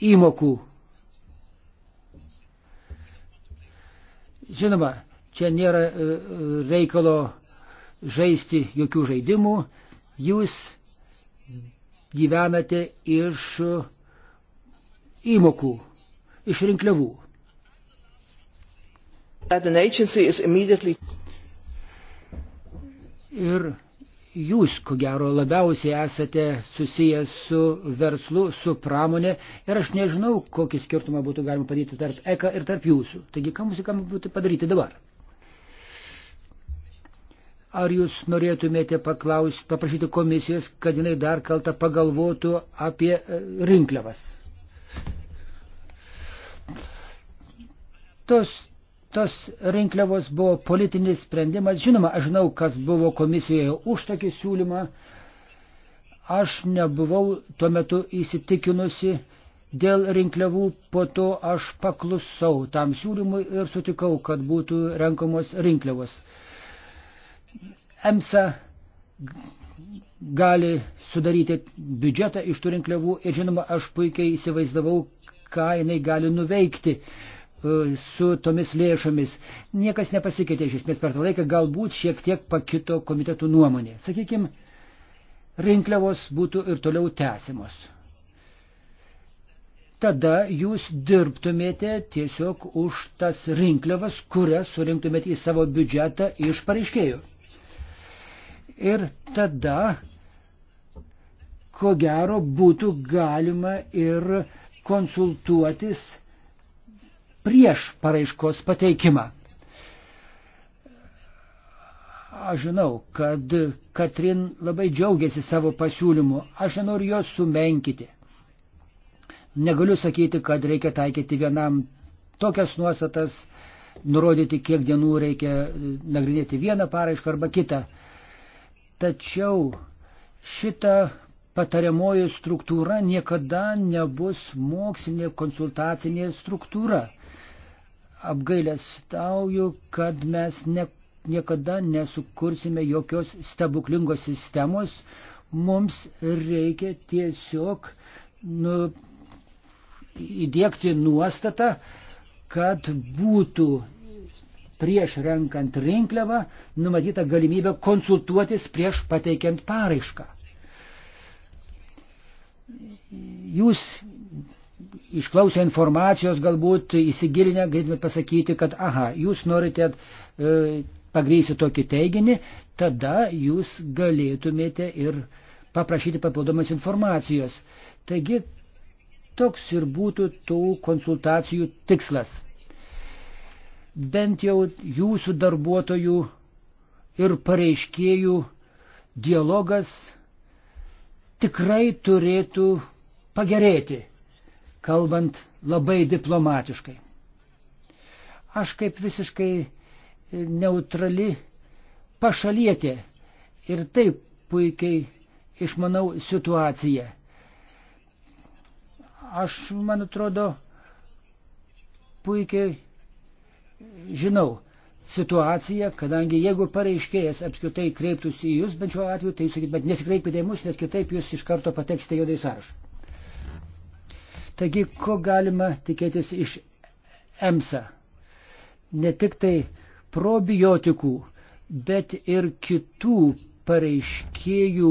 [SPEAKER 2] įmokų. Žinoma, čia nėra e, e, reikalo žaisti jokių žaidimų. Jūs gyvenate iš įmokų, iš rinkliavų. Ir Jūs, ko gero, labiausiai esate susijęs su verslu, su pramonė ir aš nežinau, kokį skirtumą būtų galima padaryti tarp ECA ir tarp jūsų. Taigi, ką mums galima būtų padaryti dabar? Ar jūs norėtumėte paklaus, paprašyti komisijos, kad jinai dar kaltą pagalvotų apie e, rinkliavas? Tos tos rinkliavos buvo politinis sprendimas. Žinoma, aš žinau, kas buvo komisijoje už tokį siūlymą. Aš nebuvau tuo metu įsitikinusi dėl rinkliavų, po to aš paklusau tam siūlymui ir sutikau, kad būtų renkamos rinkliavos. EMSA gali sudaryti biudžetą iš tų rinkliavų ir žinoma, aš puikiai įsivaizdavau, ką jinai gali nuveikti su tomis lėšomis. Niekas nepasikeitė iš esmės per tą laiką, galbūt šiek tiek pakito komitetų nuomonė. Sakykime, rinkliavos būtų ir toliau tęsimos. Tada jūs dirbtumėte tiesiog už tas rinkliavas, kurias surinktumėte į savo biudžetą iš pareiškėjų. Ir tada, ko gero, būtų galima ir konsultuotis prieš paraiškos pateikimą. Aš žinau, kad Katrin labai džiaugiasi savo pasiūlymu. Aš nenoriu jos sumenkyti. Negaliu sakyti, kad reikia taikyti vienam tokias nuostatas, nurodyti, kiek dienų reikia nagrinėti vieną paraišką arba kitą. Tačiau šita patariamoji struktūra niekada nebus mokslinė konsultacinė struktūra apgailestauju, kad mes ne, niekada nesukursime jokios stebuklingos sistemos. Mums reikia tiesiog nu, įdėkti nuostatą, kad būtų prieš renkant rinkliavą numatyta galimybė konsultuotis prieš pateikiant paraišką. Jūs išklausę informacijos, galbūt įsigilinę, galėtume pasakyti, kad, aha, jūs norite e, pagrysti tokį teiginį, tada jūs galėtumėte ir paprašyti papildomas informacijos. Taigi, toks ir būtų tų konsultacijų tikslas. Bent jau jūsų darbuotojų ir pareiškėjų dialogas tikrai turėtų pagerėti kalbant labai diplomatiškai. Aš kaip visiškai e, neutrali pašalietė ir taip puikiai išmanau situaciją. Aš, man atrodo, puikiai žinau situaciją, kadangi jeigu pareiškėjas apskritai kreiptųsi į jūs, bent šiuo atveju, tai jūs sakyt, bet nesikreipkite į mus, nes kitaip jūs iš karto pateksite juodai sąrašą. Taigi, ko galima tikėtis iš EMSA? Ne tik tai probiotikų, bet ir kitų pareiškėjų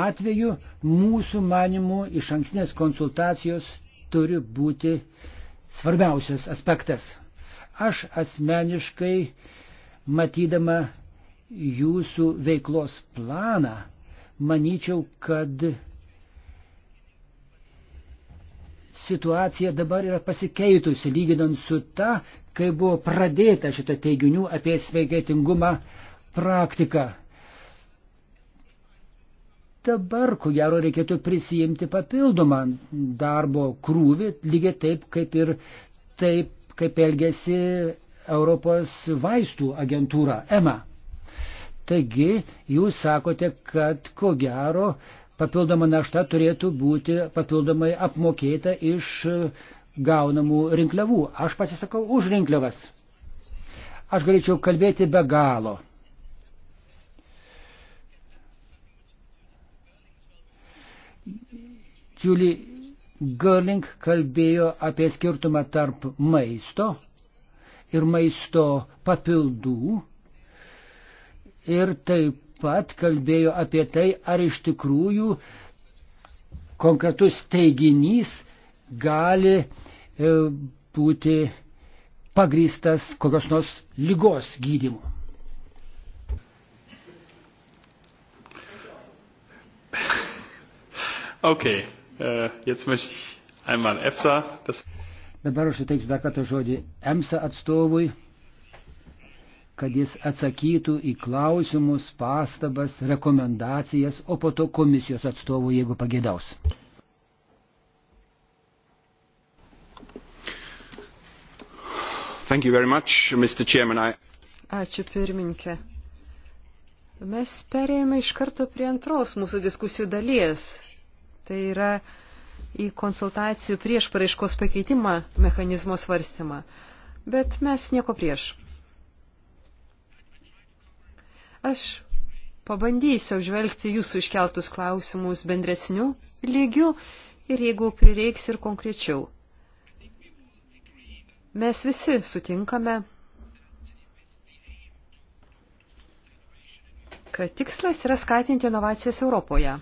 [SPEAKER 2] atveju mūsų manimų iš ankstinės konsultacijos turi būti svarbiausias aspektas. Aš asmeniškai matydama jūsų veiklos planą, manyčiau, kad situacija dabar yra pasikeitusi, lyginant su ta, kai buvo pradėta šita teiginių apie sveikatingumą praktika. Dabar, ko gero, reikėtų prisijimti papildomą darbo krūvį, lygiai taip, kaip ir taip, kaip elgesi Europos vaistų agentūra EMA. Taigi, jūs sakote, kad ko gero papildoma našta turėtų būti papildomai apmokėta iš gaunamų rinkliavų. Aš pasisakau už rinkliavas. Aš galėčiau kalbėti be galo. Julie Gerling kalbėjo apie skirtumą tarp maisto ir maisto papildų ir taip pat kalbėjo apie tai, ar iš tikrųjų konkretus teiginys gali e, būti pagrįstas kokios nors lygos gydimu. Okay, uh, jetzt möchte ich einmal EFSA. Das Dabar aš suteiksiu dar kartą žodį EMSA atstovui kad jis atsakytų į klausimus, pastabas, rekomendacijas, o po to komisijos atstovų, jeigu pagėdaus. Much, I...
[SPEAKER 3] Ačiū pirmininkė. Mes perėjome iš karto prie antros mūsų diskusijų dalies. Tai yra į konsultacijų prieš paraiškos pakeitimą mechanizmo svarstymą. Bet mes nieko prieš. Aš pabandysiu žvelgti jūsų iškeltus klausimus bendresnių lygių ir jeigu prireiks ir konkrečiau. Mes visi sutinkame, kad tikslas yra skatinti inovacijas Europoje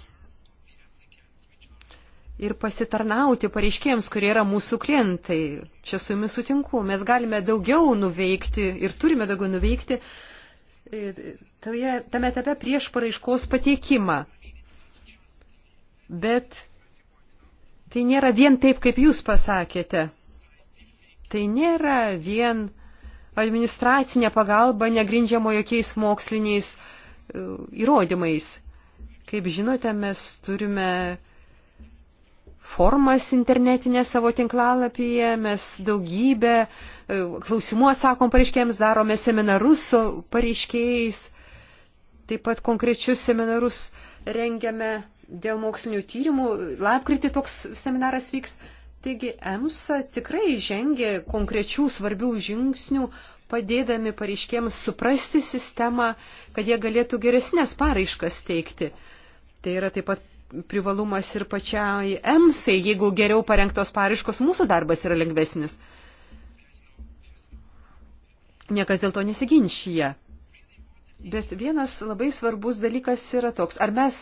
[SPEAKER 3] ir pasitarnauti pareiškėjams, kurie yra mūsų klientai. Čia su jumis sutinku, mes galime daugiau nuveikti ir turime daugiau nuveikti toje, tame etape prieš paraiškos pateikimą. Bet tai nėra vien taip, kaip jūs pasakėte. Tai nėra vien administracinė pagalba negrindžiamo jokiais moksliniais e, įrodymais. Kaip žinote, mes turime formas internetinė savo tinklalapyje, mes daugybę e, klausimų atsakom pareiškėjams, darome seminarus su pareiškėjais. Taip pat konkrečius seminarus rengiame dėl mokslinių tyrimų. Lapkritį toks seminaras vyks. Taigi EMSA tikrai žengė konkrečių svarbių žingsnių, padėdami pareiškėms suprasti sistemą, kad jie galėtų geresnės paraiškas teikti. Tai yra taip pat privalumas ir pačiai EMSA, jeigu geriau parengtos paraiškos, mūsų darbas yra lengvesnis. Niekas dėl to nesiginčia. Bet vienas labai svarbus dalykas yra toks. Ar mes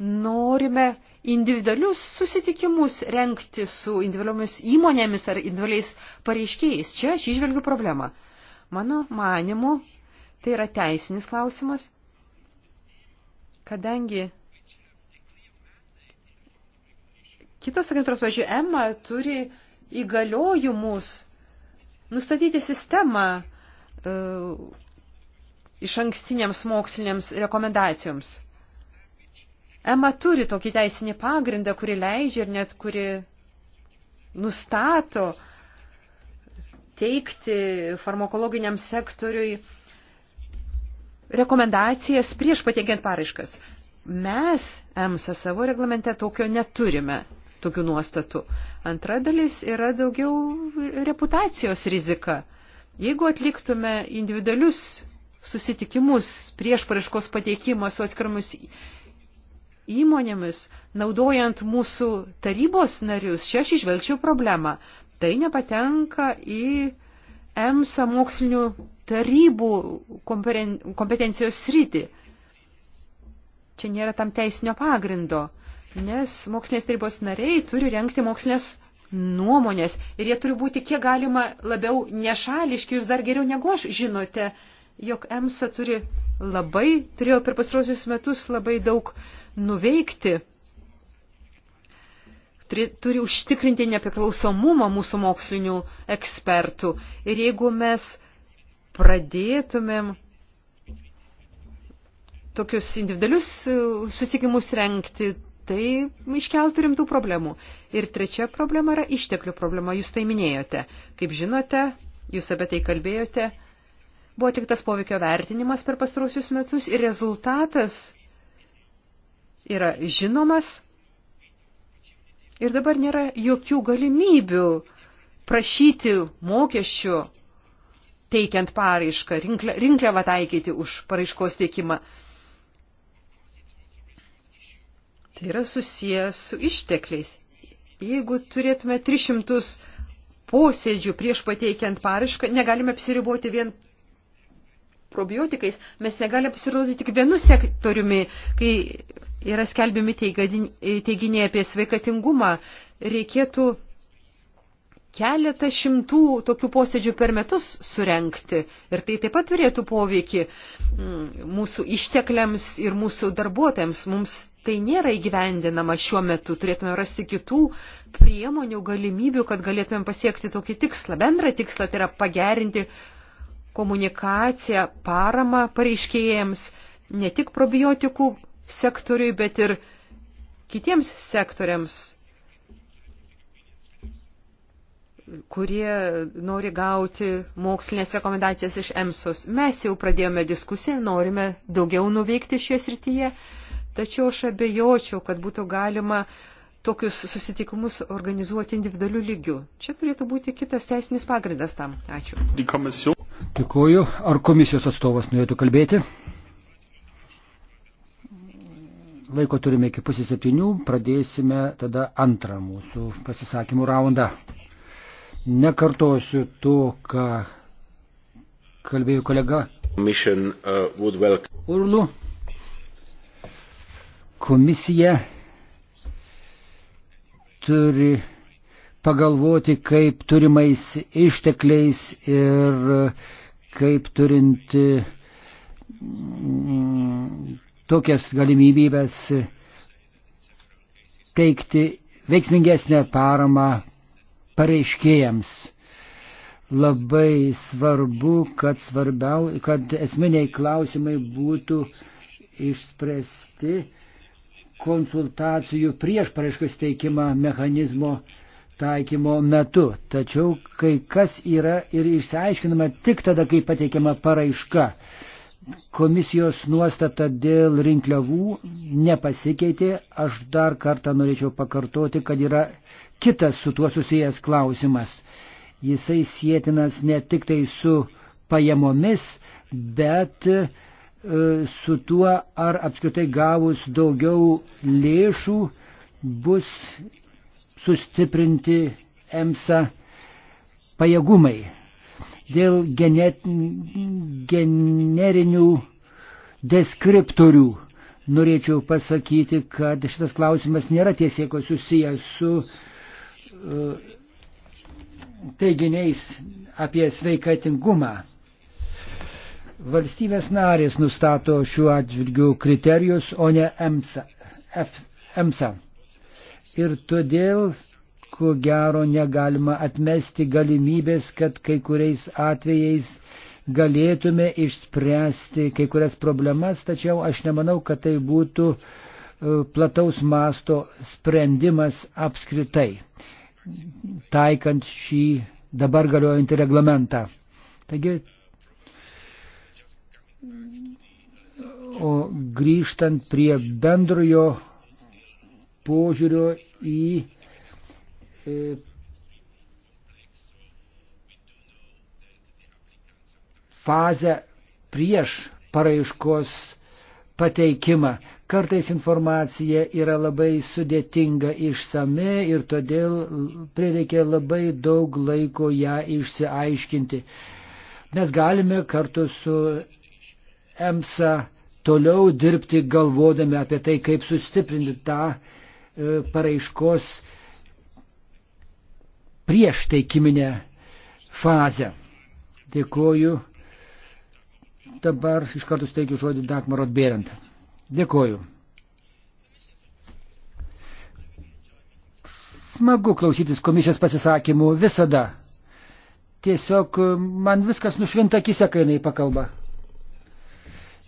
[SPEAKER 3] norime individualius susitikimus renkti su individualiomis įmonėmis ar individualiais pareiškėjais? Čia aš išvelgiu problemą. Mano manimu, tai yra teisinis klausimas, kadangi kitos agentūros, važiuoju, EMA turi įgaliojimus nustatyti sistemą e, iš ankstiniams moksliniams rekomendacijoms. EMA turi tokį teisinį pagrindą, kuri leidžia ir net kuri nustato teikti farmakologiniam sektoriui rekomendacijas prieš pateikiant paraiškas. Mes, EMSA, savo reglamente tokio neturime, tokių nuostatų. Antra dalis yra daugiau reputacijos rizika. Jeigu atliktume individualius susitikimus prieš paraiškos pateikimą su atskirmus įmonėmis, naudojant mūsų tarybos narius, čia aš išvelgčiau problemą. Tai nepatenka į EMSA mokslinių tarybų kompetencijos sritį. Čia nėra tam teisinio pagrindo, nes mokslinės tarybos nariai turi renkti mokslinės nuomonės ir jie turi būti kiek galima labiau nešališki, jūs dar geriau negu aš žinote, uh, jog EMSA turi labai, turėjo per pastarosius metus labai daug nuveikti, turi, turi užtikrinti nepriklausomumą mūsų mokslinių ekspertų. Ir jeigu mes pradėtumėm tokius individualius susitikimus renkti, tai iškeltų rimtų problemų. Ir trečia problema yra išteklių problema, jūs tai minėjote. Kaip žinote, jūs apie tai kalbėjote, Buvo tik tas poveikio vertinimas per pastarusius metus ir rezultatas yra žinomas. Ir dabar nėra jokių galimybių prašyti mokesčių teikiant paraišką, rinkliavą taikyti už paraiškos teikimą. Tai yra susijęs su ištekliais. Jeigu turėtume 300 posėdžių prieš pateikiant paraišką, negalime apsiriboti vien probiotikais, mes negalime pasirodyti tik vienu sektoriumi, kai yra skelbiami teiginiai apie sveikatingumą. Reikėtų keletą šimtų tokių posėdžių per metus surenkti. Ir tai taip pat turėtų poveikį mm, mūsų ištekliams ir mūsų darbuotojams. Mums tai nėra įgyvendinama šiuo metu. Turėtume rasti kitų priemonių, galimybių, kad galėtume pasiekti tokį tikslą. Bendrą tikslą tai yra pagerinti komunikaciją, paramą pareiškėjams ne tik probiotikų sektoriui, bet ir kitiems sektoriams, kurie nori gauti mokslinės rekomendacijas iš EMSOS. Mes jau pradėjome diskusiją, norime daugiau nuveikti šioje srityje, tačiau aš abejočiau, kad būtų galima uh, tokius susitikimus organizuoti individualių lygių. Čia turėtų būti kitas teisinis pagrindas tam. Ačiū.
[SPEAKER 2] Dėkuoju. Ar komisijos atstovas norėtų kalbėti? Laiko turime iki pusės septynių. Pradėsime tada antrą mūsų pasisakymų raundą. Nekartosiu to, ką kalbėjo kolega. Mission, uh, Urlu. Komisija turi pagalvoti, kaip turimais ištekliais ir kaip turint mm, tokias galimybės teikti veiksmingesnę paramą pareiškėjams. Labai svarbu, kad, svarbiau, kad esminiai klausimai būtų išspręsti konsultacijų prieš paraiškas teikimą mechanizmo taikymo metu. Tačiau kai kas yra ir išsiaiškinama tik tada, kai pateikiama paraiška. Komisijos nuostata dėl rinkliavų nepasikeitė. Aš dar kartą norėčiau pakartoti, kad yra kitas su tuo susijęs klausimas. Jisai sėtinas ne tik tai su pajamomis, bet uh, E, su tuo, ar apskritai gavus daugiau lėšų bus sustiprinti EMSA pajėgumai. Dėl genet, generinių deskriptorių norėčiau pasakyti, kad šitas klausimas nėra tiesiog susijęs su uh, teiginiais apie sveikatingumą. Valstybės narės nustato šiuo atžvilgiu kriterijus, o ne EMSA. F, EMSA. Ir todėl, ko gero, negalima atmesti galimybės, kad kai kuriais atvejais galėtume išspręsti kai kurias problemas, tačiau aš nemanau, kad tai būtų e, plataus masto sprendimas apskritai, taikant šį dabar galiojantį reglamentą. Taigi O grįžtant prie bendrojo požiūrio į e, fazę prieš paraiškos pateikimą. Kartais informacija yra labai sudėtinga išsame ir todėl prireikia labai daug laiko ją išsiaiškinti. Mes galime kartu su EMSA toliau dirbti galvodami apie tai, kaip sustiprinti tą e, paraiškos prieš teikiminę fazę. Dėkoju. Dabar iš karto steigiu žodį Dagmarot Bėrent. Dėkoju. Smagu klausytis komisijos pasisakymų visada. Tiesiog e, man viskas nušvinta akise, kai jinai pakalba.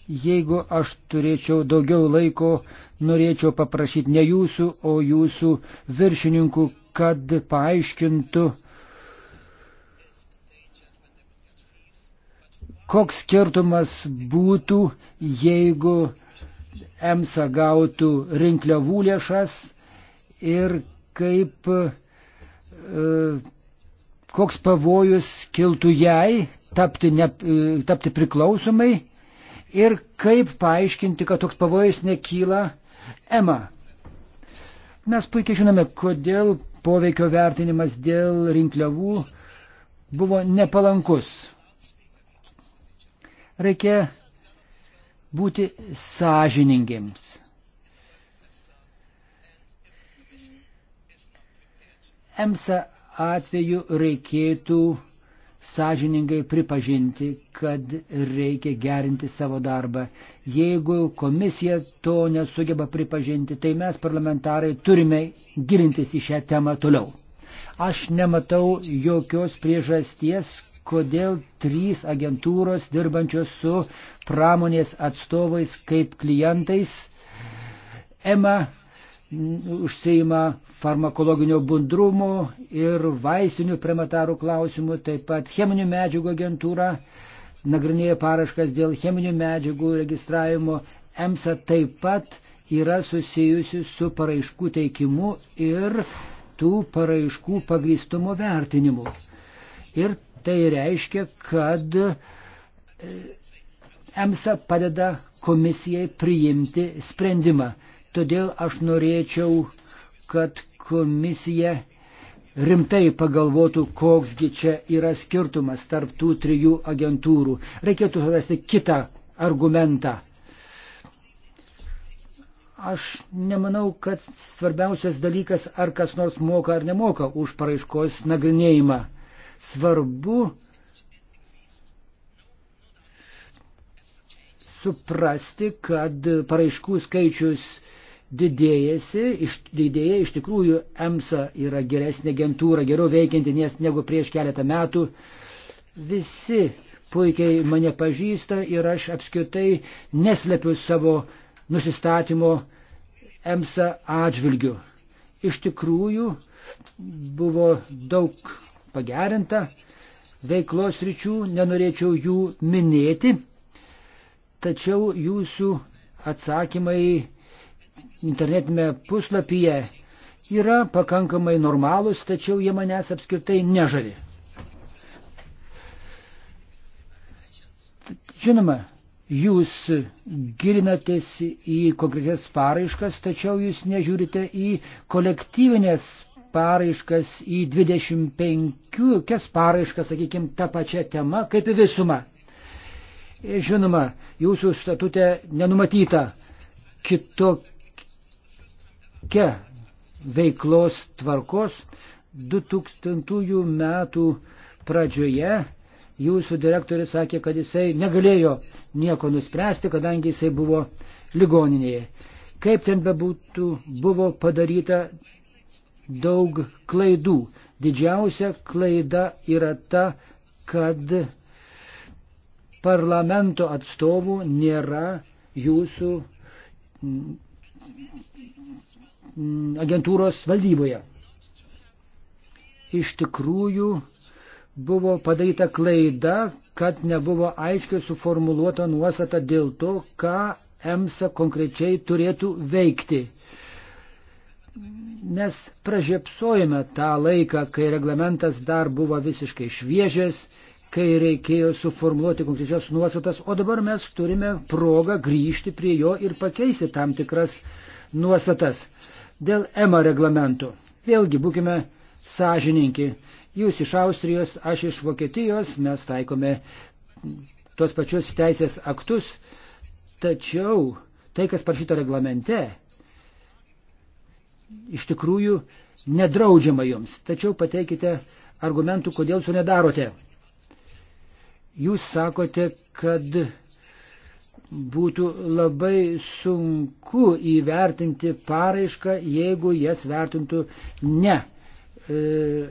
[SPEAKER 2] Jeigu aš turėčiau daugiau laiko, norėčiau paprašyti ne jūsų, o jūsų viršininkų, kad paaiškintų, koks skirtumas būtų, jeigu EMSA gautų rinkliavų lėšas ir kaip, e, koks pavojus kiltų jai tapti, ne, e, tapti priklausomai ir kaip paaiškinti, kad toks pavojus nekyla EMA. Mes puikiai žinome, kodėl poveikio vertinimas dėl rinkliavų buvo nepalankus. Reikia būti sąžiningiems. EMSA atveju reikėtų sąžiningai pripažinti, kad reikia gerinti savo darbą. Jeigu komisija to nesugeba pripažinti, tai mes parlamentarai turime gilintis į šią temą toliau. Aš nematau jokios priežasties, kodėl trys agentūros dirbančios su pramonės atstovais kaip klientais EMA užseima farmakologinio bundrumo ir vaistinių prematarų klausimų, taip pat cheminių medžiagų agentūra nagrinėja paraškas dėl cheminių medžiagų registravimo. EMSA taip pat yra susijusi su paraiškų teikimu ir tų paraiškų pagristumo vertinimu. Ir tai reiškia, kad e, EMSA padeda komisijai priimti sprendimą. Todėl aš norėčiau, kad komisija rimtai pagalvotų, koksgi čia yra skirtumas tarp tų trijų agentūrų. Reikėtų rasti kitą argumentą. Aš nemanau, kad svarbiausias dalykas, ar kas nors moka ar nemoka už paraiškos nagrinėjimą. Svarbu suprasti, kad paraiškų skaičius didėjasi, iš, didėja, iš tikrųjų EMSA yra geresnė agentūra, geriau veikianti negu prieš keletą metų. Visi puikiai mane pažįsta ir aš apskritai neslepiu savo nusistatymo EMSA atžvilgiu. Iš tikrųjų buvo daug pagerinta veiklos ryčių, nenorėčiau jų minėti, tačiau jūsų atsakymai internetinėme puslapyje yra pakankamai normalūs, tačiau jie manęs apskritai nežavi. Žinoma, jūs gilinatės į konkrečias paraiškas, tačiau jūs nežiūrite į kolektyvinės paraiškas, į 25 paraiškas, sakykime, tą pačią temą, kaip į visumą. Žinoma, jūsų statute nenumatyta kitokia tokia veiklos tvarkos 2000 metų pradžioje jūsų direktorius sakė, kad jisai negalėjo nieko nuspręsti, kadangi jisai buvo ligoninėje. Kaip ten bebūtų, buvo padaryta daug klaidų. Didžiausia klaida yra ta, kad parlamento atstovų nėra jūsų Mm, agentūros valdyboje. Iš tikrųjų buvo padaryta klaida, kad nebuvo aiškiai suformuluota nuostata dėl to, ką EMSA konkrečiai turėtų veikti. Nes pražiepsojame tą laiką, kai reglamentas dar buvo visiškai šviežias, kai reikėjo suformuoti konkrečias nuostatas, o dabar mes turime progą grįžti prie jo ir pakeisti tam tikras nuostatas. Dėl EMA reglamento. Vėlgi būkime sąžininki. Jūs iš Austrijos, aš iš Vokietijos, mes taikome tuos pačius teisės aktus, tačiau tai, kas parašyta reglamente, iš tikrųjų nedraudžiama jums. Tačiau pateikite argumentų, kodėl to nedarote. Jūs sakote, kad būtų labai sunku įvertinti paraišką, jeigu jas vertintų ne e,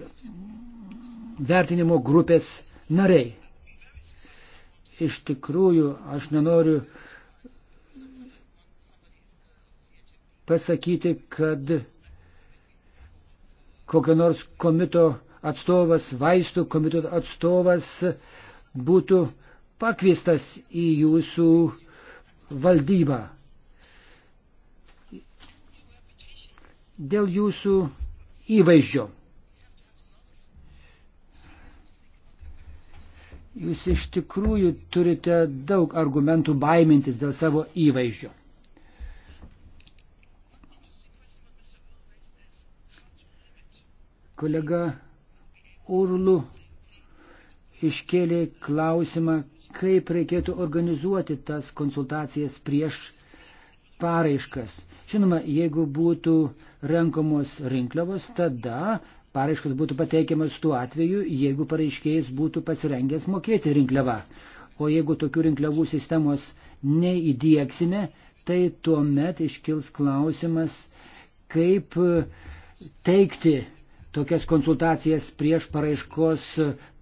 [SPEAKER 2] vertinimo grupės nariai. Iš tikrųjų, aš nenoriu pasakyti, kad kokio nors komito atstovas, vaistų komiteto atstovas būtų pakvistas į jūsų valdybą. Dėl jūsų įvaizdžio. Jūs iš tikrųjų turite daug argumentų baimintis dėl savo įvaizdžio. Kolega Urlu iškėlė klausimą, kaip reikėtų organizuoti tas konsultacijas prieš paraiškas. Žinoma, jeigu būtų renkamos rinkliavos, tada paraiškas būtų pateikiamas tuo atveju, jeigu pareiškėjas būtų pasirengęs mokėti rinkliavą. O jeigu tokių rinkliavų sistemos neįdieksime, tai tuomet iškils klausimas, kaip teikti tokias konsultacijas prieš paraiškos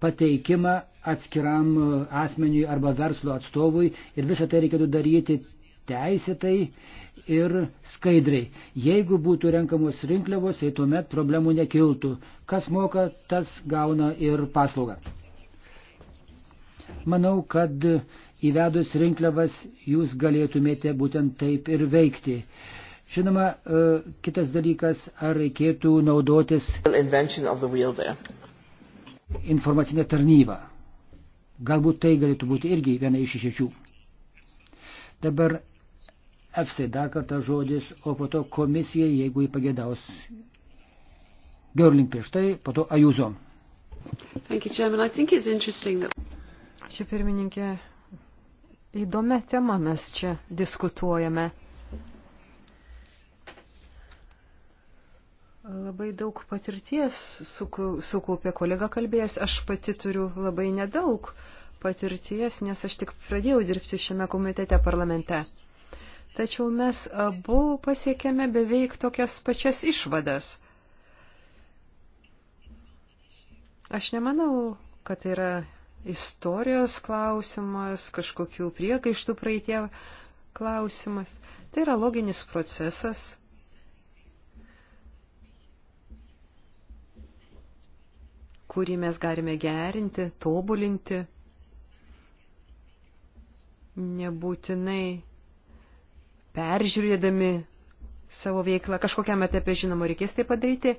[SPEAKER 2] pateikimą atskiram e, asmeniui arba verslo atstovui ir visą tai reikėtų daryti teisėtai ir skaidriai. Jeigu būtų renkamos rinkliavos, tai tuomet problemų nekiltų. Kas moka, tas gauna ir paslaugą. Manau, kad įvedus rinkliavas jūs galėtumėte būtent taip ir veikti. Žinoma, e, kitas dalykas, ar reikėtų naudotis informacinė tarnyba. Galbūt tai galėtų būti irgi viena iš šešių. Dabar FC dar kartą žodis, o po to komisija, jeigu jį pagėdaus. Görling prieš tai, po to Ajuzo.
[SPEAKER 3] Čia pirmininkė, įdomią temą mes čia diskutuojame. Labai daug patirties sukaupė kolega kalbėjęs, aš pati turiu labai nedaug patirties, nes aš tik pradėjau dirbti šiame komitete parlamente. Tačiau mes abu pasiekėme beveik tokias pačias išvadas. Aš nemanau, kad tai yra istorijos klausimas, kažkokių priekaištų praeitie klausimas. Tai yra loginis procesas kurį mes galime gerinti, tobulinti. Nebūtinai peržiūrėdami savo veiklą, kažkokiam etapė žinoma reikės tai padaryti,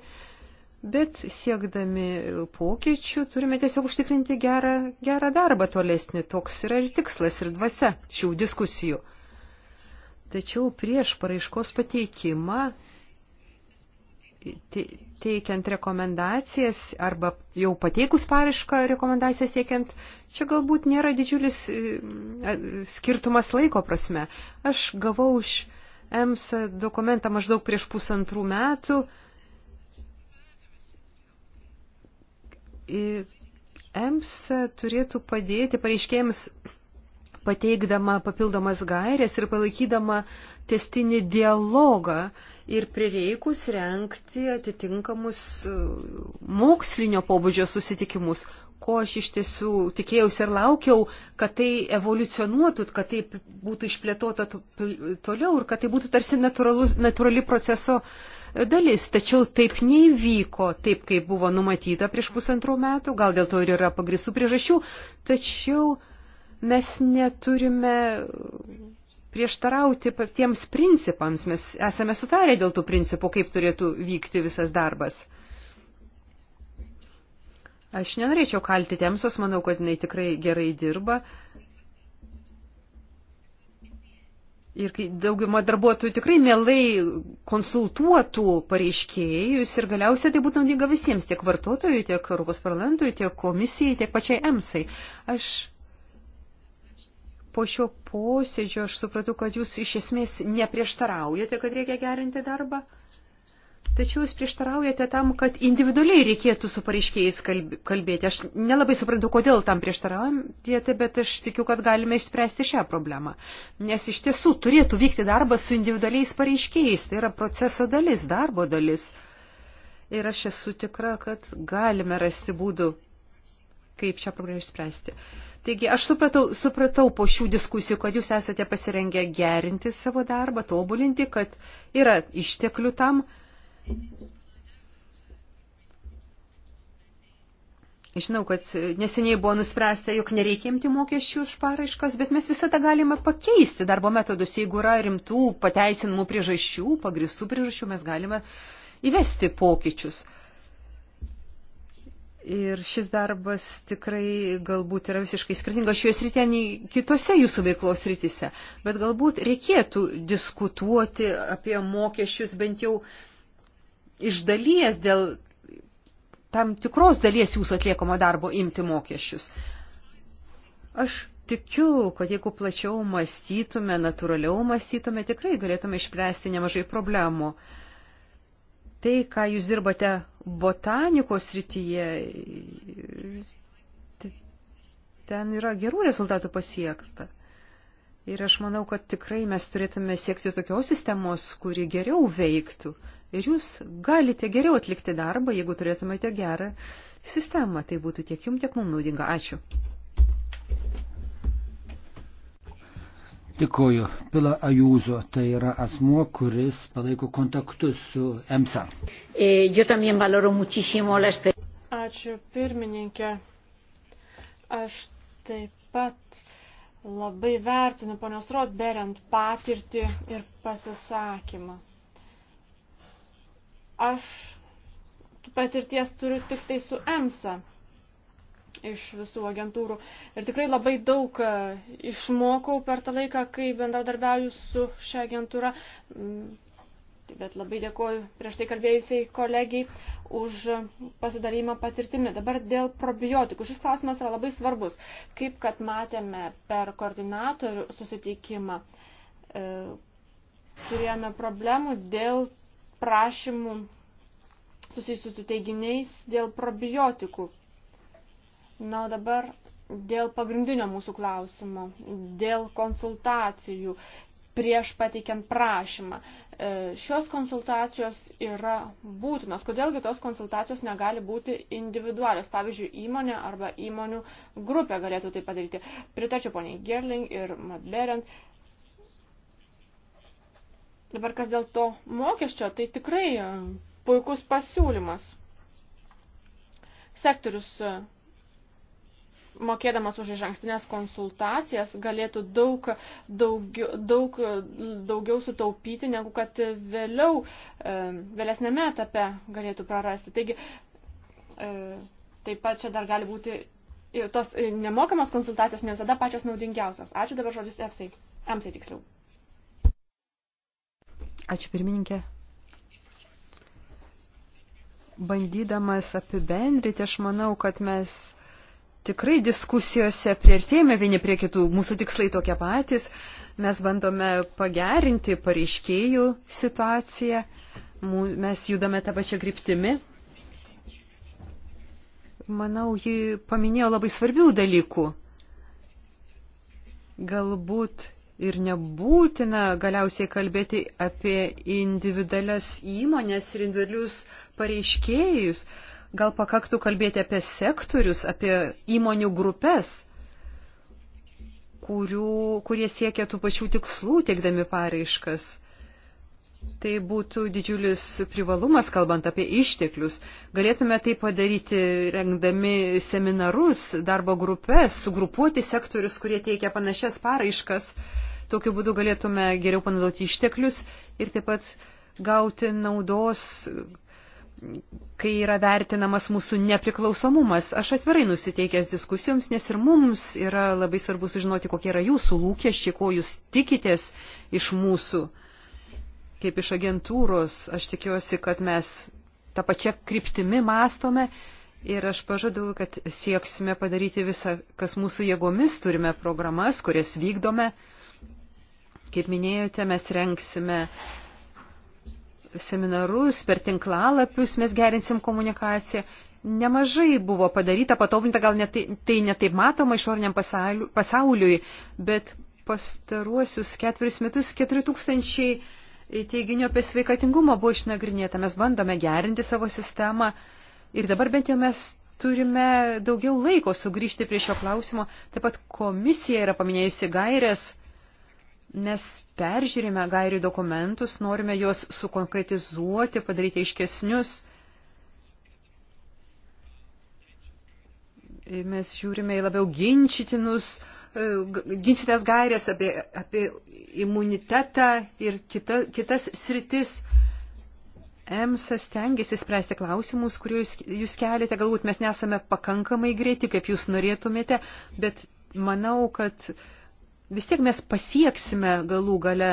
[SPEAKER 3] bet siekdami pokyčių turime tiesiog užtikrinti gerą, gerą darbą tolesnį. Toks yra ir tikslas, ir dvasia šių diskusijų. Tačiau prieš paraiškos pateikimą teikiant rekomendacijas arba jau pateikus paraišką rekomendacijas teikiant, čia galbūt nėra didžiulis e, skirtumas laiko prasme. Aš gavau iš EMSA dokumentą maždaug prieš pusantrų metų. EMSA turėtų padėti pareiškėjams pateikdama papildomas gairias ir palaikydama testinį dialogą uh, ir prireikus renkti atitinkamus e, mokslinio pobūdžio susitikimus, ko aš iš tiesų tikėjausi ir laukiau, kad tai evoliucionuotų, kad tai būtų išplėtota toliau ir kad tai būtų tarsi natūralus, natūrali proceso e, dalis. Tačiau taip neįvyko, taip kaip buvo numatyta prieš pusantrų metų, gal dėl to ir yra pagrisų priežasčių, tačiau mes neturime prieštarauti tiems principams. Mes esame sutarę dėl tų principų, kaip turėtų vykti visas darbas. Aš nenorėčiau kalti Temsos, manau, kad jinai tikrai gerai dirba. Ir kai dauguma darbuotojų tikrai mielai konsultuotų pareiškėjus ir galiausiai tai būtų naudinga visiems, tiek vartotojui, tiek Europos parlamentui, tiek komisijai, tiek pačiai EMSai. Aš po šio posėdžio aš supratau, kad jūs iš esmės neprieštaraujate, kad reikia gerinti darbą. Tačiau jūs prieštaraujate tam, kad individualiai reikėtų su pareiškėjais kalbėti. Aš nelabai suprantu, kodėl tam prieštaraujate, bet aš tikiu, kad galime išspręsti šią problemą. Nes iš tiesų turėtų vykti darbas su individualiais pareiškėjais. Tai yra proceso dalis, darbo dalis. Ir aš esu tikra, kad galime rasti būdų, kaip šią problemą išspręsti. Uh, Taigi aš supratau, supratau po šių diskusijų, kad jūs esate pasirengę gerinti savo darbą, tobulinti, kad yra išteklių tam. Žinau, kad neseniai buvo nuspręsta, jog nereikia imti mokesčių už paraiškas, bet mes visada galime pakeisti darbo metodus. Jeigu yra rimtų pateisinamų priežasčių, pagristų priežasčių, mes galime įvesti pokyčius. Ir šis darbas tikrai galbūt yra visiškai skirtingas šioje srityje nei kitose jūsų veiklos srityse. Bet galbūt reikėtų diskutuoti apie mokesčius bent jau iš dalies dėl tam tikros dalies jūsų atliekamo darbo imti mokesčius. Aš tikiu, kad jeigu plačiau mąstytume, natūraliau mąstytume, tikrai galėtume išspręsti nemažai problemų. Uh, tai, ką jūs dirbate botanikos srityje, ten yra gerų rezultatų pasiekta. Ir aš manau, kad tikrai mes turėtume siekti tokios sistemos, kuri geriau veiktų. Ir jūs galite geriau atlikti darbą, jeigu turėtumėte gerą sistemą. Tai būtų tiek jums, tiek mums naudinga. Ačiū.
[SPEAKER 2] Dėkuoju. Pila Ajūzo tai yra asmuo, kuris palaiko kontaktus su EMSA.
[SPEAKER 3] E,
[SPEAKER 1] Ačiū pirmininkė. Aš taip pat labai vertinu ponios Rodberent patirtį ir pasisakymą. Aš patirties turiu tik tai su EMSA iš visų agentūrų. Ir tikrai labai daug e, išmokau per tą laiką, kai bendradarbiauju su šią agentūrą. Mm, bet labai dėkoju prieš tai kalbėjusiai kolegijai už pasidalymą patirtimi. Dabar dėl probiotikų. Šis klausimas yra labai svarbus. Kaip kad matėme per koordinatorių susitikimą, e, turėjome problemų dėl prašymų susijusių su teiginiais dėl probiotikų Na, o dabar dėl pagrindinio mūsų klausimo, dėl konsultacijų prieš pateikiant prašymą. E, šios konsultacijos yra būtinos. Kodėlgi tos konsultacijos negali būti individualios? Pavyzdžiui, įmonė arba įmonių grupė galėtų tai padaryti. Pritačiau poniai Gerling ir Madberent. Dabar kas dėl to mokesčio, tai tikrai puikus pasiūlymas. Sektorius mokėdamas už išankstinės konsultacijas galėtų daug, daug, daug daugiau sutaupyti, negu kad vėliau, e, vėlesnėme etape galėtų prarasti. Taigi, e, taip pat čia dar gali būti ir tos nemokamos konsultacijos ne visada pačios naudingiausios. Ačiū dabar žodis EFSA. EMSA tiksliau.
[SPEAKER 3] Ačiū pirmininkė bandydamas apibendryti, aš manau, kad mes tikrai diskusijose prieartėjame vieni prie kitų, mūsų tikslai tokie patys, mes bandome pagerinti pareiškėjų situaciją, mes judame tą pačią kryptimį. Manau, ji paminėjo labai svarbių dalykų. Galbūt ir nebūtina galiausiai kalbėti apie individualias įmonės ir individualius pareiškėjus. Uh, Gal pakaktų kalbėti apie sektorius, apie įmonių grupės, kurių, kurie siekia tų pačių tikslų, teikdami pareiškas. Tai būtų didžiulis privalumas, kalbant apie išteklius. Galėtume tai padaryti rengdami seminarus, darbo grupės, sugrupuoti sektorius, kurie teikia panašias paraiškas. Tokiu būdu galėtume geriau panaudoti išteklius ir taip pat gauti naudos kai yra vertinamas mūsų nepriklausomumas. Aš atvirai nusiteikęs diskusijoms, nes ir mums yra labai svarbu sužinoti, kokie yra jūsų lūkesčiai, ko jūs tikitės iš mūsų, kaip iš agentūros. Aš tikiuosi, kad mes tą pačią kryptimi mastome ir aš pažadau, kad sieksime padaryti visą, kas mūsų jėgomis, turime programas, kurias vykdome. Kaip minėjote, mes renksime seminarus, per tinklalapius mes gerinsim komunikaciją. Nemažai buvo padaryta, patobulinta, gal net, tai, tai netaip matoma išoriniam pasauliui, bet pastaruosius ketveris metus 4000 teiginių apie sveikatingumą buvo išnagrinėta. Mes bandome gerinti savo sistemą ir dabar bent jau mes turime daugiau laiko sugrįžti prie šio klausimo. Taip pat komisija yra paminėjusi gairės Mes peržiūrime gairių dokumentus, norime juos sukonkretizuoti, padaryti aiškesnius. Mes žiūrime į labiau ginčytinus, e, ginčytas gairės apie, apie imunitetą ir kita, kitas sritis. EMSA stengiasi spręsti klausimus, kuriuos jūs keliate, galbūt mes nesame pakankamai greiti, kaip jūs norėtumėte, bet manau, kad uh, vis tiek mes pasieksime galų gale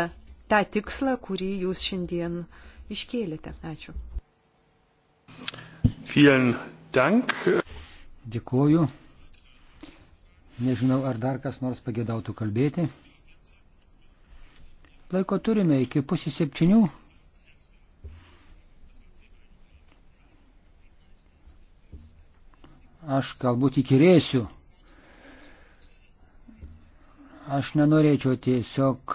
[SPEAKER 3] tą tikslą, kurį jūs šiandien iškėlėte. Ačiū.
[SPEAKER 2] Vielen Dank. Dėkuoju. Nežinau, ar dar kas nors pagėdautų kalbėti. Laiko turime iki pusės septynių. Aš galbūt įkirėsiu. Aš nenorėčiau tiesiog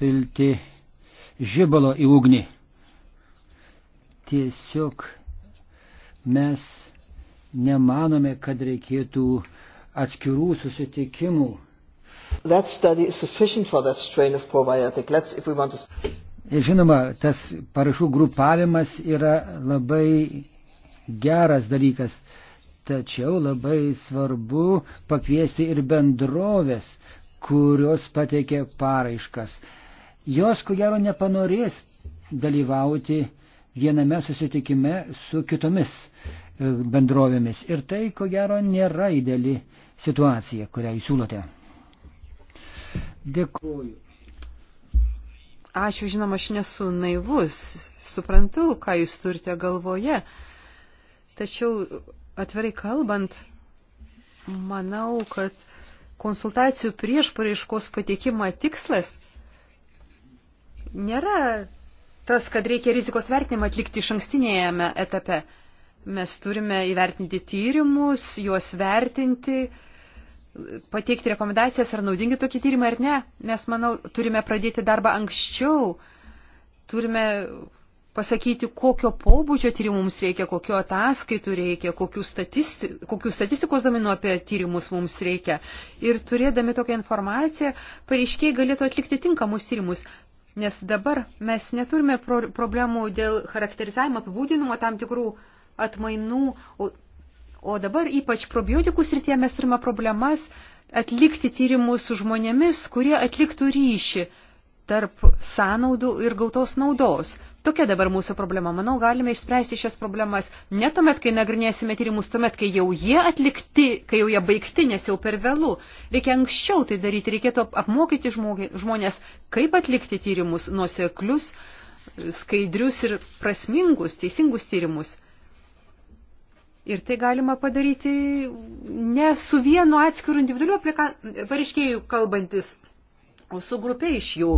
[SPEAKER 2] pilti žibalo į ugnį. Tiesiog mes nemanome, kad reikėtų atskirų susitikimų. Žinoma, tas parašų grupavimas yra labai geras dalykas, tačiau labai svarbu pakviesti ir bendrovės, kurios pateikė paraiškas. Jos, ko gero, nepanorės dalyvauti viename susitikime su kitomis e, bendrovėmis. Ir tai, ko gero, nėra ideali situacija, kurią jūs siūlote. Dėkuoju.
[SPEAKER 3] Ačiū, žinoma, aš nesu naivus, suprantu, ką jūs turite galvoje. Tačiau, atvirai kalbant, manau, kad konsultacijų prieš paraiškos pateikimą tikslas nėra tas, kad reikia rizikos vertinimą atlikti iš ankstinėjame etape. Mes turime įvertinti tyrimus, juos vertinti, pateikti rekomendacijas, ar naudingi tokie tyrimai ar ne. Mes, manau, turime pradėti darbą anksčiau, turime pasakyti, kokio pobūdžio tyrimų mums reikia, kokio ataskaitų reikia, kokių, statisti, kokių statistikos domenų apie tyrimus mums reikia. Ir turėdami tokią informaciją, pareiškiai galėtų atlikti tinkamus tyrimus. Nes dabar mes neturime pro problemų dėl charakterizavimo, apibūdinimo tam tikrų atmainų, o, o dabar ypač probiotikų srityje mes turime problemas atlikti tyrimus su žmonėmis, kurie atliktų ryšį tarp sąnaudų ir gautos naudos. Tokia dabar mūsų problema. Manau, galime išspręsti šias problemas ne tuomet, kai nagrinėsime tyrimus, tuomet, kai jau jie atlikti, kai jau jie baigti, nes jau per vėlų. Reikia anksčiau tai daryti, reikėtų apmokyti žmonės, kaip atlikti tyrimus, nuoseklius, skaidrius ir prasmingus, teisingus tyrimus. Ir tai galima padaryti ne su vienu atskiru individualiu pareiškėjų kalbantis, o su grupė iš jų.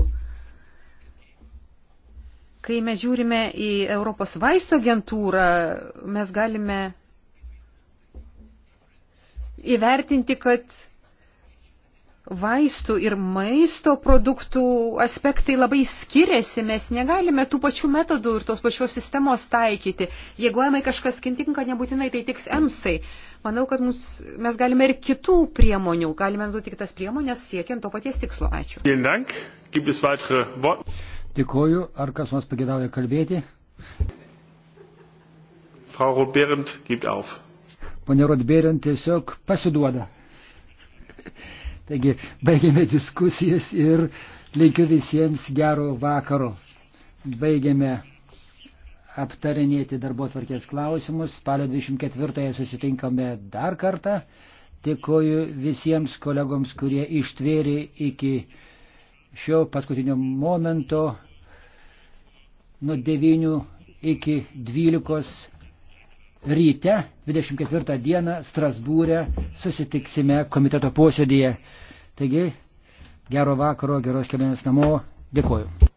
[SPEAKER 3] Kai mes žiūrime į Europos vaisto agentūrą, mes galime įvertinti, kad vaistų ir maisto produktų aspektai labai skiriasi, mes negalime tų pačių metodų ir tos pačios sistemos taikyti. Jeigu EMA kažkas kintinka, nebūtinai tai tiks EMSai. Manau, kad mums, mes galime ir kitų priemonių, galime naudoti kitas priemonės siekiant to paties tikslo. Ačiū.
[SPEAKER 2] Dėkoju. Ar kas nors pagėdauja kalbėti?
[SPEAKER 1] Frau Rodberint gibt auf.
[SPEAKER 2] Pone Rodberint tiesiog pasiduoda. Taigi, baigėme diskusijas ir linkiu visiems gero vakaro. Baigėme aptarinėti darbo tvarkės klausimus. Spalio 24-ąją susitinkame dar kartą. Dėkoju visiems kolegoms, kurie ištvėrė iki šio paskutinio momento nuo 9 iki 12 ryte 24 dieną Strasbūrė susitiksime komiteto posėdėje. Taigi, gero vakaro, geros kelionės namo, dėkoju.